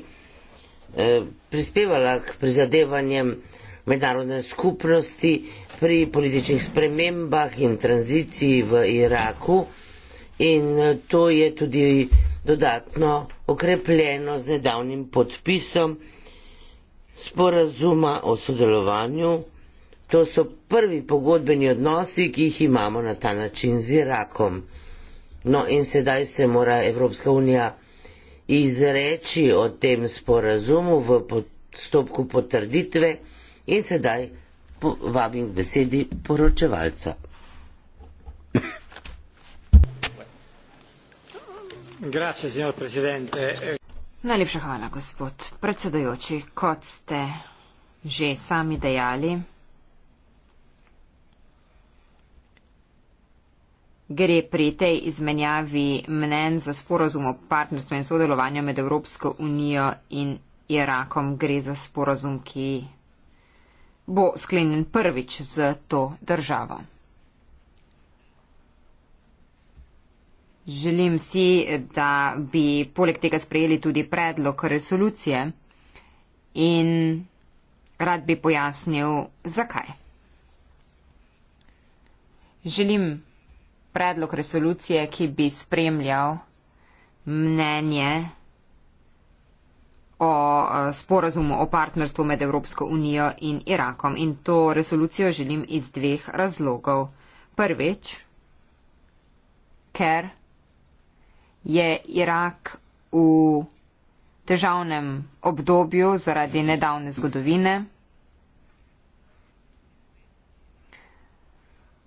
E: Eh, prispevala k prizadevanjem mednarodne skupnosti pri političnih spremembah in tranziciji v Iraku in eh, to je tudi dodatno okrepljeno z nedavnim podpisom sporazuma o sodelovanju. To so prvi pogodbeni odnosi, ki jih imamo na ta način z Irakom. No in sedaj se mora Evropska unija izreči o tem sporazumu v postopku potrditve in sedaj vabim k besedi poročevalca. Grazie, signor Presidente.
B: Najlepša hvala, gospod predsedujoči. Kot ste že sami dejali, Gre pri tej izmenjavi mnen za sporazum o partnerstvu in sodelovanju med Evropsko unijo in Irakom. Gre za sporazum, ki bo sklenjen prvič z to državo. Želim si, da bi poleg tega sprejeli tudi predlog resolucije in rad bi pojasnil, zakaj. Želim predlog resolucije, ki bi spremljal mnenje o eh, sporazumu o partnerstvu med Evropsko unijo in Irakom. In to resolucijo želim iz dveh razlogov. Prvič, ker je Irak v težavnem obdobju zaradi nedavne zgodovine.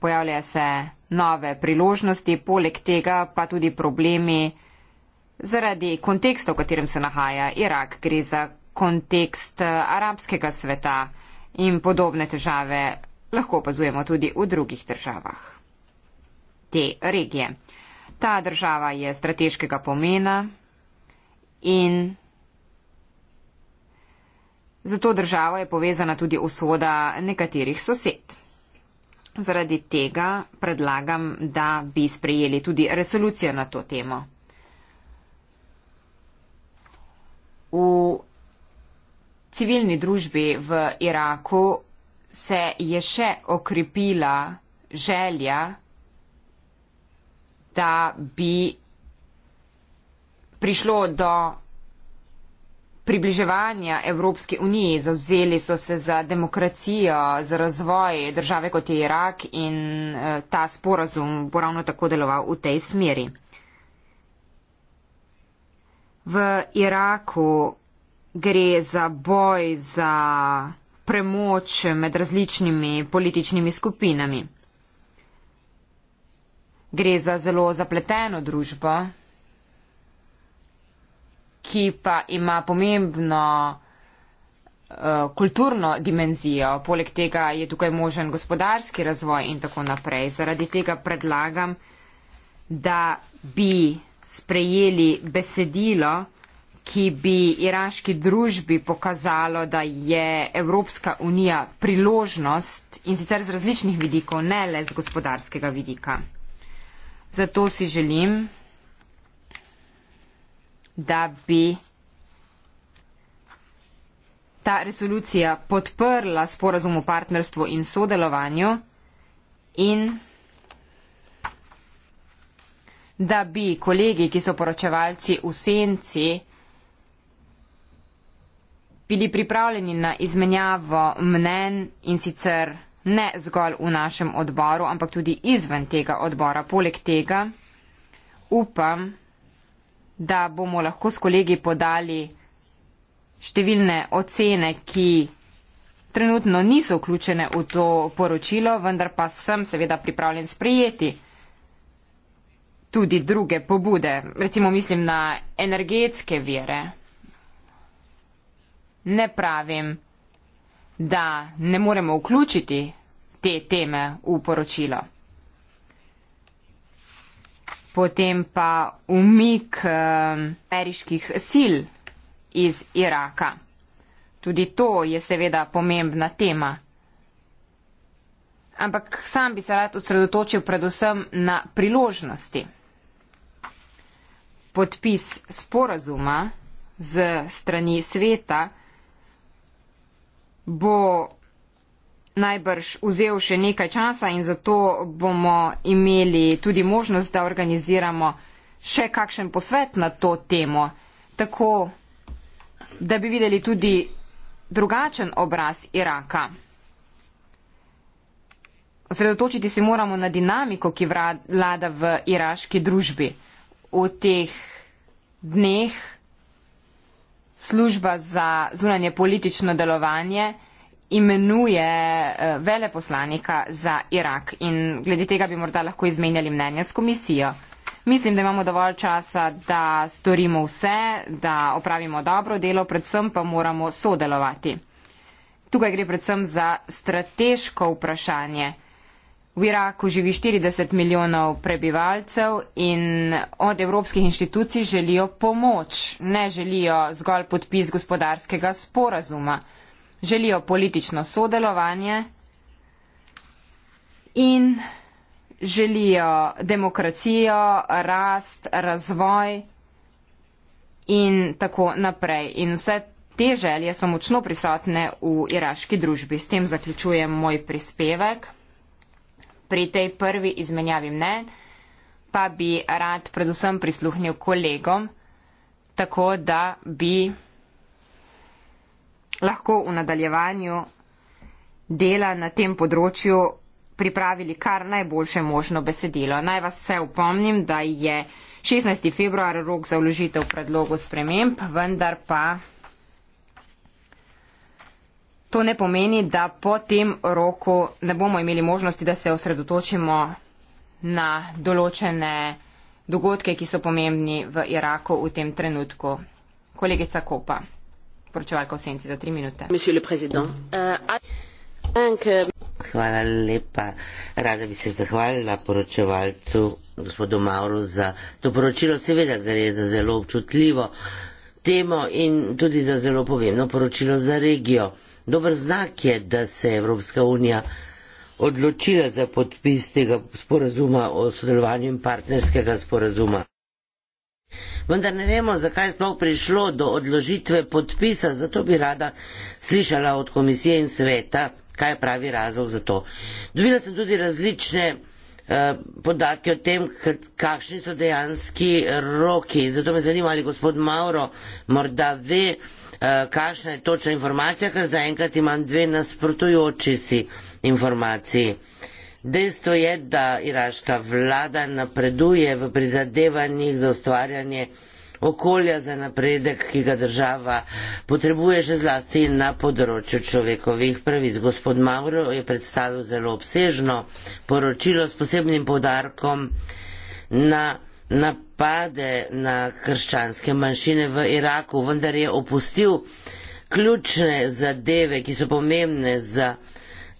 B: pojavljajo se nove priložnosti, poleg tega pa tudi problemi zaradi konteksta, v katerem se nahaja Irak. Gre za kontekst eh, arabskega sveta in podobne težave lahko opazujemo tudi v drugih državah te regije. Ta država je strateškega pomena in za to državo je povezana tudi usoda nekaterih sosed. Zaradi tega predlagam, da bi sprejeli tudi resolucijo na to temo. V civilni družbi v Iraku se je še okrepila želja, da bi prišlo do približevanja Evropski uniji, zauzeli so se za demokracijo, za razvoj države kot je Irak in eh, ta sporazum bo ravno tako deloval v tej smeri. V Iraku gre za boj za premoč med različnimi političnimi skupinami. Gre za zelo zapleteno družbo, ki pa ima pomembno eh, kulturno dimenzijo. Poleg tega je tukaj možen gospodarski razvoj in tako naprej. Zaradi tega predlagam, da bi sprejeli besedilo, ki bi iraški družbi pokazalo, da je Evropska unija priložnost in sicer z različnih vidikov, ne le z gospodarskega vidika. Zato si želim, da bi ta resolucija podprla sporazum o partnerstvu in sodelovanju in da bi kolegi, ki so poročevalci v senci, bili pripravljeni na izmenjavo mnen in sicer ne zgolj v našem odboru, ampak tudi izven tega odbora. Poleg tega upam, da bomo lahko s kolegi podali številne ocene, ki trenutno niso vključene v to poročilo, vendar pa sem seveda pripravljen sprejeti tudi druge pobude. Recimo mislim na energetske vire. Ne pravim, da ne moremo vključiti te teme v poročilo potem pa umik uh, ameriških sil iz Iraka. Tudi to je seveda pomembna tema. Ampak sam bi se rad osredotočil predvsem na priložnosti. Podpis sporazuma z strani sveta bo najbrž vzel še nekaj časa in zato bomo imeli tudi možnost, da organiziramo še kakšen posvet na to temo, tako da bi videli tudi drugačen obraz Iraka. Osredotočiti se moramo na dinamiko, ki vlada v iraški družbi. V teh dneh služba za zunanje politično delovanje imenuje eh, veleposlanika za Irak in glede tega bi morda lahko izmenjali mnenje s komisijo. Mislim, da imamo dovolj časa, da storimo vse, da opravimo dobro delo, predvsem pa moramo sodelovati. Tukaj gre predvsem za strateško vprašanje. V Iraku živi 40 milijonov prebivalcev in od evropskih inštitucij želijo pomoč, ne želijo zgolj podpis gospodarskega sporazuma želijo politično sodelovanje in želijo demokracijo, rast, razvoj in tako naprej. In vse te želje so močno prisotne v iraški družbi. S tem zaključujem moj prispevek. Pri tej prvi izmenjavi mnen pa bi rad predvsem prisluhnil kolegom, tako da bi lahko v nadaljevanju dela na tem področju pripravili kar najboljše možno besedilo. Naj vas vse upomnim, da je 16. februar rok za vložitev predlogu sprememb, vendar pa to ne pomeni, da po tem roku ne bomo imeli možnosti, da se osredotočimo na določene dogodke, ki so pomembni v Iraku v tem trenutku. Kolegica Kopa poročevalka v senci za tri minute.
E: Euh, Hvala lepa. Rada bi se zahvalila poročevalcu gospodu Mauru za to poročilo. Seveda gre za zelo občutljivo temo in tudi za zelo pomembno poročilo za regijo. Dober znak je, da se je Evropska unija odločila za podpis tega sporazuma o sodelovanju in partnerskega sporazuma. Vendar ne vemo, zakaj je sploh prišlo do odložitve podpisa, zato bi rada slišala od komisije in sveta, kaj je pravi razlog za to. Dobila sem tudi različne eh, podatke o tem, kakšni so dejanski roki. Zato me zanima, ali gospod Mauro morda ve, eh, kakšna je točna informacija, ker zaenkrat imam dve nasprotujoči si informaciji. Dejstvo je, da iraška vlada napreduje v prizadevanjih za ustvarjanje okolja za napredek, ki ga država potrebuje še zlasti na področju človekovih pravic. Gospod Mauro je predstavil zelo obsežno poročilo s posebnim podarkom na napade na krščanske manjšine v Iraku, vendar je opustil ključne zadeve, ki so pomembne za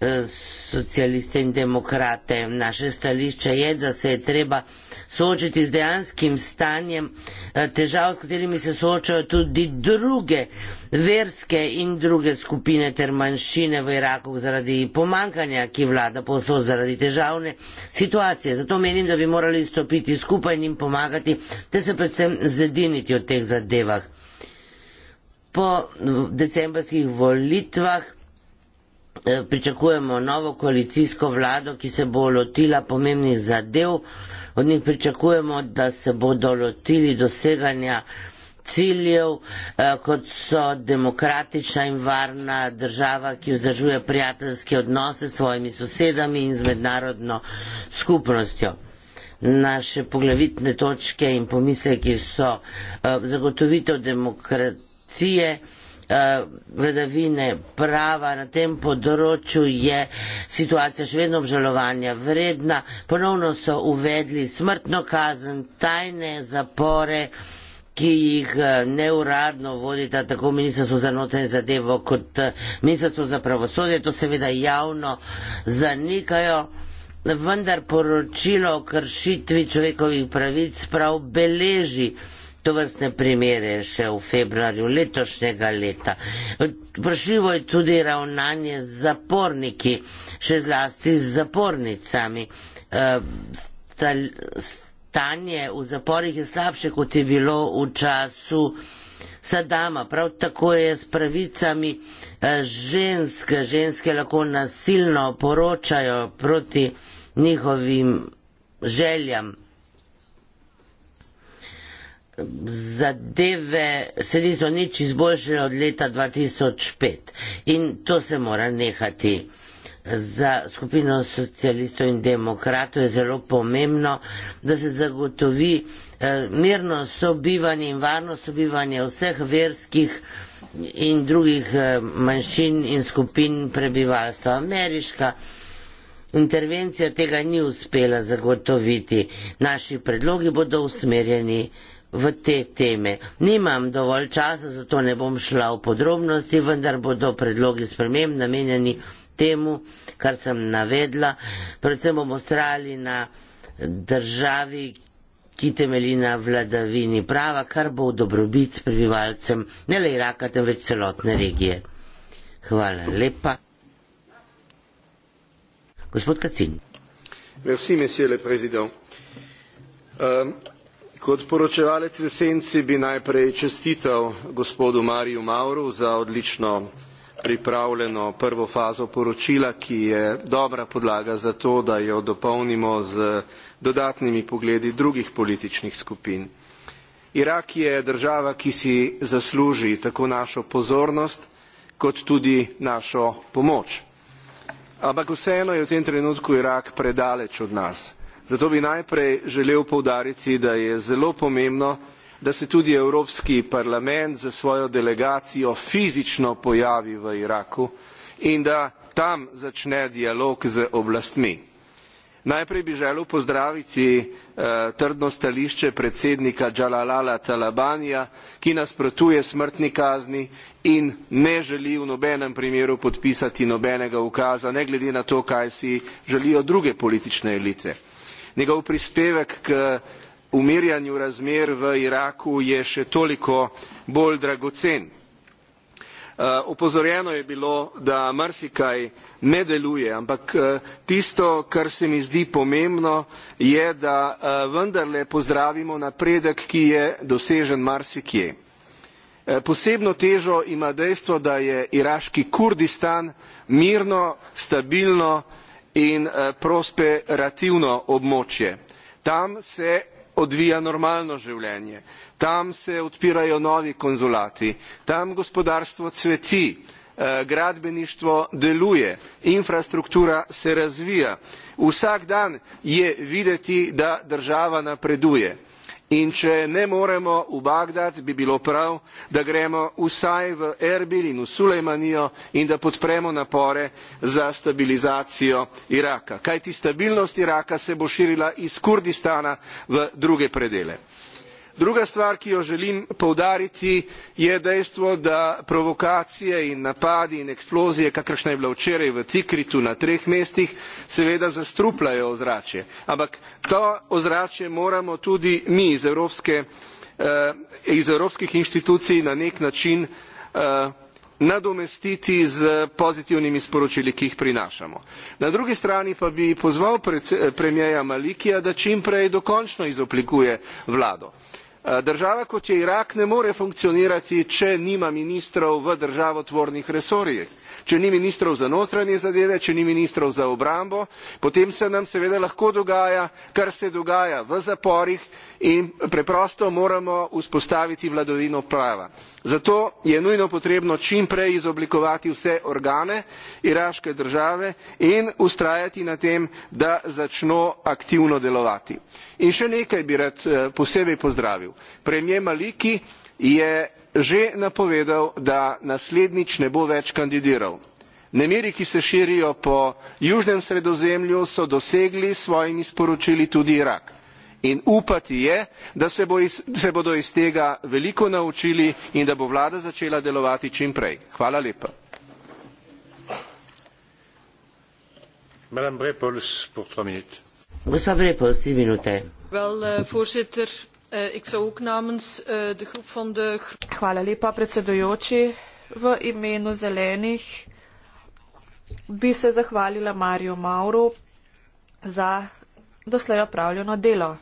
E: Eh, socialiste in demokrate. Naše stališče je, da se je treba soočiti z dejanskim stanjem eh, težav, s katerimi se soočajo tudi druge verske in druge skupine ter manjšine v Iraku zaradi pomankanja, ki vlada posod zaradi težavne situacije. Zato menim, da bi morali stopiti skupaj in jim pomagati, te se predvsem zediniti o teh zadevah. Po decembrskih volitvah Eh, pričakujemo novo koalicijsko vlado, ki se bo lotila pomembnih zadev, od njih pričakujemo, da se bodo lotili doseganja ciljev, eh, kot so demokratična in varna država, ki vzdržuje prijateljske odnose s svojimi sosedami in z mednarodno skupnostjo. Naše poglavitne točke in pomisleki so eh, zagotovitev demokracije, Eh, vladavine prava na tem področju je situacija še vedno obžalovanja vredna. Ponovno so uvedli smrtno kazen, tajne zapore, ki jih eh, neuradno vodita tako Ministrstvo za notranje zadevo kot eh, Ministrstvo za pravosodje. To seveda javno zanikajo. Vendar poročilo o kršitvi človekovih pravic prav beleži To vrstne primere še v februarju letošnjega leta. Vprašljivo je tudi ravnanje z zaporniki, še zlasti z zapornicami. Eh, stanje v zaporih je slabše, kot je bilo v času Sadama. Prav tako je s pravicami eh, ženske. Ženske lahko nasilno poročajo proti njihovim željam zadeve se niso nič izboljšale od leta 2005 in to se mora nehati. Za skupino socialistov in demokratov je zelo pomembno, da se zagotovi eh, mirno sobivanje in varno sobivanje vseh verskih in drugih eh, manjšin in skupin prebivalstva. Ameriška intervencija tega ni uspela zagotoviti. Naši predlogi bodo usmerjeni v te teme. Nimam dovolj časa, zato ne bom šla v podrobnosti, vendar bodo predlogi sprememb namenjeni temu, kar sem navedla. Predvsem bomo strali na državi, ki temelji na vladavini prava, kar bo v dobrobit prebivalcem ne le Iraka, temveč celotne regije. Hvala lepa. Gospod Kacin.
H: Merci, monsieur le président. Euh, Kot poročevalec v senci bi najprej čestital gospodu Mariju Mauru za odlično pripravljeno prvo fazo poročila, ki je dobra podlaga za to, da jo dopolnimo z dodatnimi pogledi drugih političnih skupin. Irak je država, ki si zasluži tako našo pozornost kot tudi našo pomoč. Ampak vseeno je v tem trenutku Irak predaleč od nas zato bi najprej želel poudariti da je zelo pomembno da se tudi evropski parlament za svojo delegacijo fizično pojavi v iraku in da tam začne dialog z oblastmi. najprej bi želel pozdraviti eh, trdno stališče predsednika džalalala talabanija ki nasprotuje smrtni kazni in ne želi v nobenem primeru podpisati nobenega ukaza ne glede na to kaj si želijo druge politične elite njegov prispevek k umirjanju razmer v Iraku je še toliko bolj dragocen. Eh, opozorjeno je bilo, da mrsikaj ne deluje, ampak eh, tisto, kar se mi zdi pomembno, je, da eh, vendarle pozdravimo napredek, ki je dosežen mrsikje. Posebno težo ima dejstvo, da je iraški Kurdistan mirno, stabilno, in eh, prosperativno območje tam se odvija normalno življenje tam se odpirajo novi konzulati tam gospodarstvo cveti eh, gradbeništvo deluje infrastruktura se razvija vsak dan je videti da država napreduje in če ne moremo v bagdad bi bilo prav da gremo vsaj v erbil in v sulejmanijo in da podpremo napore za stabilizacijo iraka kajti stabilnost iraka se bo širila iz kurdistana v druge predele druga stvar ki jo želim poudariti je dejstvo da provokacije in napadi in eksplozije kakršna je bila včeraj v tikritu na treh mestih seveda zastrupljajo ozračje ampak to ozračje moramo tudi mi iz evropske eh, iz evropskih inštitucij na nek način eh, nadomestiti s pozitivnimi sporočili ki jih prinašamo na drugi strani pa bi pozval premierja malikija da čim prej dokončno izoblikuje vlado Eh, država kot je irak ne more funkcionirati če nima ministrov v državotvornih resorjih če ni ministrov za notranje zadeve če ni ministrov za obrambo potem se nam seveda lahko dogaja kar se dogaja v zaporih in preprosto moramo vzpostaviti vladavino prava zato je nujno potrebno čim prej izoblikovati vse organe iraške države in vztrajati na tem da začno aktivno delovati in še nekaj bi rad eh, posebej pozdravil premier maliki je že napovedal da naslednjič ne bo več kandidiral. nemiri ki se širijo po južnem sredozemlju so dosegli s svojimi sporočili tudi irak in upati je da se bo iz se bodo iz tega veliko naučili in da bo vlada začela delovati čim prej.
E: Eh, eh,
C: eh, v imenu zelenih bi se zahvalila Mariju Mauru za doslej opravljeno delo.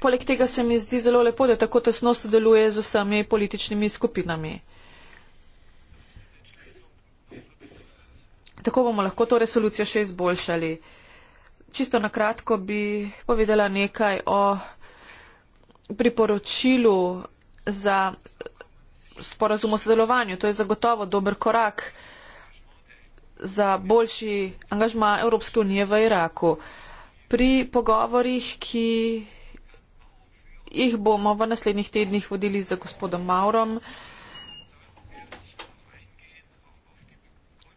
C: Poleg tega se mi zdi zelo lepo, da tako tesno sodeluje z vsemi političnimi skupinami. Tako bomo lahko to resolucijo še izboljšali. Čisto na kratko bi povedala nekaj o priporočilu za sporazum o sodelovanju. To je zagotovo dober korak za boljši angažma Evropske unije v Iraku. Pri pogovorih, ki jih bomo v naslednjih tednih vodili za gospodom Maurom,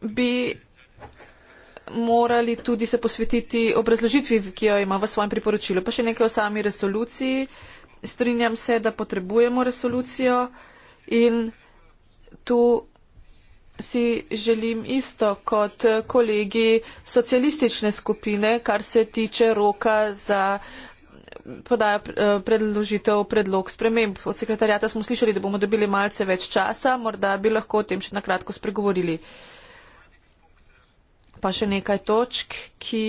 C: bi morali tudi se posvetiti obrazložitvi, ki jo ima v svojem priporočilu. Pa še nekaj o sami resoluciji. Strinjam se, da potrebujemo resolucijo in tu si želim isto kot kolegi socialistične skupine, kar se tiče roka za podajo eh, predložitev predlog sprememb. Od sekretarjata smo slišali, da bomo dobili malce več časa, morda bi lahko o tem še nakratko spregovorili. Uh, pa še nekaj točk, ki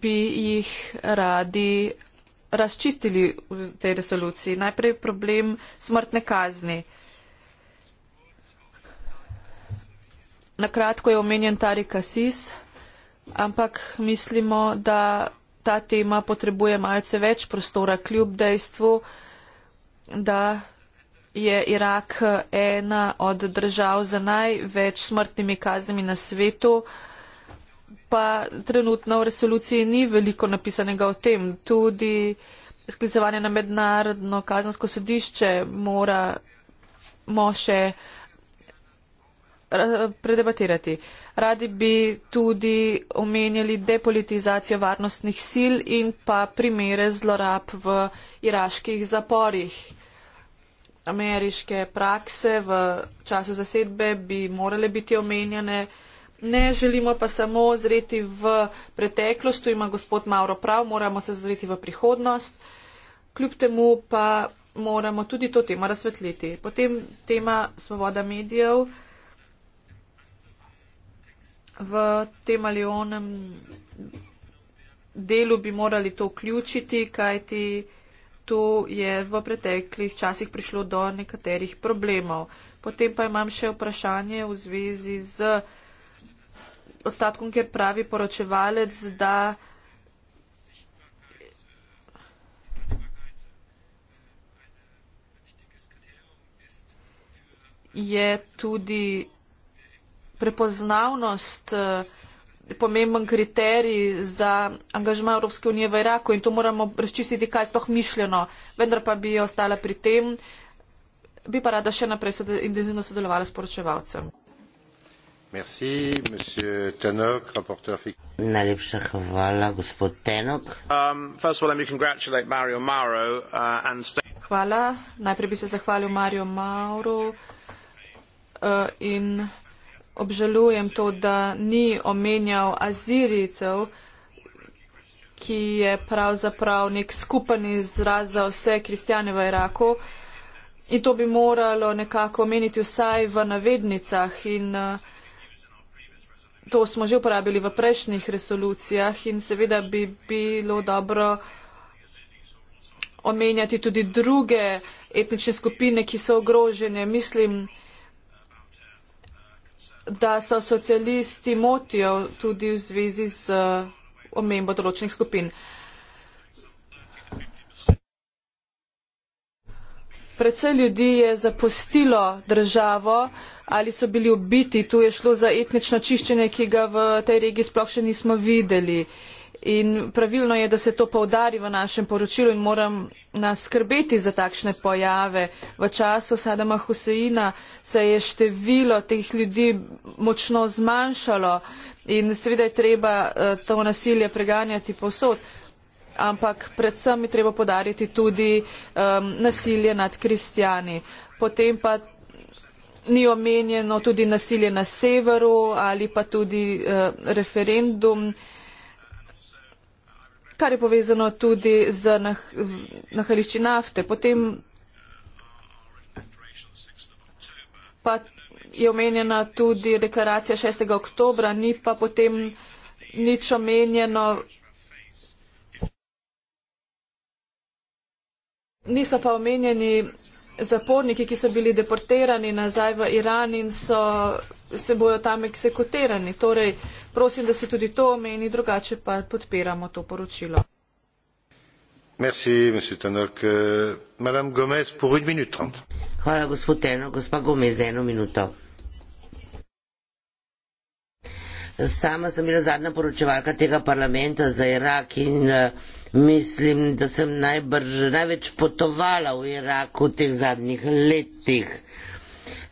C: bi jih radi razčistili v tej resoluciji. Najprej problem smrtne kazni. Nakratko je omenjen Tarik Asis, ampak mislimo, da ta tema potrebuje malce več prostora kljub dejstvu, da je Irak ena od držav z največ smrtnimi kaznimi na svetu, pa trenutno v resoluciji ni veliko napisanega o tem. Tudi sklicevanje na mednarodno kazansko sodišče mora moše eh, predebatirati. Radi bi tudi omenjali depolitizacijo varnostnih sil in pa primere zlorab v iraških zaporih ameriške prakse v času zasedbe bi morale biti omenjene. Ne želimo pa samo zreti v preteklost, tu ima gospod Mauro prav, moramo se zreti v prihodnost. Kljub temu pa moramo tudi to temo razsvetliti. Potem tema svoboda medijev. V tem ali onem delu bi morali to vključiti, kajti to je v preteklih časih prišlo do nekaterih problemov. Potem pa imam še vprašanje v zvezi z ostatkom, kjer pravi poročevalec, da. Je tudi prepoznavnost uh, pomemben kriterij za angažma Evropske unije v Iraku in to moramo razčistiti, kaj je sploh mišljeno. Vendar pa bi ostala pri tem, bi pa rada še naprej sod intenzivno sodelovala s poročevalcem.
D: Merci, Tenok,
E: Najlepša hvala, gospod Tenok. Um,
I: Mauro, uh, and...
C: Hvala. Najprej bi se zahvalil Mario Mauro uh, in obžalujem to, da ni omenjal Azirijcev, ki je pravzaprav nek skupen izraz za vse kristjane v Iraku. In to bi moralo nekako omeniti vsaj v navednicah. In eh, to smo že uporabili v prejšnjih resolucijah in seveda bi bilo dobro omenjati tudi druge etnične skupine, ki so ogrožene. Mislim, da so socialisti motijo tudi v zvezi z eh, omembo določenih skupin. Predvsej ljudi je zapustilo državo ali so bili ubiti. Tu je šlo za etnično čiščenje, ki ga v tej regiji sploh še nismo videli. In pravilno je, da se to povdari v našem poročilu in moram naskrbeti za takšne pojave. V času Sadama Huseina se je število teh ljudi močno zmanjšalo in seveda je treba eh, to nasilje preganjati posod. Ampak predvsem je treba podariti tudi um, nasilje nad kristjani. Potem pa ni omenjeno tudi nasilje na severu ali pa tudi uh, referendum. Uh, kar je povezano tudi z nah nahališči nafte. Potem pa je omenjena tudi deklaracija 6. oktobra, ni pa potem nič omenjeno. Niso pa omenjeni zaporniki, ki so bili deportirani nazaj v Iran in so se bojo tam eksekutirani. Torej, prosim, da se tudi to omeni, drugače pa podpiramo to poročilo.
D: Merci, euh, Gomez,
E: Hvala, gospod Teno. Gospa Gomez, eno minuto. Sama sem bila zadnja poročevalka tega parlamenta za Irak in eh, mislim, da sem najbrž, največ potovala v Iraku v teh zadnjih letih.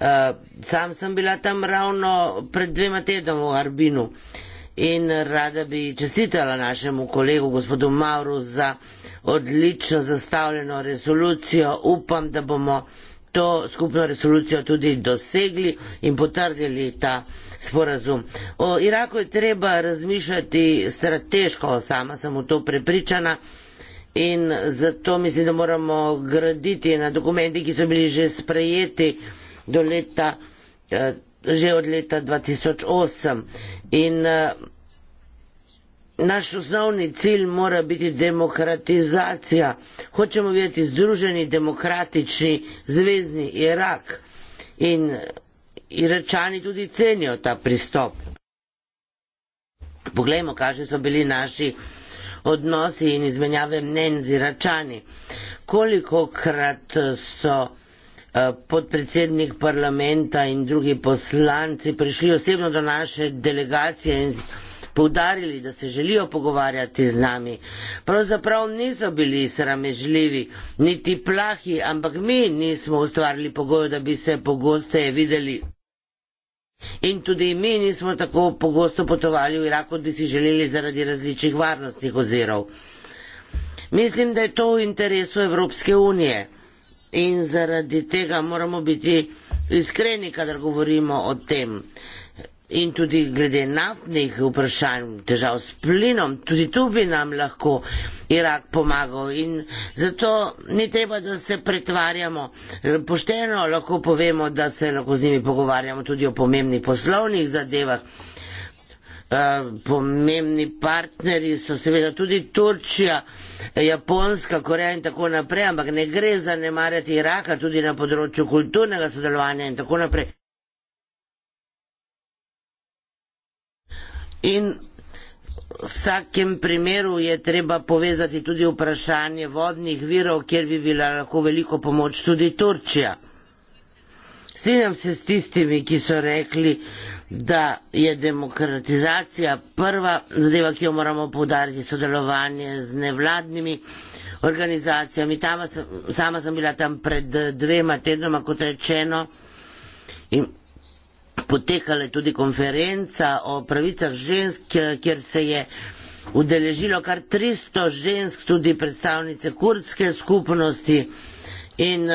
E: Eh, sam sem bila tam ravno pred dvema tednoma v Arbinu in rada bi čestitala našemu kolegu gospodu Mauru za odlično zastavljeno resolucijo. Upam, da bomo to skupno resolucijo tudi dosegli in potrdili ta sporazum. O Iraku je treba razmišljati strateško, sama sem v to prepričana. In zato mislim, da moramo graditi na dokumenti, ki so bili že sprejeti do leta, eh, že od leta 2008. In eh, naš osnovni cilj mora biti demokratizacija. Hočemo videti združeni, demokratični, zvezdni Irak. In eh, Iračani tudi cenijo ta pristop. Poglejmo, kakšni so bili naši odnosi in izmenjave mnen z Iračani. Koliko krat so Eh, podpredsednik parlamenta in drugi poslanci prišli osebno do naše delegacije in povdarili, da se želijo pogovarjati z nami. Pravzaprav niso bili sramežljivi, niti plahi, ampak mi nismo ustvarili pogojev, da bi se pogosteje videli. In tudi mi nismo tako pogosto potovali v Irak, kot bi si želeli zaradi različnih varnostnih ozirov. Mislim, da je to v interesu Evropske unije in zaradi tega moramo biti iskreni, kadar govorimo o tem. In tudi glede naftnih vprašanj, težav s plinom, tudi tu bi nam lahko Irak pomagal. In zato ni treba, da se pretvarjamo. Pošteno lahko povemo, da se lahko z njimi pogovarjamo tudi o pomembnih poslovnih zadevah. Eh, pomembni partnerji so seveda tudi Turčija, Japonska, Koreja in tako naprej, ampak ne gre zanemarjati Iraka tudi na področju kulturnega sodelovanja in tako naprej. In v vsakem primeru je treba povezati tudi vprašanje vodnih virov, kjer bi bila lahko veliko pomoč tudi Turčija. Strinjam se s tistimi, ki so rekli, da je demokratizacija prva zadeva, ki jo moramo povdariti, sodelovanje z nevladnimi organizacijami. Sem, sama sem bila tam pred dvema tednoma, kot rečeno, in potekala je tudi konferenca o pravicah žensk, kjer se je udeležilo kar 300 žensk, tudi predstavnice kurdske skupnosti in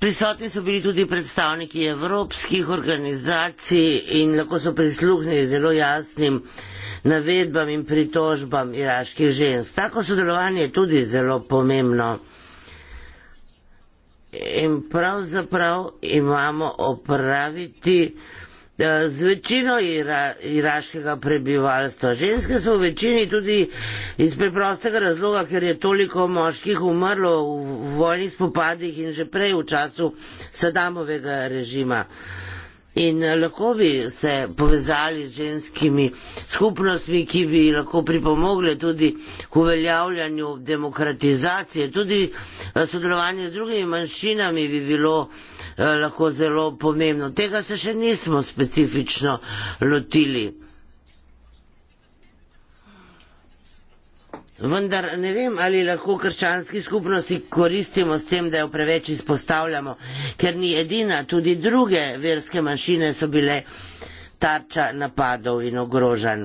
E: Prisotni so bili tudi predstavniki evropskih organizacij in lahko so prisluhnili zelo jasnim navedbam in pritožbam iraških žensk. Tako sodelovanje je tudi zelo pomembno. In pravzaprav imamo opraviti z večino ira, iraškega prebivalstva. Ženske so v večini tudi iz preprostega razloga, ker je toliko moških umrlo v vojnih spopadih in že prej v času Sadamovega režima. Uh, in eh, lahko bi se povezali z ženskimi skupnostmi, ki bi lahko pripomogle tudi k uveljavljanju demokratizacije. Tudi eh, sodelovanje z drugimi manjšinami bi bilo eh, lahko zelo pomembno. Tega se še nismo specifično lotili. Vendar ne vem, ali lahko krščanski skupnosti koristimo s tem, da jo preveč izpostavljamo, ker ni edina, tudi druge verske manjšine so bile tarča napadov in ogrožen.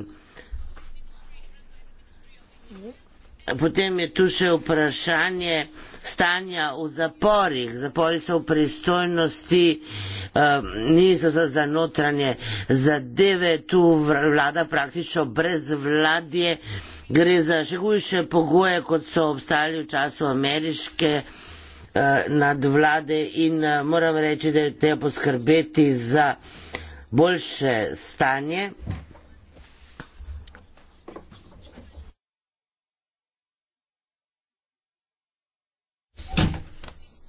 E: Potem je tu še vprašanje stanja v zaporih. Zapori so v pristojnosti, um, niso za, za notranje zadeve, tu vlada praktično brez vladje. Um, gre za še hujše pogoje, kot so obstali v času ameriške eh, nadvlade in eh, moram reči, da je treba poskrbeti za boljše stanje.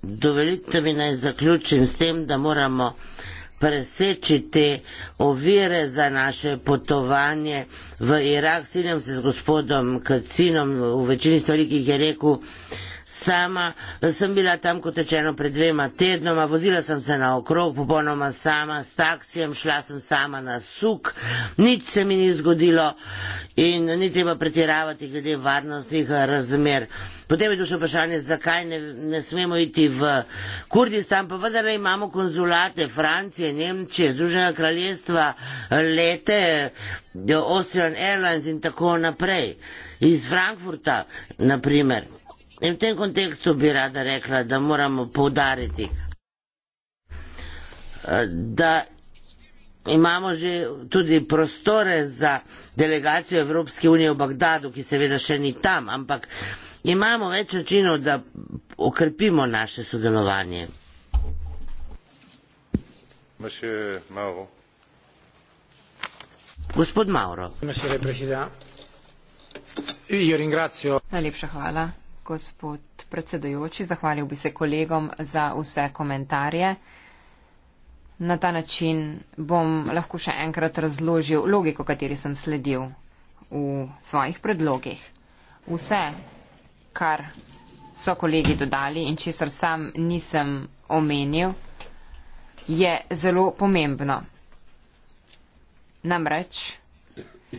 E: Dovolite mi naj zaključim s tem, da moramo uh, preseči te ovire za naše potovanje v Irak. Sinjam se s gospodom Kacinom v večini stvari, ki jih je rekel sama, sem bila tam kot rečeno pred dvema tednoma, vozila sem se naokrog, popolnoma sama, s taksijem, šla sem sama na suk, nič se mi ni zgodilo in ni treba pretiravati glede varnostnih razmer. Potem je došlo vprašanje, zakaj ne, ne smemo iti v Kurdistan, pa vendar imamo konzulate Francije, Nemčije, Združenega kraljestva, lete, Austrian Airlines in tako naprej. Iz Frankfurta, naprimer. In v tem kontekstu bi rada rekla, da moramo povdariti, eh, da imamo že tudi prostore za delegacijo Evropske unije v Bagdadu, ki seveda še ni tam, ampak imamo več načinov, da okrepimo naše sodelovanje. Mauro. Gospod Mauro.
B: Najlepša hvala gospod predsedujoči. Zahvalil bi se kolegom za vse komentarje. Na ta način bom lahko še enkrat razložil logiko, kateri sem sledil v svojih predlogih. Vse, kar so kolegi dodali in česar sam nisem omenil, je zelo pomembno. Namreč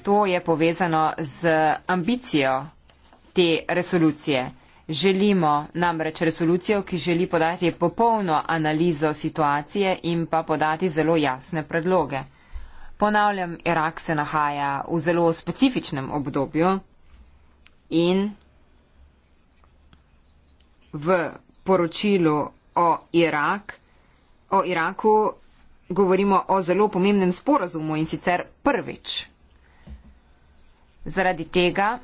B: to je povezano z ambicijo te resolucije, Želimo namreč resolucijo, ki želi podati popolno analizo situacije in pa podati zelo jasne predloge. Ponavljam, Irak se nahaja v zelo specifičnem obdobju in v poročilu o, Irak, o Iraku govorimo o zelo pomembnem sporazumu in sicer prvič. Zaradi tega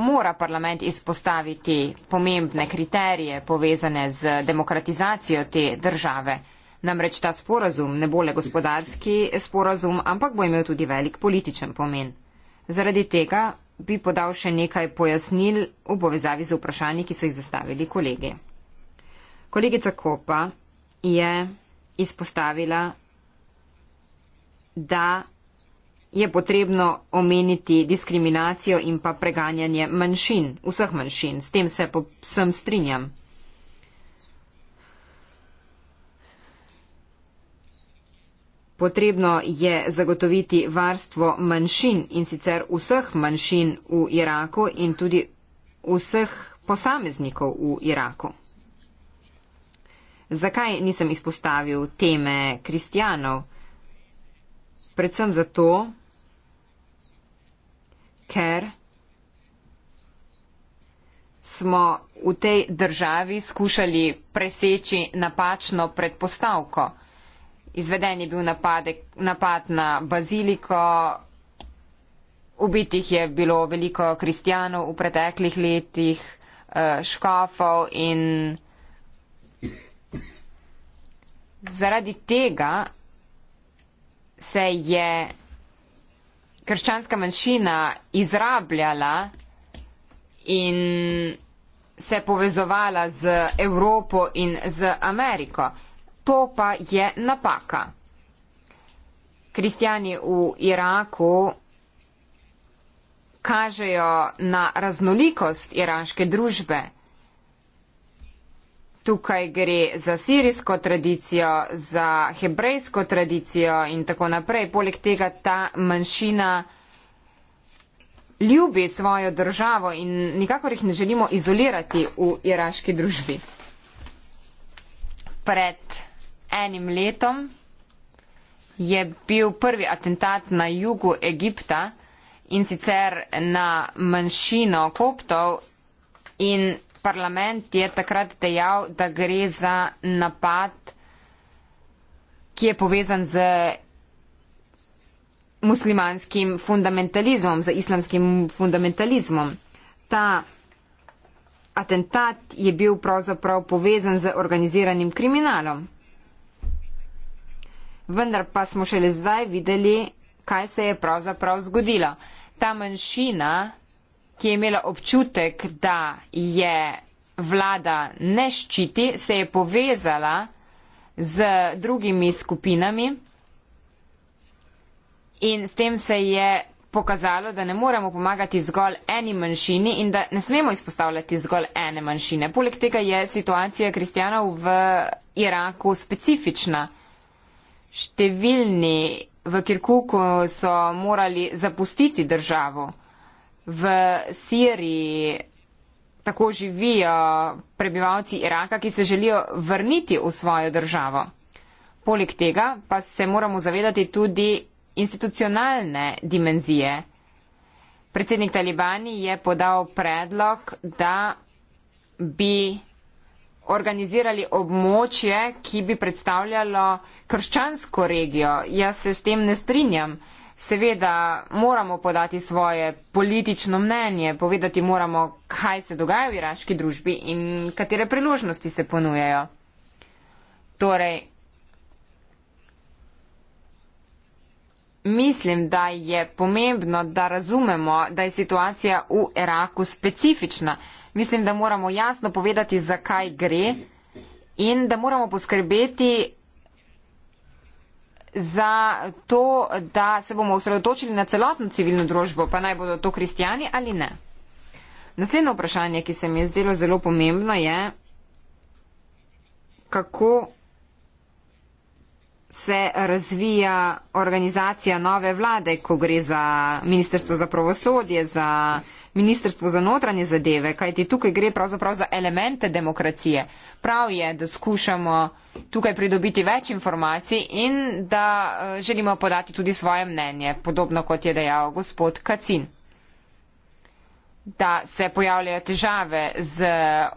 B: mora parlament izpostaviti pomembne kriterije povezane z demokratizacijo te države. Namreč ta sporazum ne bo le gospodarski sporazum, ampak bo imel tudi velik političen pomen. Zaradi tega bi podal še nekaj pojasnil v povezavi z vprašanji, ki so jih zastavili kolegi. Kolegica Kopa je izpostavila, da je potrebno omeniti diskriminacijo in pa preganjanje manjšin, vseh manjšin. S tem se povsem strinjam. Potrebno je zagotoviti varstvo manjšin in sicer vseh manjšin v Iraku in tudi vseh posameznikov v Iraku. Zakaj nisem izpostavil teme kristijanov? Predvsem zato, ker smo v tej državi skušali preseči napačno predpostavko. Izveden je bil napadek, napad na baziliko, ubitih je bilo veliko kristijanov v preteklih letih, eh, škofov in zaradi tega se je krščanska manjšina izrabljala in se povezovala z Evropo in z Ameriko. To pa je napaka. Kristjani v Iraku kažejo na raznolikost iraške družbe tukaj gre za sirijsko tradicijo, za hebrejsko tradicijo in tako naprej. Poleg tega ta manjšina ljubi svojo državo in nikakor jih ne želimo izolirati v iraški družbi. Pred enim letom je bil prvi atentat na jugu Egipta in sicer na manjšino koptov in parlament je takrat dejal, da gre za napad, ki je povezan z muslimanskim fundamentalizmom, z islamskim fundamentalizmom. Ta atentat je bil pravzaprav povezan z organiziranim kriminalom. Vendar pa smo šele zdaj videli, kaj se je pravzaprav zgodilo. Ta manjšina ki je imela občutek, da je vlada ne ščiti, se je povezala z drugimi skupinami in s tem se je pokazalo, da ne moremo pomagati zgolj eni manjšini in da ne smemo izpostavljati zgolj ene manjšine. Poleg tega je situacija kristjanov v Iraku specifična. Številni v Kirkuku so morali zapustiti državo v Siriji tako živijo prebivalci Iraka, ki se želijo vrniti v svojo državo. Poleg tega pa se moramo zavedati tudi institucionalne dimenzije. Predsednik Talibani je podal predlog, da bi organizirali območje, ki bi predstavljalo krščansko regijo. Jaz se s tem ne strinjam. Seveda moramo podati svoje politično mnenje, povedati moramo, kaj se dogaja v iraški družbi in katere priložnosti se ponujejo. Torej, mislim, da je pomembno, da razumemo, da je situacija v Iraku specifična. Mislim, da moramo jasno povedati, zakaj gre in da moramo poskrbeti, za to, da se bomo osredotočili na celotno civilno družbo, pa naj bodo to kristijani ali ne. Naslednje vprašanje, ki se mi je zdelo zelo pomembno, je, kako se razvija organizacija nove vlade, ko gre za Ministrstvo za pravosodje, za Ministrstvo za notranje zadeve, kajti tukaj gre pravzaprav za elemente demokracije. Prav je, da skušamo tukaj pridobiti več informacij in da eh, želimo podati tudi svoje mnenje, podobno kot je dejal gospod Kacin da se pojavljajo težave z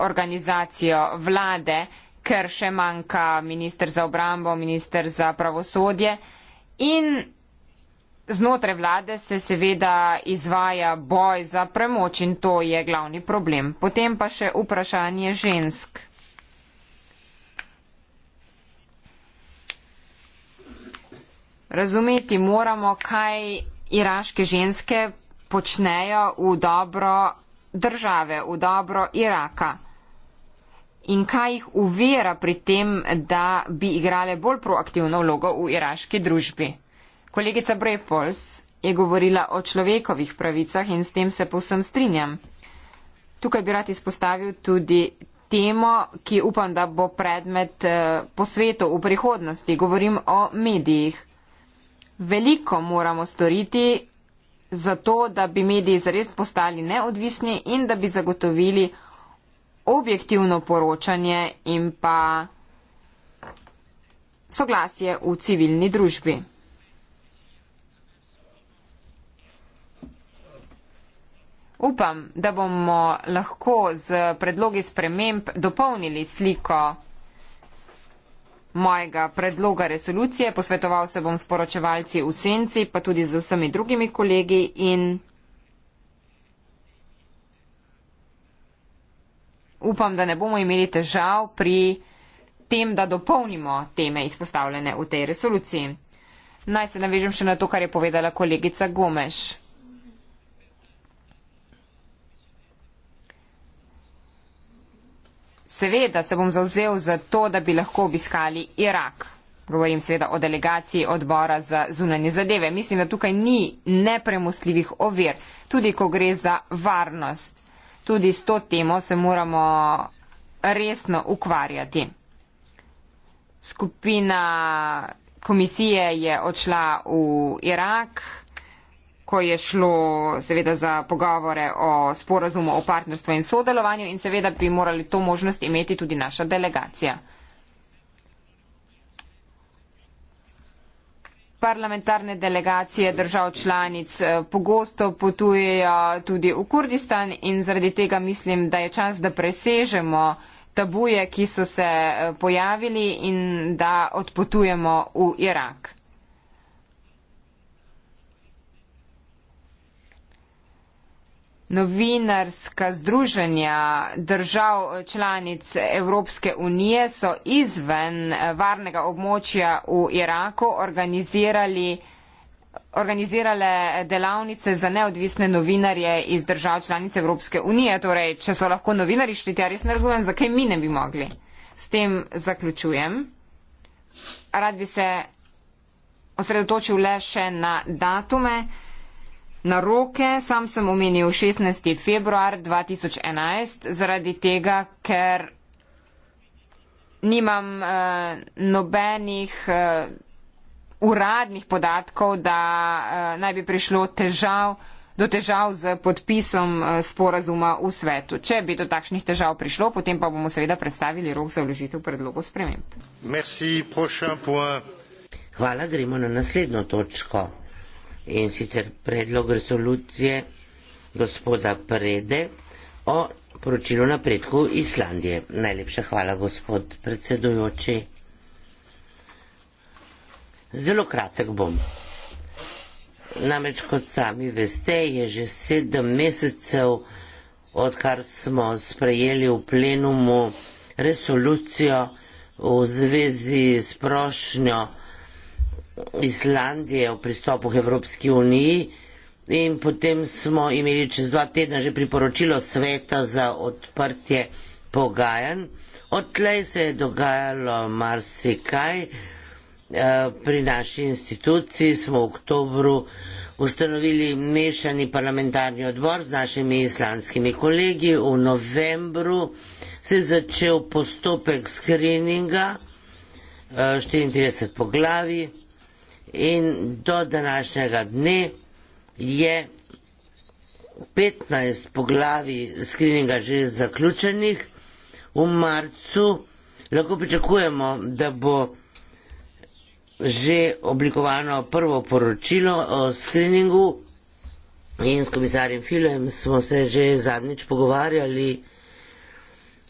B: organizacijo vlade, ker še manjka minister za obrambo, minister za pravosodje in Znotraj vlade se seveda izvaja boj za premoč in to je glavni problem. Potem pa še vprašanje žensk. Razumeti moramo, kaj iraške ženske počnejo v dobro države, v dobro Iraka. In kaj jih uvira pri tem, da bi igrale bolj proaktivno vlogo v iraški družbi? Kolegica Brepols je govorila o človekovih pravicah in s tem se povsem strinjam. Tukaj bi rad izpostavil tudi temo, ki upam, da bo predmet eh, posvetov v prihodnosti. Govorim o medijih. Veliko moramo storiti za to, da bi mediji zares postali neodvisni in da bi zagotovili objektivno poročanje in pa soglasje v civilni družbi. Upam, da bomo lahko z predlogi sprememb dopolnili sliko mojega predloga resolucije. Posvetoval se bom s poročevalci v senci, pa tudi z vsemi drugimi kolegi in upam, da ne bomo imeli težav pri tem, da dopolnimo teme izpostavljene v tej resoluciji. Naj se navežem še na to, kar je povedala kolegica Gomeš. Seveda se bom zauzel za to, da bi lahko obiskali Irak. Govorim seveda o delegaciji odbora za zunanje zadeve. Mislim, da tukaj ni nepremostljivih ovir, tudi ko gre za varnost. Tudi s to temo se moramo resno ukvarjati. Skupina komisije je odšla v Irak ko je šlo seveda za pogovore o sporazumu o partnerstvu in sodelovanju in seveda bi morali to možnost imeti tudi naša delegacija. Parlamentarne delegacije držav članic eh, pogosto potujejo tudi v Kurdistan in zaradi tega mislim, da je čas, da presežemo tabuje, ki so se eh, pojavili in da odpotujemo v Irak. Novinarska združenja držav članic Evropske unije so izven eh, varnega območja v Iraku organizirali organizirale delavnice za neodvisne novinarje iz držav članic Evropske unije. Torej, če so lahko novinari šli, ja res ne razumem, zakaj mi ne bi mogli. S tem zaključujem. Rad bi se osredotočil le še na datume. Na roke sam sem omenil 16. februar 2011, zaradi tega, ker nimam uh, nobenih uh, uradnih podatkov, da uh, naj bi prišlo težav, do težav z podpisom uh, sporazuma v svetu. Če bi do takšnih težav prišlo, potem pa bomo seveda predstavili rok za vložitev predlogo sprememb.
E: Hvala, gremo na naslednjo točko in sicer predlog resolucije gospoda Prede o poročilu napredku Islandije. Najlepša hvala, gospod predsedujoči. Zelo kratek bom. Namreč, kot sami veste, je že sedem mesecev, odkar smo sprejeli v plenumu resolucijo v zvezi s prošnjo Islandije o pristopu k Evropski uniji in potem smo imeli čez dva tedna že priporočilo sveta za odprtje pogajanj. Odtlej se je dogajalo marsikaj. Eh, pri naši instituciji smo v oktobru ustanovili mešani parlamentarni odbor z našimi islandskimi kolegi. V novembru se je začel postopek skrininga 34 eh, poglavij in do današnjega dne je 15 poglavi skrininga že zaključenih. V marcu lahko pričakujemo, da bo že oblikovano prvo poročilo o skriningu in s komisarjem Filem smo se že zadnjič pogovarjali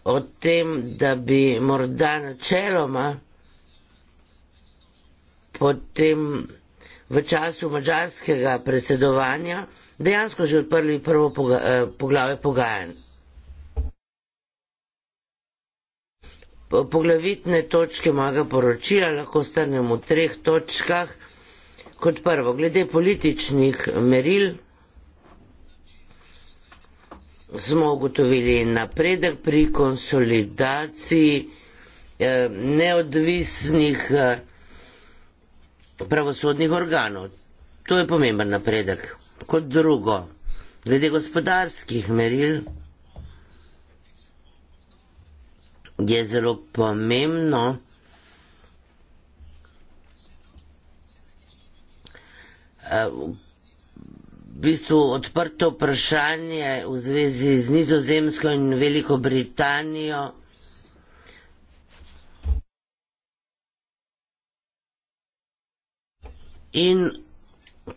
E: o tem, da bi morda načeloma potem v času mađarskega predsedovanja dejansko že odprli prvo eh, poglavje pogajanj. Poglavitne točke mojega poročila lahko strnemo v treh točkah. Kot prvo, glede političnih meril smo ugotovili napredek pri konsolidaciji eh, neodvisnih eh, pravosodnih organov. To je pomemben napredek. Kot drugo, glede gospodarskih meril je zelo pomembno, eh, v bistvu odprto vprašanje v zvezi z nizozemsko in Veliko Britanijo, in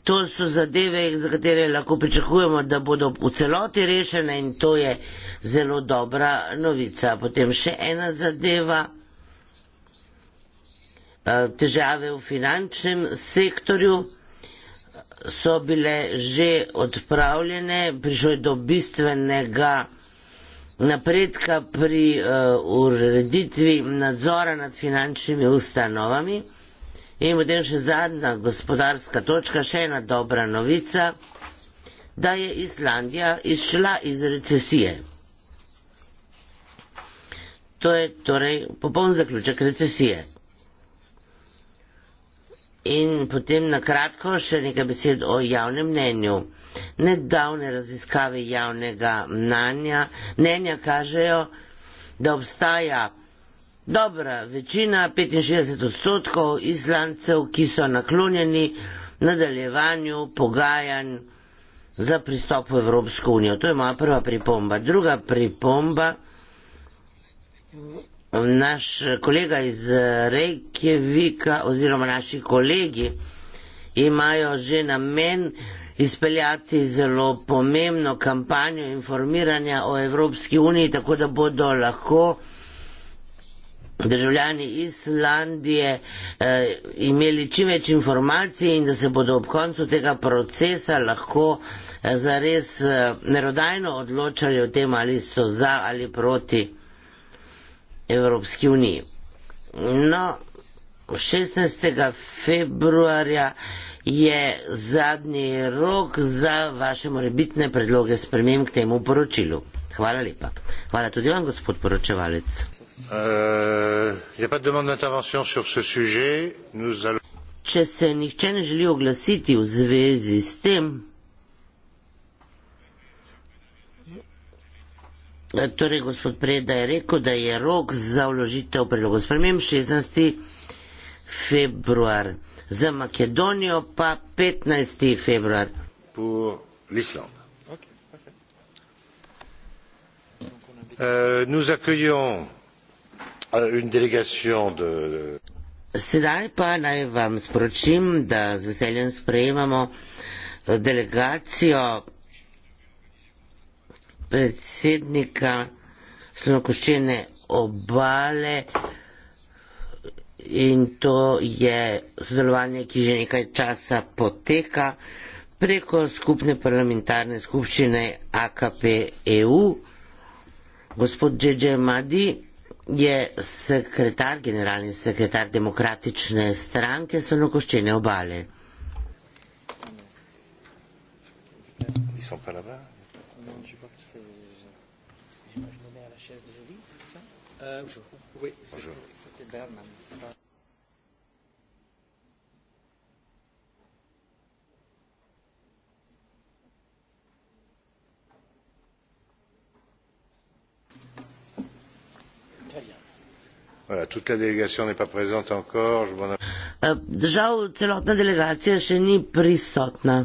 E: to so zadeve, za katere lahko pričakujemo, da bodo v celoti rešene in to je zelo dobra novica. Potem še ena zadeva, eh, težave v finančnem sektorju so bile že odpravljene, prišlo je do bistvenega napredka pri uh, ureditvi nadzora nad finančnimi ustanovami. In potem še zadnja gospodarska točka, še ena dobra novica, da je Islandija izšla iz recesije. To je torej popoln zaključek recesije. In potem na kratko še nekaj besed o javnem mnenju. Nedavne raziskave javnega mnenja, mnenja kažejo, da obstaja Dobra večina, 65 odstotkov islancev, ki so naklonjeni nadaljevanju pogajanj za pristop v Evropsko unijo. To je moja prva pripomba. Druga pripomba, naš kolega iz Reykjavika oziroma naši kolegi imajo že namen izpeljati zelo pomembno kampanjo informiranja o Evropski uniji, tako da bodo lahko državljani Islandije eh, imeli čim več informacij in da se bodo ob koncu tega procesa lahko eh, zares eh, nerodajno odločali o tem, ali so za ali proti Evropski uniji. No, 16. februarja je zadnji rok za vaše morebitne predloge spremem k temu poročilu. Hvala lepa. Hvala tudi vam, gospod poročevalec. Il euh,
D: n'y a pas de demande d'intervention sur ce sujet. Nous allons.
E: Če se nihče ne želi oglasiti v zvezi s tem, torej gospod Preda je rekel, da je rok za vložitev predlogov sprememb 16. februar, za Makedonijo pa 15. februar. Uh,
D: nous accueillons Euh, une délégation
E: de... Sedaj pa naj vam sporočim, da z veseljem sprejemamo eh, delegacijo predsednika Slovenkoščene obale in to je sodelovanje, ki že nekaj časa poteka preko skupne parlamentarne skupščine AKP EU. Gospod Džedže Madi je sekretar, generalni sekretar demokratične stranke Slonokoščene obale.
D: Bonjour. Oui, c'était Bernard. Držav
E: eh, celotna delegacija še ni prisotna.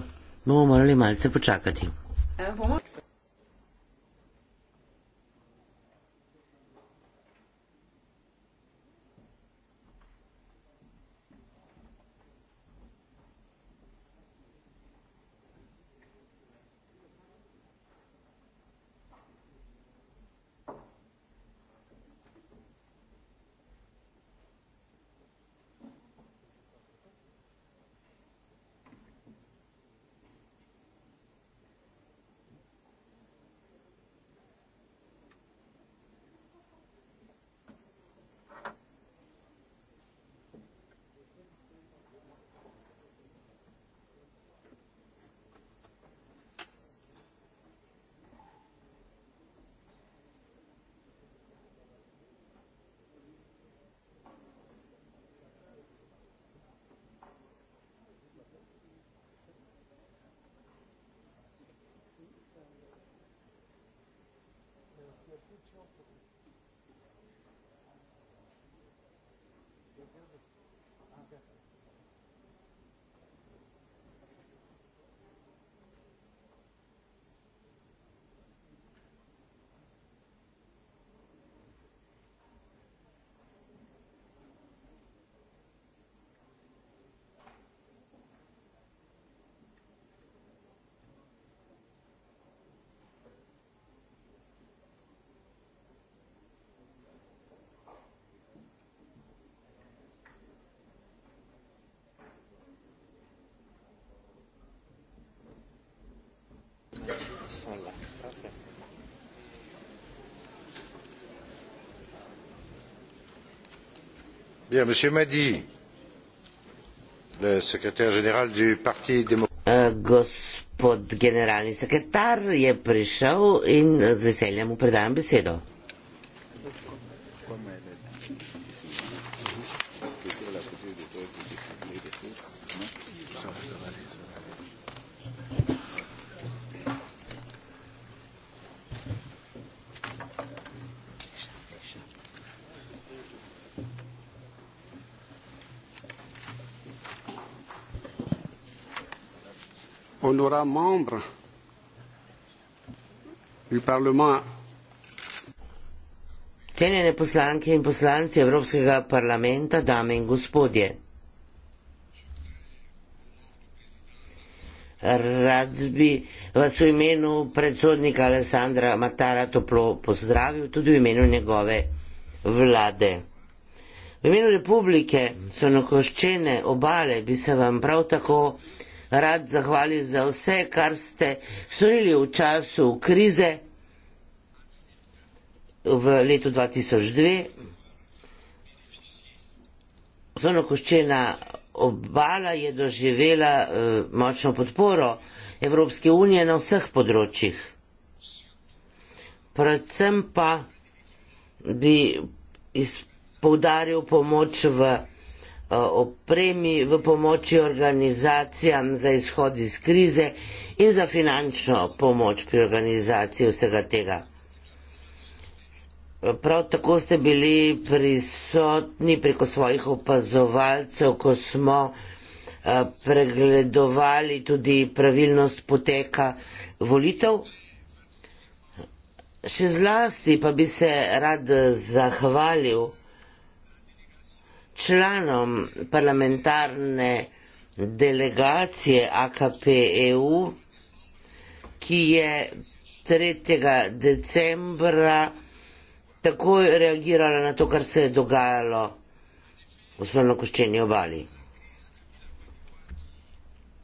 E: Bomo morali malce počakati.
H: E, bomo.
D: monsieur mahdi le secrétaire général du
E: parti démocrate. Eh, gospod generalni sekretar je prišel in z veseljem mu predajam besedo.
G: aura membre du Parlement.
E: Cenjene poslanke in poslanci Evropskega parlamenta, dame in gospodje. Rad bi vas v imenu predsodnika Alessandra Matara toplo pozdravil, tudi v imenu njegove vlade. V imenu republike so nakoščene obale, bi se vam prav tako rad zahvalil za vse, kar ste storili v času krize v letu 2002. Zonokoščena obala je doživela eh, močno podporo Evropske unije na vseh področjih. Predvsem pa bi izpoudaril pomoč v opremi, v pomoči organizacijam za izhod iz krize in za finančno pomoč pri organizaciji vsega tega. Prav tako ste bili prisotni preko svojih opazovalcev, ko smo eh, pregledovali tudi pravilnost poteka volitev. Še zlasti pa bi se rad zahvalil članom parlamentarne delegacije AKP EU, ki je 3. decembra takoj reagirala na to, kar se je dogajalo v Slonokoščeni obali.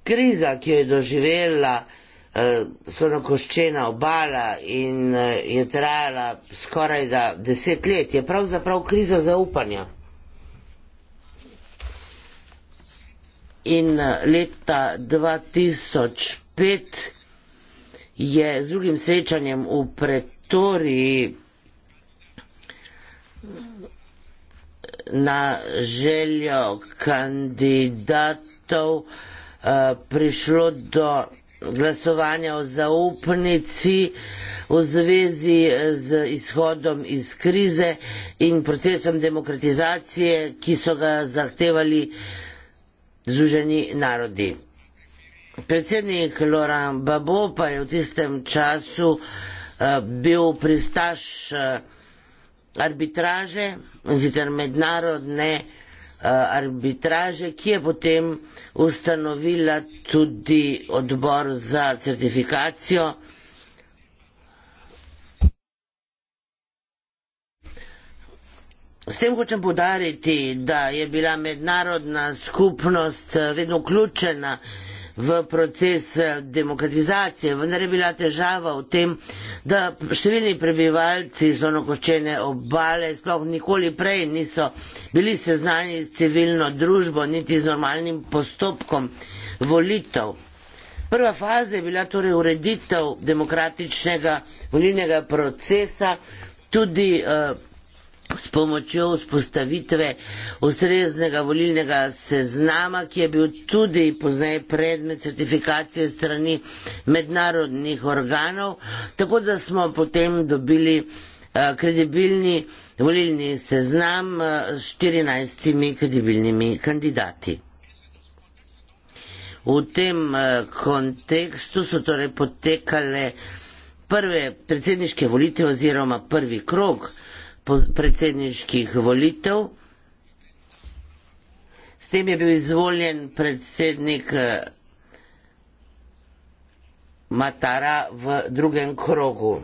E: Kriza, ki jo je doživela eh, Slonokoščena obala in eh, je trajala skoraj da deset let, je pravzaprav kriza zaupanja. in eh, leta 2005 je z drugim srečanjem v pretoriji eh, na željo kandidatov eh, prišlo do glasovanja o zaupnici v zvezi z izhodom iz krize in procesom demokratizacije, ki so ga zahtevali Združeni narodi. Predsednik Loran Babo pa je v tistem času eh, bil pristaš eh, arbitraže, sicer mednarodne eh, arbitraže, ki je potem ustanovila tudi odbor za certifikacijo. S tem hočem podariti, da je bila mednarodna skupnost eh, vedno vključena v proces eh, demokratizacije, vendar je bila težava v tem, da številni prebivalci zonokoščene obale sploh nikoli prej niso bili seznani s civilno družbo, niti z normalnim postopkom volitev. Prva faza je bila torej ureditev demokratičnega volilnega procesa, tudi eh, s pomočjo vzpostavitve ustreznega volilnega seznama, ki je bil tudi poznaj predmet certifikacije strani mednarodnih organov, tako da smo potem dobili eh, kredibilni volilni seznam eh, s 14 kredibilnimi kandidati. V tem eh, kontekstu so torej potekale prve predsedniške volitve oziroma prvi krog predsedniških volitev. S tem je bil izvoljen predsednik eh, Matara v drugem krogu.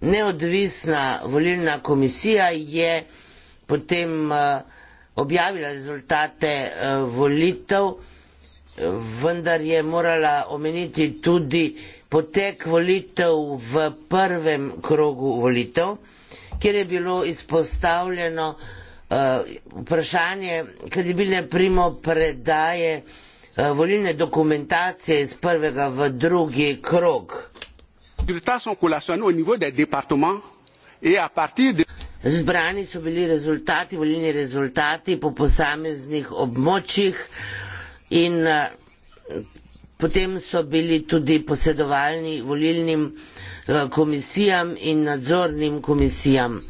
E: Neodvisna volilna komisija je potem eh, objavila rezultate eh, volitev, vendar je morala omeniti tudi potek volitev v prvem krogu volitev, kjer je bilo izpostavljeno uh, vprašanje kredibilne primo predaje uh, eh, volilne dokumentacije iz prvega v drugi krog. Zbrani so bili rezultati, volilni rezultati po posameznih območjih in eh, Potem so bili tudi posedovalni volilnim eh, komisijam in nadzornim komisijam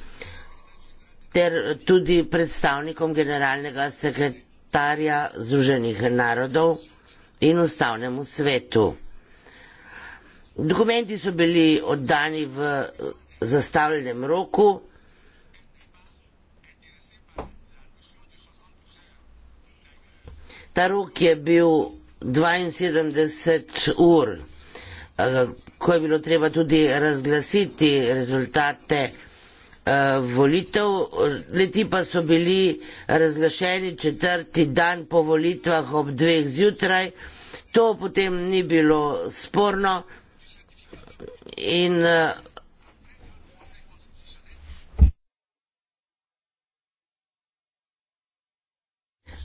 E: ter tudi predstavnikom generalnega sekretarja Združenih narodov in ustavnemu svetu. Dokumenti so bili oddani v eh, zastavljenem roku. Ta rok je bil 72 ur, eh, ko je bilo treba tudi razglasiti rezultate eh, volitev, leti pa so bili razglašeni četrti dan po volitvah ob dveh zjutraj, to potem ni bilo sporno in eh,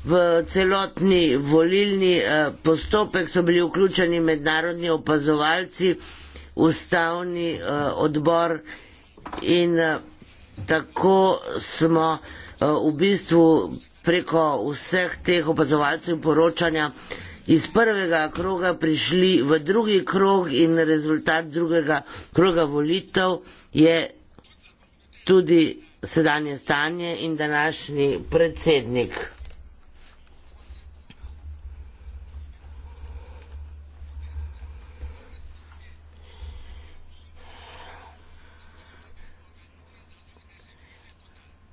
E: v celotni volilni eh, postopek so bili vključeni mednarodni opazovalci, ustavni eh, odbor in eh, tako smo v bistvu preko vseh teh opazovalcev poročanja iz prvega kroga prišli v drugi krog in rezultat drugega kroga volitev je tudi sedanje stanje in današnji predsednik.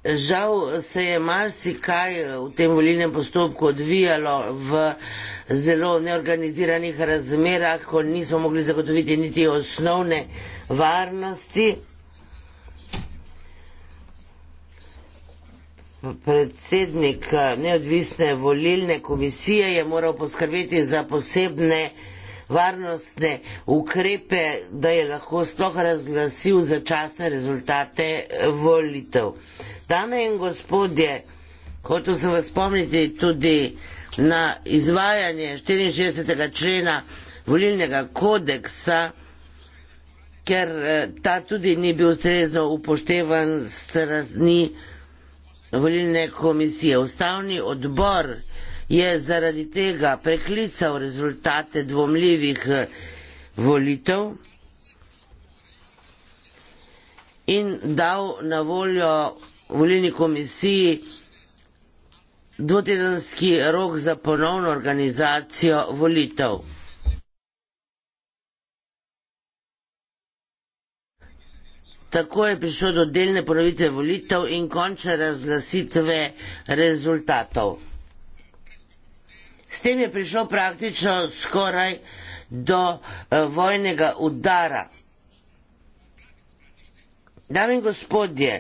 E: Žal se je marsikaj v tem volilnem postopku odvijalo v zelo neorganiziranih razmerah, ko nismo mogli zagotoviti niti osnovne varnosti. Predsednik neodvisne volilne komisije je moral poskrbeti za posebne varnostne ukrepe, da je lahko sploh razglasil začasne rezultate eh, volitev. Dame in gospodje, hotel sem vas spomniti tudi na izvajanje 64. člena volilnega kodeksa, ker eh, ta tudi ni bil ustrezno upoštevan strani volilne komisije. Ustavni odbor je zaradi tega preklical rezultate dvomljivih eh, volitev in dal na voljo volilni komisiji dvotedenski rok za ponovno organizacijo volitev. Tako je prišlo do delne ponovitve volitev in končne razglasitve rezultatov. S tem je prišlo praktično skoraj do uh, vojnega udara. Dame in gospodje,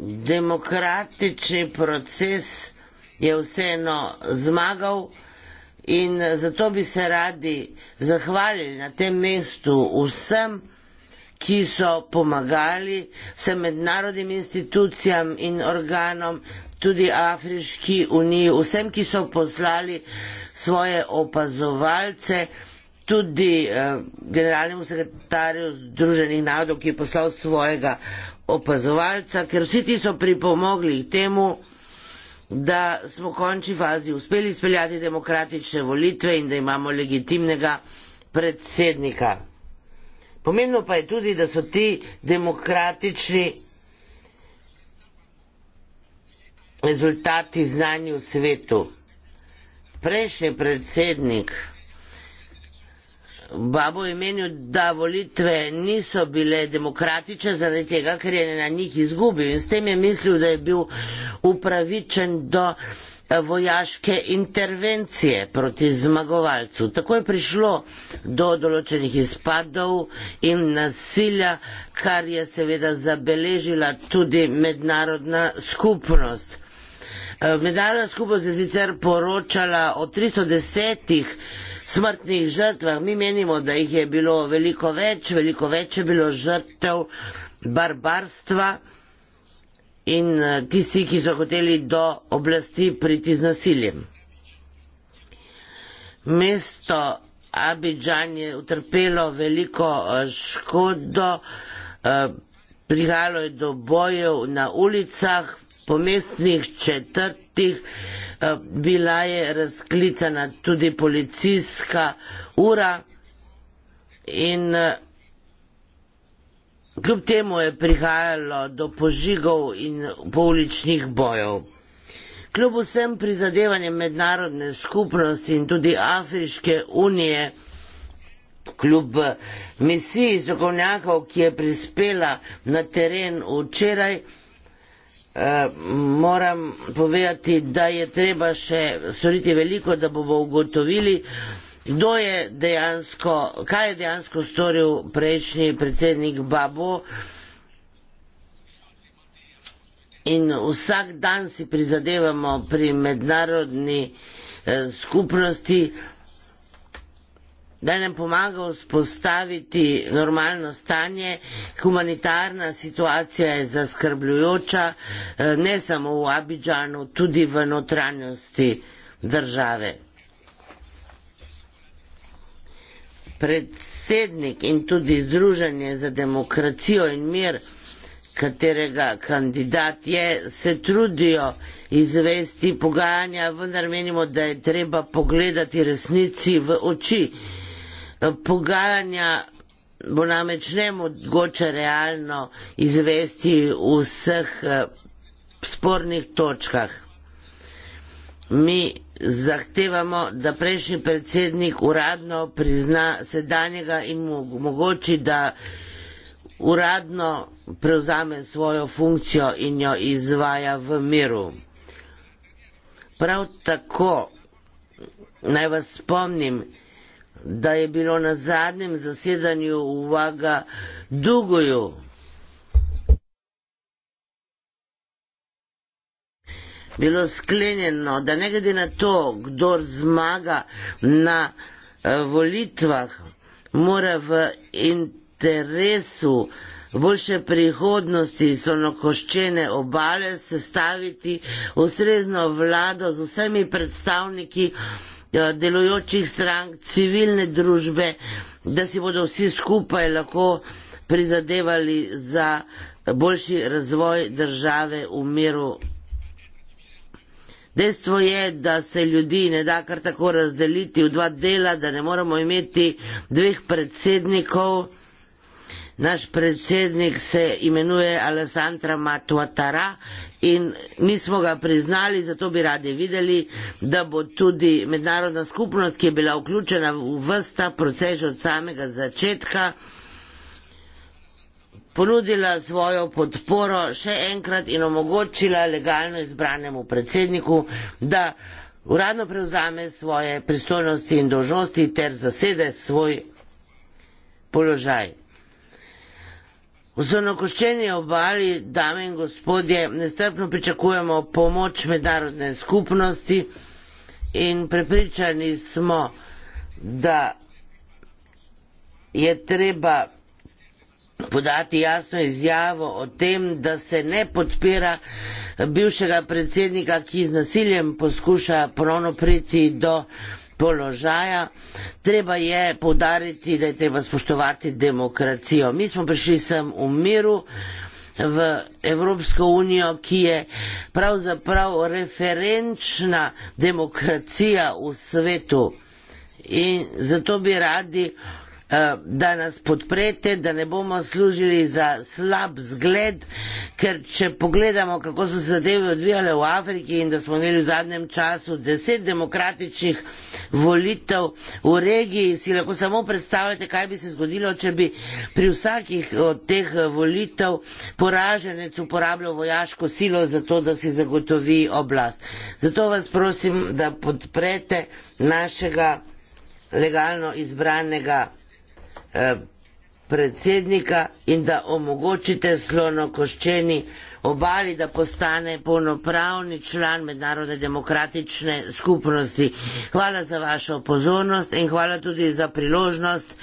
E: demokratični proces je vseeno zmagal in zato bi se radi zahvalili na tem mestu vsem, ki so pomagali vsem mednarodnim institucijam in organom, tudi Afriški uniji, vsem, ki so poslali svoje opazovalce, tudi eh, generalnemu sekretarju Združenih narodov, ki je poslal svojega opazovalca, ker vsi ti so pripomogli temu, da smo v končni fazi uspeli speljati demokratične volitve in da imamo legitimnega predsednika. Pomembno pa je tudi, da so ti demokratični rezultati znanja v svetu. Prejšnji predsednik pa bo imenil, da volitve niso bile demokratične zaradi tega, ker je na njih izgubil in s tem je mislil, da je bil upravičen do eh, vojaške intervencije proti zmagovalcu. Tako je prišlo do določenih izpadov in nasilja, kar je seveda zabeležila tudi mednarodna skupnost. Eh, Medala skupaj se sicer poročala o 310 smrtnih žrtvah, mi menimo, da jih je bilo veliko več, veliko več je bilo žrtev barbarstva in eh, tisti, ki so hoteli do oblasti priti z nasiljem. Mesto Abidžan je utrpelo veliko eh, škodo, prihajalo je do bojev na ulicah, po mestnih četrtih eh, bila je razklicana tudi policijska ura in eh, kljub temu je prihajalo do požigov in pouličnih bojev. Kljub vsem prizadevanjem mednarodne skupnosti in tudi Afriške unije, kljub eh, misiji strokovnjakov, ki je prispela na teren včeraj, moram povedati, da je treba še storiti veliko, da bomo ugotovili, kdo je dejansko, kaj je dejansko storil prejšnji predsednik Babo. In vsak dan si prizadevamo pri mednarodni eh, skupnosti, da nam pomaga vzpostaviti normalno stanje. Humanitarna situacija je zaskrbljujoča, eh, ne samo v Abidžanu, tudi v notranjosti države. Predsednik in tudi Združenje za demokracijo in mir, katerega kandidat je, se trudijo izvesti pogajanja, vendar menimo, da je treba pogledati resnici v oči pogajanja bo namreč ne mogoče realno izvesti v vseh eh, spornih točkah. Mi zahtevamo, da prejšnji predsednik uradno prizna sedanjega in mu omogoči, da uradno prevzame svojo funkcijo in jo izvaja v miru. Prav tako naj vas spomnim, da je bilo na zadnjem zasedanju v Vaga Duguju. Bilo sklenjeno, da ne glede na to, kdo zmaga na eh, volitvah, mora v interesu boljše prihodnosti slonokoščene obale sestaviti ustrezno vlado z vsemi predstavniki Eh, delujočih strank, civilne družbe, da si bodo vsi skupaj lahko prizadevali za boljši razvoj države v miru. Dejstvo je, da se ljudi ne da kar tako razdeliti v dva dela, da ne moramo imeti dveh predsednikov naš predsednik se imenuje Alessandra Matuatara in mi smo ga priznali, zato bi radi videli, da bo tudi mednarodna skupnost, ki je bila vključena v vsta proces od samega začetka, ponudila svojo podporo še enkrat in omogočila legalno izbranemu predsedniku, da uradno prevzame svoje pristojnosti in dožnosti ter zasede svoj položaj. V zonokoščeni obali, dame in gospodje, nestrpno pričakujemo pomoč mednarodne skupnosti in prepričani smo, da je treba podati jasno izjavo o tem, da se ne podpira bivšega predsednika, ki z nasiljem poskuša ponovno priti do položaja. Treba je povdariti, da je treba spoštovati demokracijo. Mi smo prišli sem v miru v Evropsko unijo, ki je pravzaprav referenčna demokracija v svetu. In zato bi radi Eh, da nas podprete, da ne bomo služili za slab zgled, ker če pogledamo, kako so se zadeve odvijale v Afriki in da smo imeli v zadnjem času deset demokratičnih volitev v regiji, si lahko samo predstavljate, kaj bi se zgodilo, če bi pri vsakih od teh volitev poraženec uporabljal vojaško silo za to, da si zagotovi oblast. Zato vas prosim, da podprete našega legalno izbranega Eh, predsednika in da omogočite slonokoščeni obali, da postane polnopravni član mednarodne demokratične skupnosti. Hvala za vašo pozornost in hvala tudi za priložnost,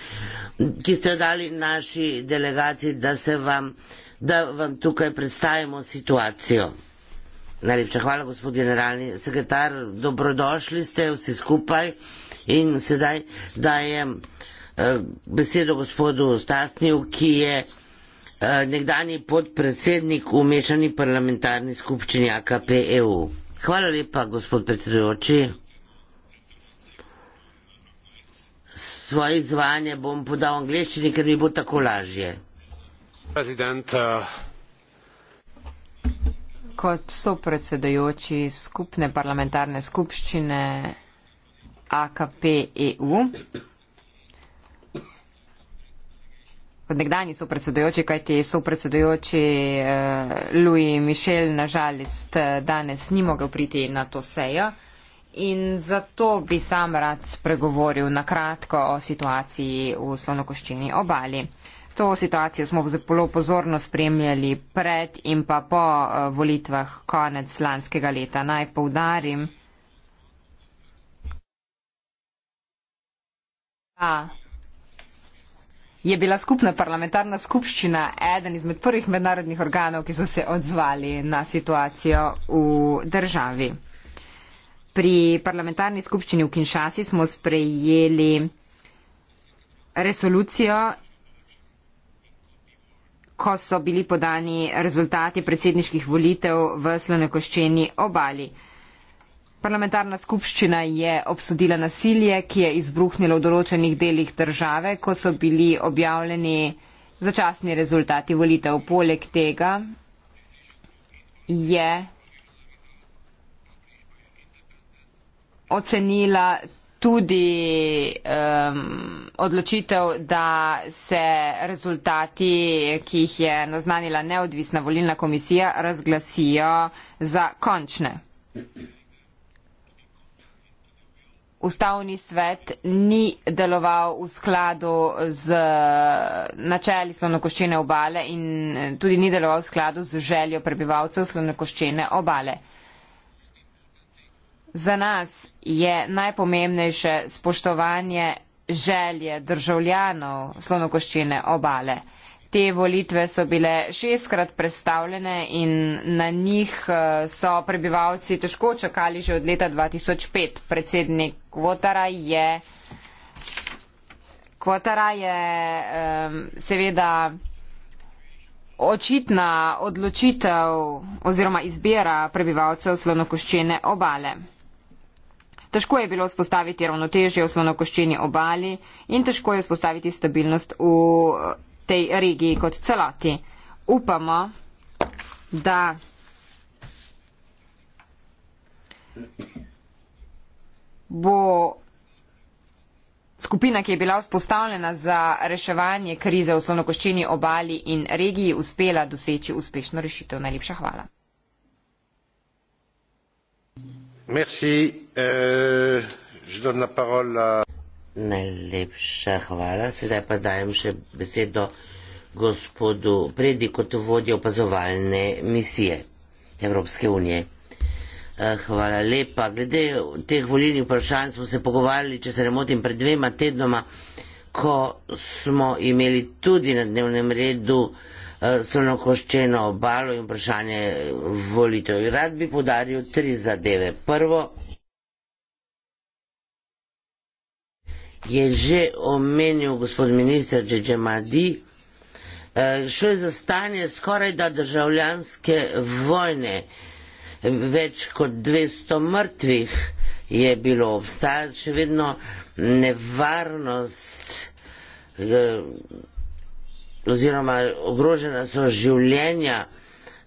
E: ki ste jo dali naši delegaciji, da, vam, da vam tukaj predstavimo situacijo. Najlepša hvala, gospod generalni sekretar. Dobrodošli ste vsi skupaj in sedaj dajem. Eh, besedo gospodu Stasnju, ki je eh, nekdani podpredsednik v mešani parlamentarni skupščini AKP-EU. Hvala lepa, gospod predsedujoči. Svoje izvanje bom podal v angleščini, ker mi bo tako lažje. President, eh.
B: Kot so predsedajoči skupne parlamentarne skupščine AKP-EU, nekdani so predsedujoči, kajti so predsedujoči eh, Louis Michel, nažalost, eh, danes ni mogel priti na to sejo. In zato bi sam rad spregovoril na kratko o situaciji v slonokoščini obali. To situacijo smo zelo pozorno spremljali pred in pa po eh, volitvah konec lanskega leta. Naj poudarim, da Je bila skupna parlamentarna skupščina eden izmed prvih mednarodnih organov, ki so se odzvali na situacijo v državi. Pri parlamentarni skupščini v Kinšasi smo sprejeli resolucijo, ko so bili podani rezultati predsedniških volitev v slonekoščeni obali. Parlamentarna skupščina je obsodila nasilje, ki je izbruhnilo v določenih delih države, ko so bili objavljeni začasni rezultati volitev. Poleg tega je ocenila tudi um, odločitev, da se rezultati, ki jih je naznanila neodvisna volilna komisija, razglasijo za končne ustavni svet ni deloval v skladu z načeli slonokoščene obale in eh, tudi ni deloval v skladu z željo prebivalcev slonokoščene obale. Za nas je najpomembnejše spoštovanje želje državljanov slonokoščene obale. Te volitve so bile šestkrat predstavljene in na njih eh, so prebivalci težko čakali že od leta 2005. Predsednik Kvotara je, Kvotara je um, seveda očitna odločitev oziroma izbira prebivalcev slonokoščene obale. Težko je bilo spostaviti ravnotežje v slonokoščeni obali in težko je spostaviti stabilnost v tej regiji kot celoti. Upamo, da bo skupina, ki je bila vzpostavljena za reševanje krize v slonokoščini obali in regiji, uspela doseči uspešno rešitev. Najlepša hvala.
D: Merci,
E: eh, na parola... Najlepša hvala. Sedaj pa dajem še besedo gospodu Predi kot vodjo opazovalne misije Evropske unije. Eh, hvala lepa. Glede teh volilnih vprašanj smo se pogovarjali, če se ne motim, pred dvema tednoma, ko smo imeli tudi na dnevnem redu eh, slonokoščeno obalo in vprašanje volitev. Rad bi podaril tri zadeve. Prvo je že omenil gospod minister Džedžemadi, eh, šlo je za stanje skoraj da državljanske vojne več kot 200 mrtvih je bilo, obstaja še vedno nevarnost eh, oziroma ogrožena so življenja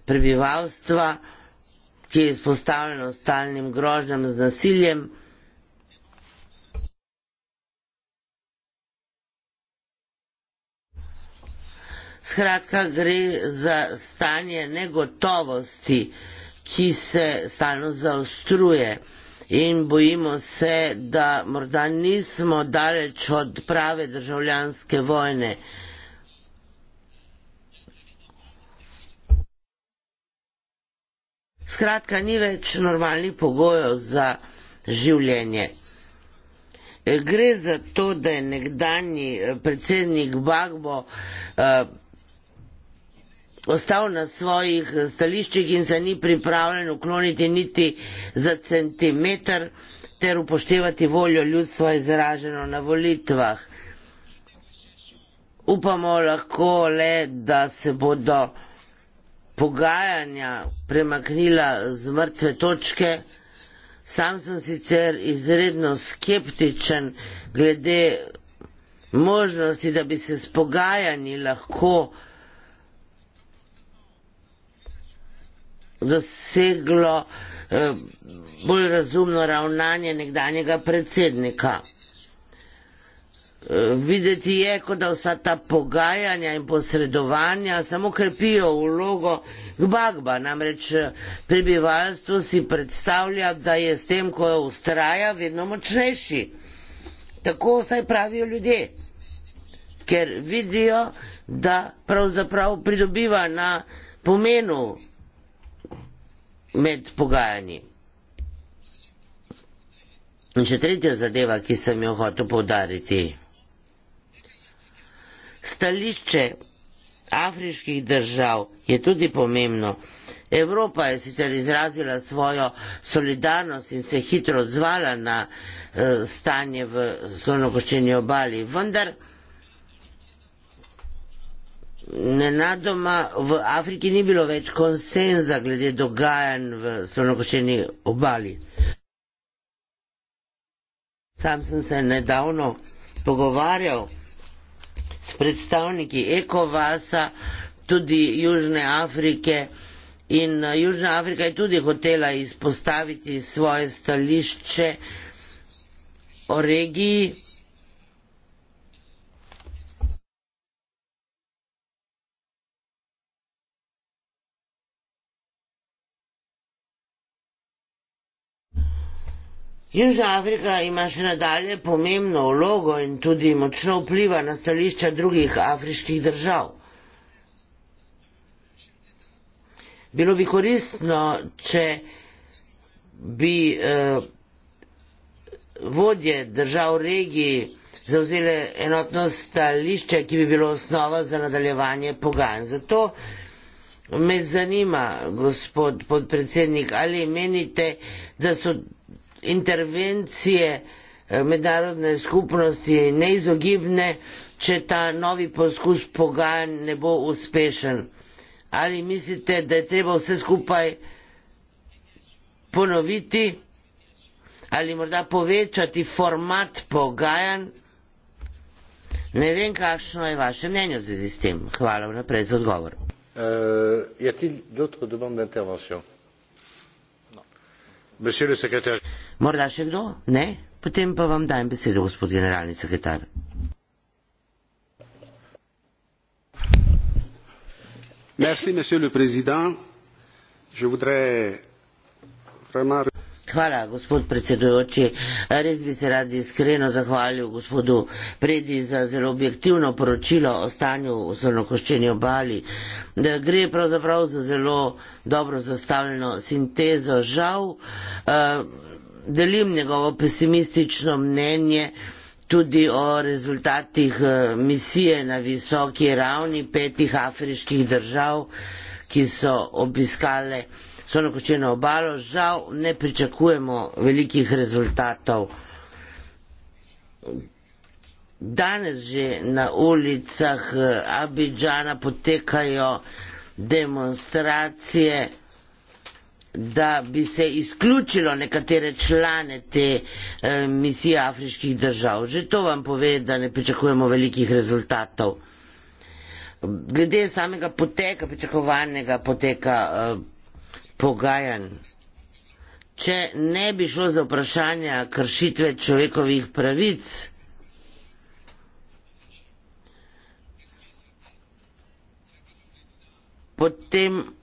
E: prebivalstva, ki je izpostavljeno stalnim grožnjam z nasiljem. Skratka, gre za stanje negotovosti, ki se stalno zaostruje. In bojimo se, da morda nismo daleč od prave državljanske vojne. Skratka, ni več normalnih pogojev za življenje. Gre za to, da je nekdani eh, predsednik Bagbo eh, ostal na svojih eh, stališčih in se ni pripravljen ukloniti niti za centimeter ter upoštevati voljo ljudstva izraženo na volitvah. Upamo lahko le, da se bodo pogajanja premaknila z mrtve točke. Sam sem sicer izredno skeptičen glede možnosti, da bi se s pogajanji lahko doseglo eh, bolj razumno ravnanje nekdanjega predsednika. Eh, videti je, kot da vsa ta pogajanja in posredovanja samo krepijo vlogo Gbagba, namreč eh, prebivalstvo si predstavlja, da je s tem, ko jo ustraja, vedno močnejši. Tako vsaj pravijo ljudje, ker vidijo, da pravzaprav pridobiva na pomenu med pogajanji. In še tretja zadeva, ki sem jo hotel povdariti. Stališče afriških držav je tudi pomembno. Evropa je sicer izrazila svojo solidarnost in se hitro odzvala na uh, stanje v slonokoščeni obali, vendar nenadoma v Afriki ni bilo več konsenza glede dogajanj v slonokošeni obali. Sam sem se nedavno pogovarjal s predstavniki Ekovasa, tudi Južne Afrike in eh, Južna Afrika je tudi hotela izpostaviti svoje stališče o regiji, Južna Afrika ima še nadalje pomembno vlogo in tudi močno vpliva na stališča drugih afriških držav. Bilo bi koristno, če bi eh, vodje držav regiji zauzele enotno stališče, ki bi bilo osnova za nadaljevanje pogajanj. Zato me zanima, gospod podpredsednik, ali menite, da so intervencije eh, mednarodne skupnosti neizogibne, če ta novi poskus pogajanj ne bo uspešen. Ali mislite, da je treba vse skupaj ponoviti ali morda povečati format pogajanj? Ne vem, kakšno je vaše mnenje v zvezi s tem. Hvala vnaprej za odgovor. Uh, eh, je tudi drugo
D: domov intervencijo? No. Monsieur le secrétaire.
E: Morda še kdo? Ne? Potem pa vam dajem besedo, gospod generalni sekretar.
G: Merci, monsieur le président.
E: Je voudrais Hvala, gospod predsedujoči. Res bi se rad iskreno zahvalil gospodu Predi za zelo objektivno poročilo o stanju v slonokoščeni obali. Da gre pravzaprav za zelo dobro zastavljeno sintezo. Žal, uh, delim njegovo pesimistično mnenje tudi o rezultatih eh, misije na visoki ravni petih afriških držav, ki so obiskale Sonokočeno obalo. Žal ne pričakujemo velikih rezultatov. Danes že na ulicah eh, Abidžana potekajo demonstracije da bi se izključilo nekatere člane te e, misije afriških držav. Že to vam pove, da ne pričakujemo velikih rezultatov. Glede samega poteka, pričakovanega poteka e, pogajanj, če ne bi šlo za vprašanja kršitve človekovih pravic, potem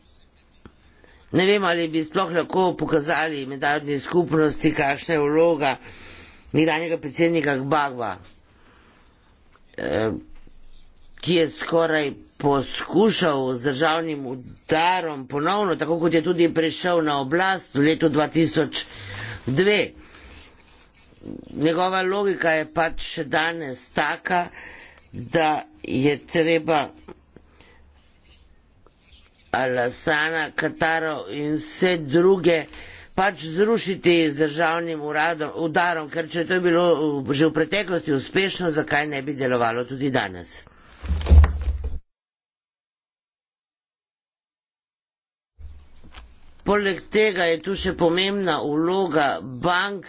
E: ne vem, ali bi sploh lahko pokazali mednarodni skupnosti, kakšna je vloga nekdanjega predsednika Gbagva, eh, ki je skoraj poskušal z državnim udarom ponovno, tako kot je tudi prišel na oblast v letu 2002. Njegova logika je pač danes taka, da je treba Alasana, Kataro in vse druge pač zrušiti z državnim uradom, udarom, ker če to je bilo že v preteklosti uspešno, zakaj ne bi delovalo tudi danes? Poleg tega je tu še pomembna vloga bank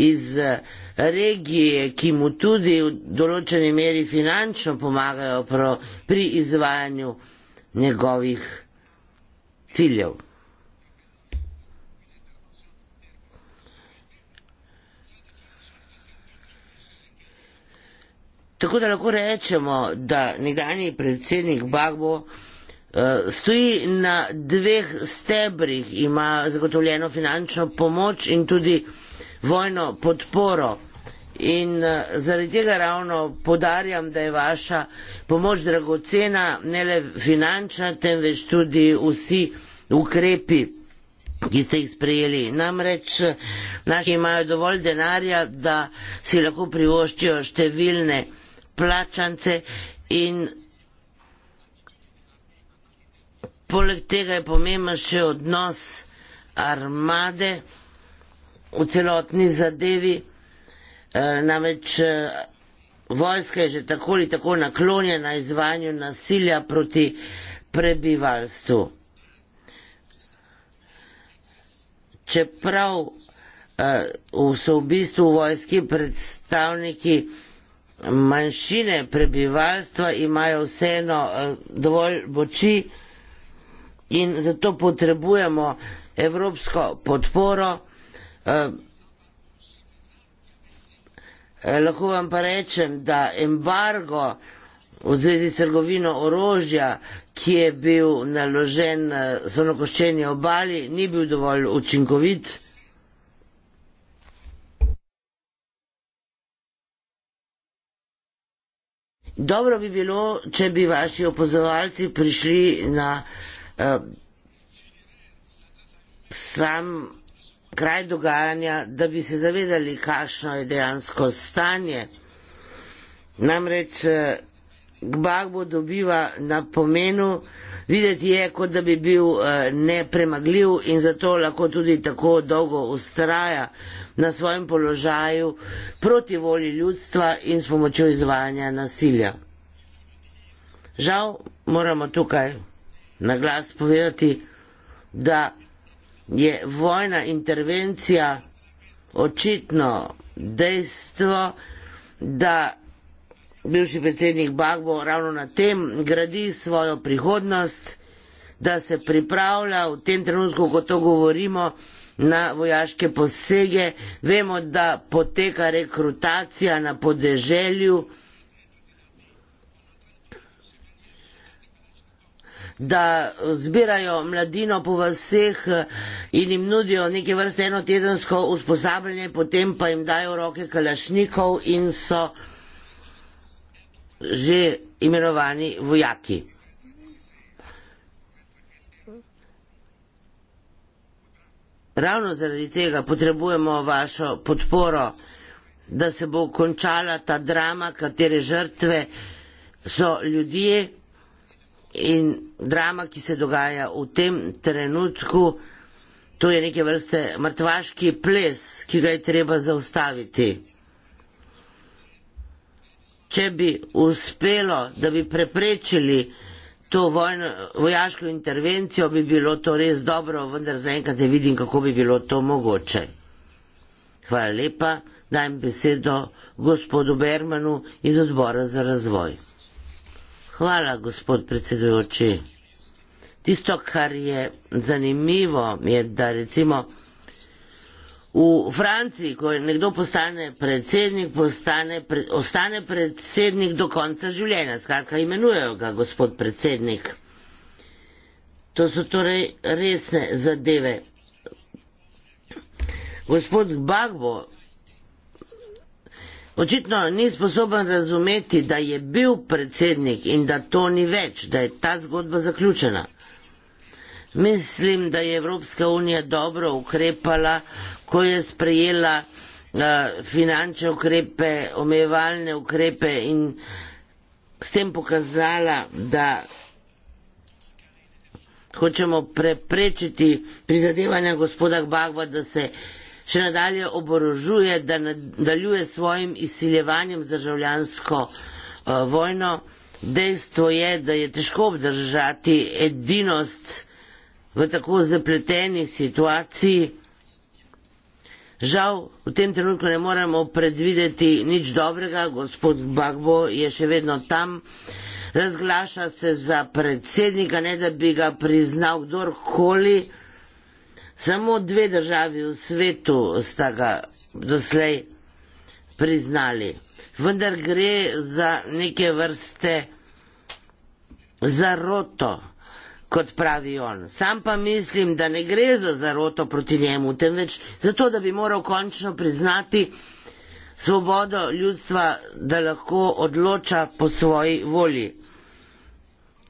E: iz eh, regije, ki mu tudi v določeni meri finančno pomagajo pri izvajanju njegovih ciljev. Tako da lahko rečemo, da nekdani predsednik Bagbo eh, stoji na dveh stebrih, ima zagotovljeno finančno pomoč in tudi vojno podporo. In eh, zaradi tega ravno podarjam, da je vaša pomoč dragocena, ne le finančna, temveč tudi vsi ukrepi, ki ste jih sprejeli. Namreč eh, naši imajo dovolj denarja, da si lahko privoščijo številne plačance in poleg tega je pomemben še odnos armade v celotni zadevi. Eh, namreč eh, vojska je že tako ali tako naklonjena izvajanju nasilja proti prebivalstvu. Čeprav eh, so v bistvu vojski predstavniki manjšine prebivalstva, imajo vseeno dovolj boči in zato potrebujemo evropsko podporo. Eh, lahko vam pa rečem, da embargo v zvezi s trgovino orožja, ki je bil naložen na eh, sonokoščeni obali, ni bil dovolj učinkovit. Dobro bi bilo, če bi vaši opozovalci prišli na eh, sam kraj dogajanja, da bi se zavedali, kakšno je dejansko stanje. Namreč eh, Gbagbo dobiva na pomenu, videti je, kot da bi bil eh, nepremagljiv in zato lahko tudi tako dolgo ustraja na svojem položaju proti volji ljudstva in s pomočjo izvajanja nasilja. Žal moramo tukaj na glas povedati, da je vojna intervencija očitno dejstvo, da bivši predsednik Bagbo ravno na tem gradi svojo prihodnost, da se pripravlja v tem trenutku, ko to govorimo, na vojaške posege. Vemo, da poteka rekrutacija na podeželju. da zbirajo mladino po vseh eh, in jim nudijo neke vrste enotedensko usposabljanje, potem pa jim dajo roke kalašnikov in so že imenovani vojaki. Ravno zaradi tega potrebujemo vašo podporo, da se bo končala ta drama, katere žrtve so ljudje, in drama, ki se dogaja v tem trenutku, to je neke vrste mrtvaški ples, ki ga je treba zaustaviti. Če bi uspelo, da bi preprečili to vojno, vojaško intervencijo, bi bilo to res dobro, vendar zaenkrat ne vidim, kako bi bilo to mogoče. Hvala lepa, dajem besedo gospodu Bermanu iz odbora za razvoj. Hvala, gospod predsedujoči. Tisto, kar je zanimivo, je, da recimo v Franciji, ko nekdo postane predsednik, postane pre, ostane predsednik do konca življenja. Skratka, imenujejo ga gospod predsednik. To so torej resne zadeve. Gospod Bagbo, Očitno ni sposoben razumeti, da je bil predsednik in da to ni več, da je ta zgodba zaključena. Mislim, da je Evropska unija dobro ukrepala, ko je sprejela uh, finančne ukrepe, omejevalne ukrepe in s tem pokazala, da hočemo preprečiti prizadevanja gospoda Bagva, da se uh, še nadalje oborožuje, da nadaljuje svojim izsiljevanjem z državljansko eh, vojno. Dejstvo je, da je težko obdržati edinost v tako zapleteni situaciji. Žal, v tem trenutku ne moremo predvideti nič dobrega, gospod Bagbo je še vedno tam, razglaša se za predsednika, ne da bi ga priznal kdorkoli. Samo dve državi v svetu sta ga doslej priznali. Vendar gre za neke vrste zaroto, kot pravi on. Sam pa mislim, da ne gre za zaroto proti njemu, temveč zato, da bi moral končno priznati svobodo ljudstva, da lahko odloča po svoji volji.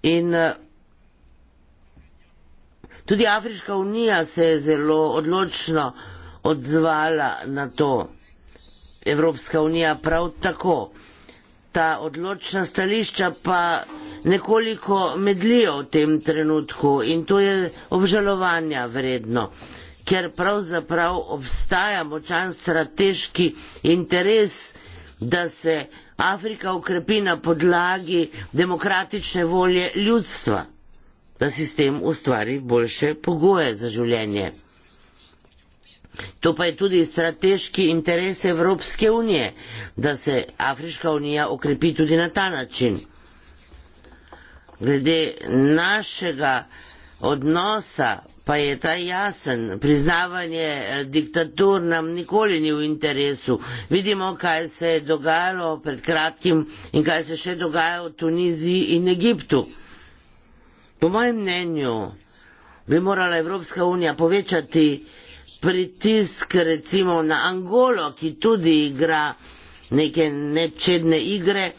E: In eh, Tudi Afriška unija se je zelo odločno odzvala na to. Evropska unija prav tako. Ta odločna stališča pa nekoliko medlijo v tem trenutku in to je obžalovanja vredno, ker pravzaprav obstaja močan strateški interes, da se Afrika ukrepi na podlagi demokratične volje ljudstva da sistem ustvari boljše pogoje za življenje. To pa je tudi strateški interes Evropske unije, da se Afriška unija okrepi tudi na ta način. Glede našega odnosa pa je ta jasen, priznavanje eh, diktatur nam nikoli ni v interesu. Vidimo, kaj se je dogajalo pred kratkim in kaj se še dogaja v Tuniziji in Egiptu. Po mojem mnenju bi morala Evropska unija povečati pritisk recimo na Angolo, ki tudi igra neke nečedne igre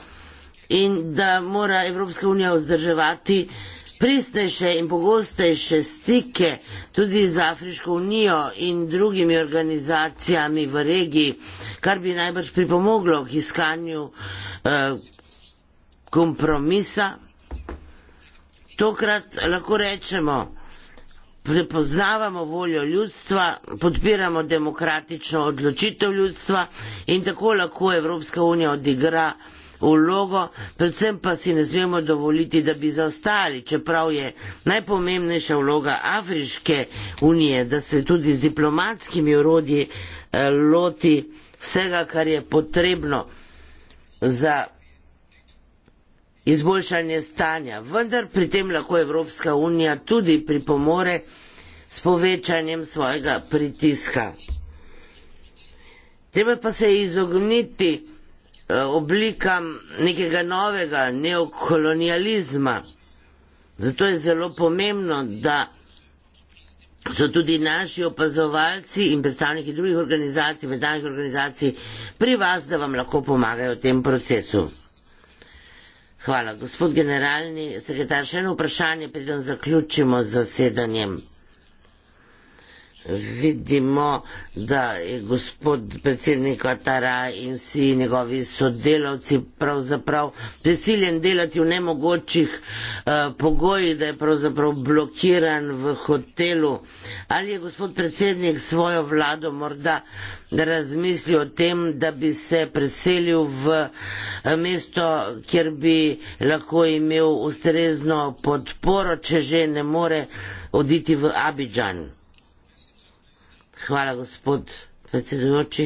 E: in da mora Evropska unija vzdrževati pristnejše in pogostejše stike tudi z Afriško unijo in drugimi organizacijami v regiji, kar bi najbrž pripomoglo k iskanju eh, kompromisa tokrat lahko rečemo, prepoznavamo voljo ljudstva, podpiramo demokratično odločitev ljudstva in tako lahko Evropska unija odigra vlogo, predvsem pa si ne smemo dovoliti, da bi zaostali, čeprav je najpomembnejša vloga Afriške unije, da se tudi z diplomatskimi urodji eh, loti vsega, kar je potrebno za izboljšanje stanja, vendar pri tem lahko Evropska unija tudi pripomore s povečanjem svojega pritiska. Treba pa se izogniti eh, oblikam nekega novega neokolonializma. Zato je zelo pomembno, da so tudi naši opazovalci in predstavniki drugih organizacij, mednarodnih organizacij pri vas, da vam lahko pomagajo v tem procesu. Hvala, gospod generalni sekretar. Še eno vprašanje, predem zaključimo z zasedanjem vidimo, da je gospod predsednik Atara in vsi njegovi sodelavci pravzaprav prisiljen delati v nemogočih uh, pogojih, da je pravzaprav blokiran v hotelu. Ali je gospod predsednik svojo vlado morda razmislil o tem, da bi se preselil v eh, mesto, kjer bi lahko imel ustrezno podporo, če že ne more oditi v Abidžan? Hvala, gospod predsedujoči.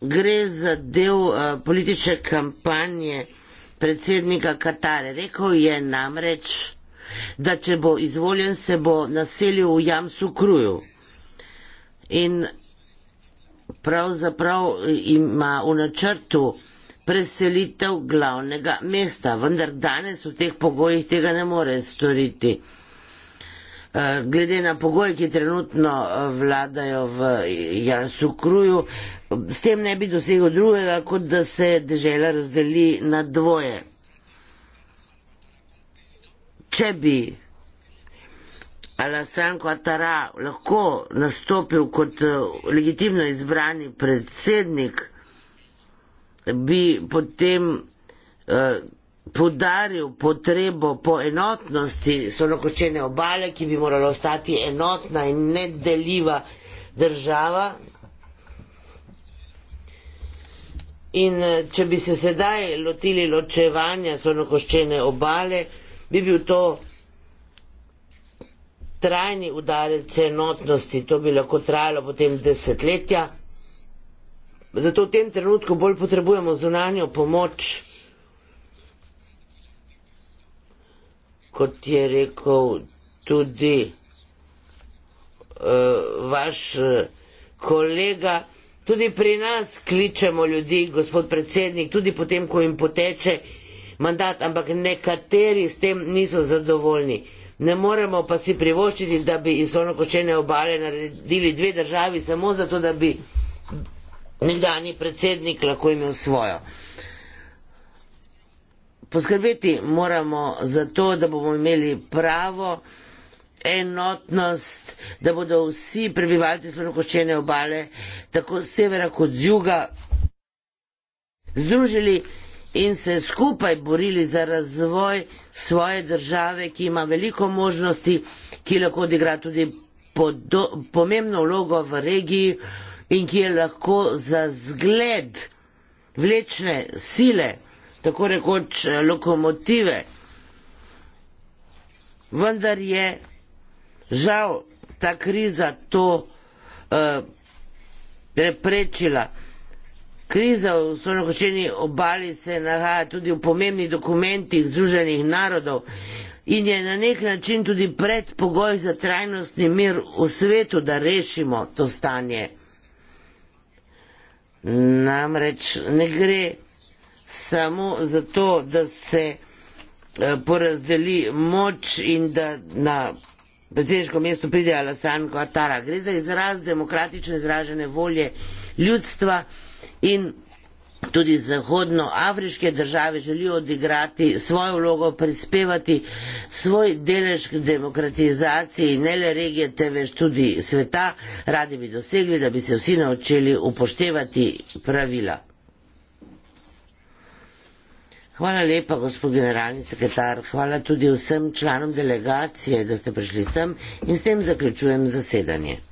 E: Gre za del uh, politične kampanje predsednika Katare. Rekl je namreč, da če bo izvoljen, se bo naselil v Jamsu Kruju. In pravzaprav ima v načrtu preselitev glavnega mesta, vendar danes v teh pogojih tega ne more storiti. Eh, glede na pogoje, ki trenutno eh, vladajo v Jansu Kruju, s tem ne bi dosegel drugega, kot da se dežela razdeli na dvoje. Če bi Alasan Kvatara lahko nastopil kot eh, legitimno izbrani predsednik, bi potem uh, eh, podaril potrebo po enotnosti slonokoščene obale, ki bi morala ostati enotna in nedeljiva država. In eh, če bi se sedaj lotili ločevanja slonokoščene obale, bi bil to trajni udarec enotnosti, to bi lahko trajalo potem desetletja zato v tem trenutku bolj potrebujemo zunanjo pomoč, kot je rekel tudi uh, vaš eh, kolega. Tudi pri nas kličemo ljudi, gospod predsednik, tudi potem, ko jim poteče mandat, ampak nekateri s tem niso zadovoljni. Ne moremo pa si privoščiti, da bi iz onokočene obale naredili dve državi samo zato, da bi nekdani predsednik lahko imel svojo. Poskrbeti moramo za to, da bomo imeli pravo enotnost, da bodo vsi prebivalci slovenokoščene obale, tako z severa kot z juga, združili in se skupaj borili za razvoj svoje države, ki ima veliko možnosti, ki lahko odigra tudi pomembno vlogo v regiji in ki je lahko za zgled vlečne sile, tako rekoč eh, lokomotive. Vendar je žal ta kriza to uh, preprečila. Kriza v slovenočeni obali se nahaja tudi v pomembnih dokumentih Združenih narodov in je na nek način tudi predpogoj za trajnostni mir v svetu, da rešimo to stanje. Namreč ne gre samo za to, da se eh, porazdeli moč in da na predsedniško mesto pride Alasan Kvatara. Gre za izraz demokratične izražene volje ljudstva in tudi zahodnoafriške države želijo odigrati svojo vlogo, prispevati svoj delež k demokratizaciji ne le regije, temveč tudi sveta, radi bi dosegli, da bi se vsi naučili upoštevati pravila. Hvala lepa, gospod generalni sekretar. Hvala tudi vsem članom delegacije, da ste prišli sem in s tem zaključujem zasedanje.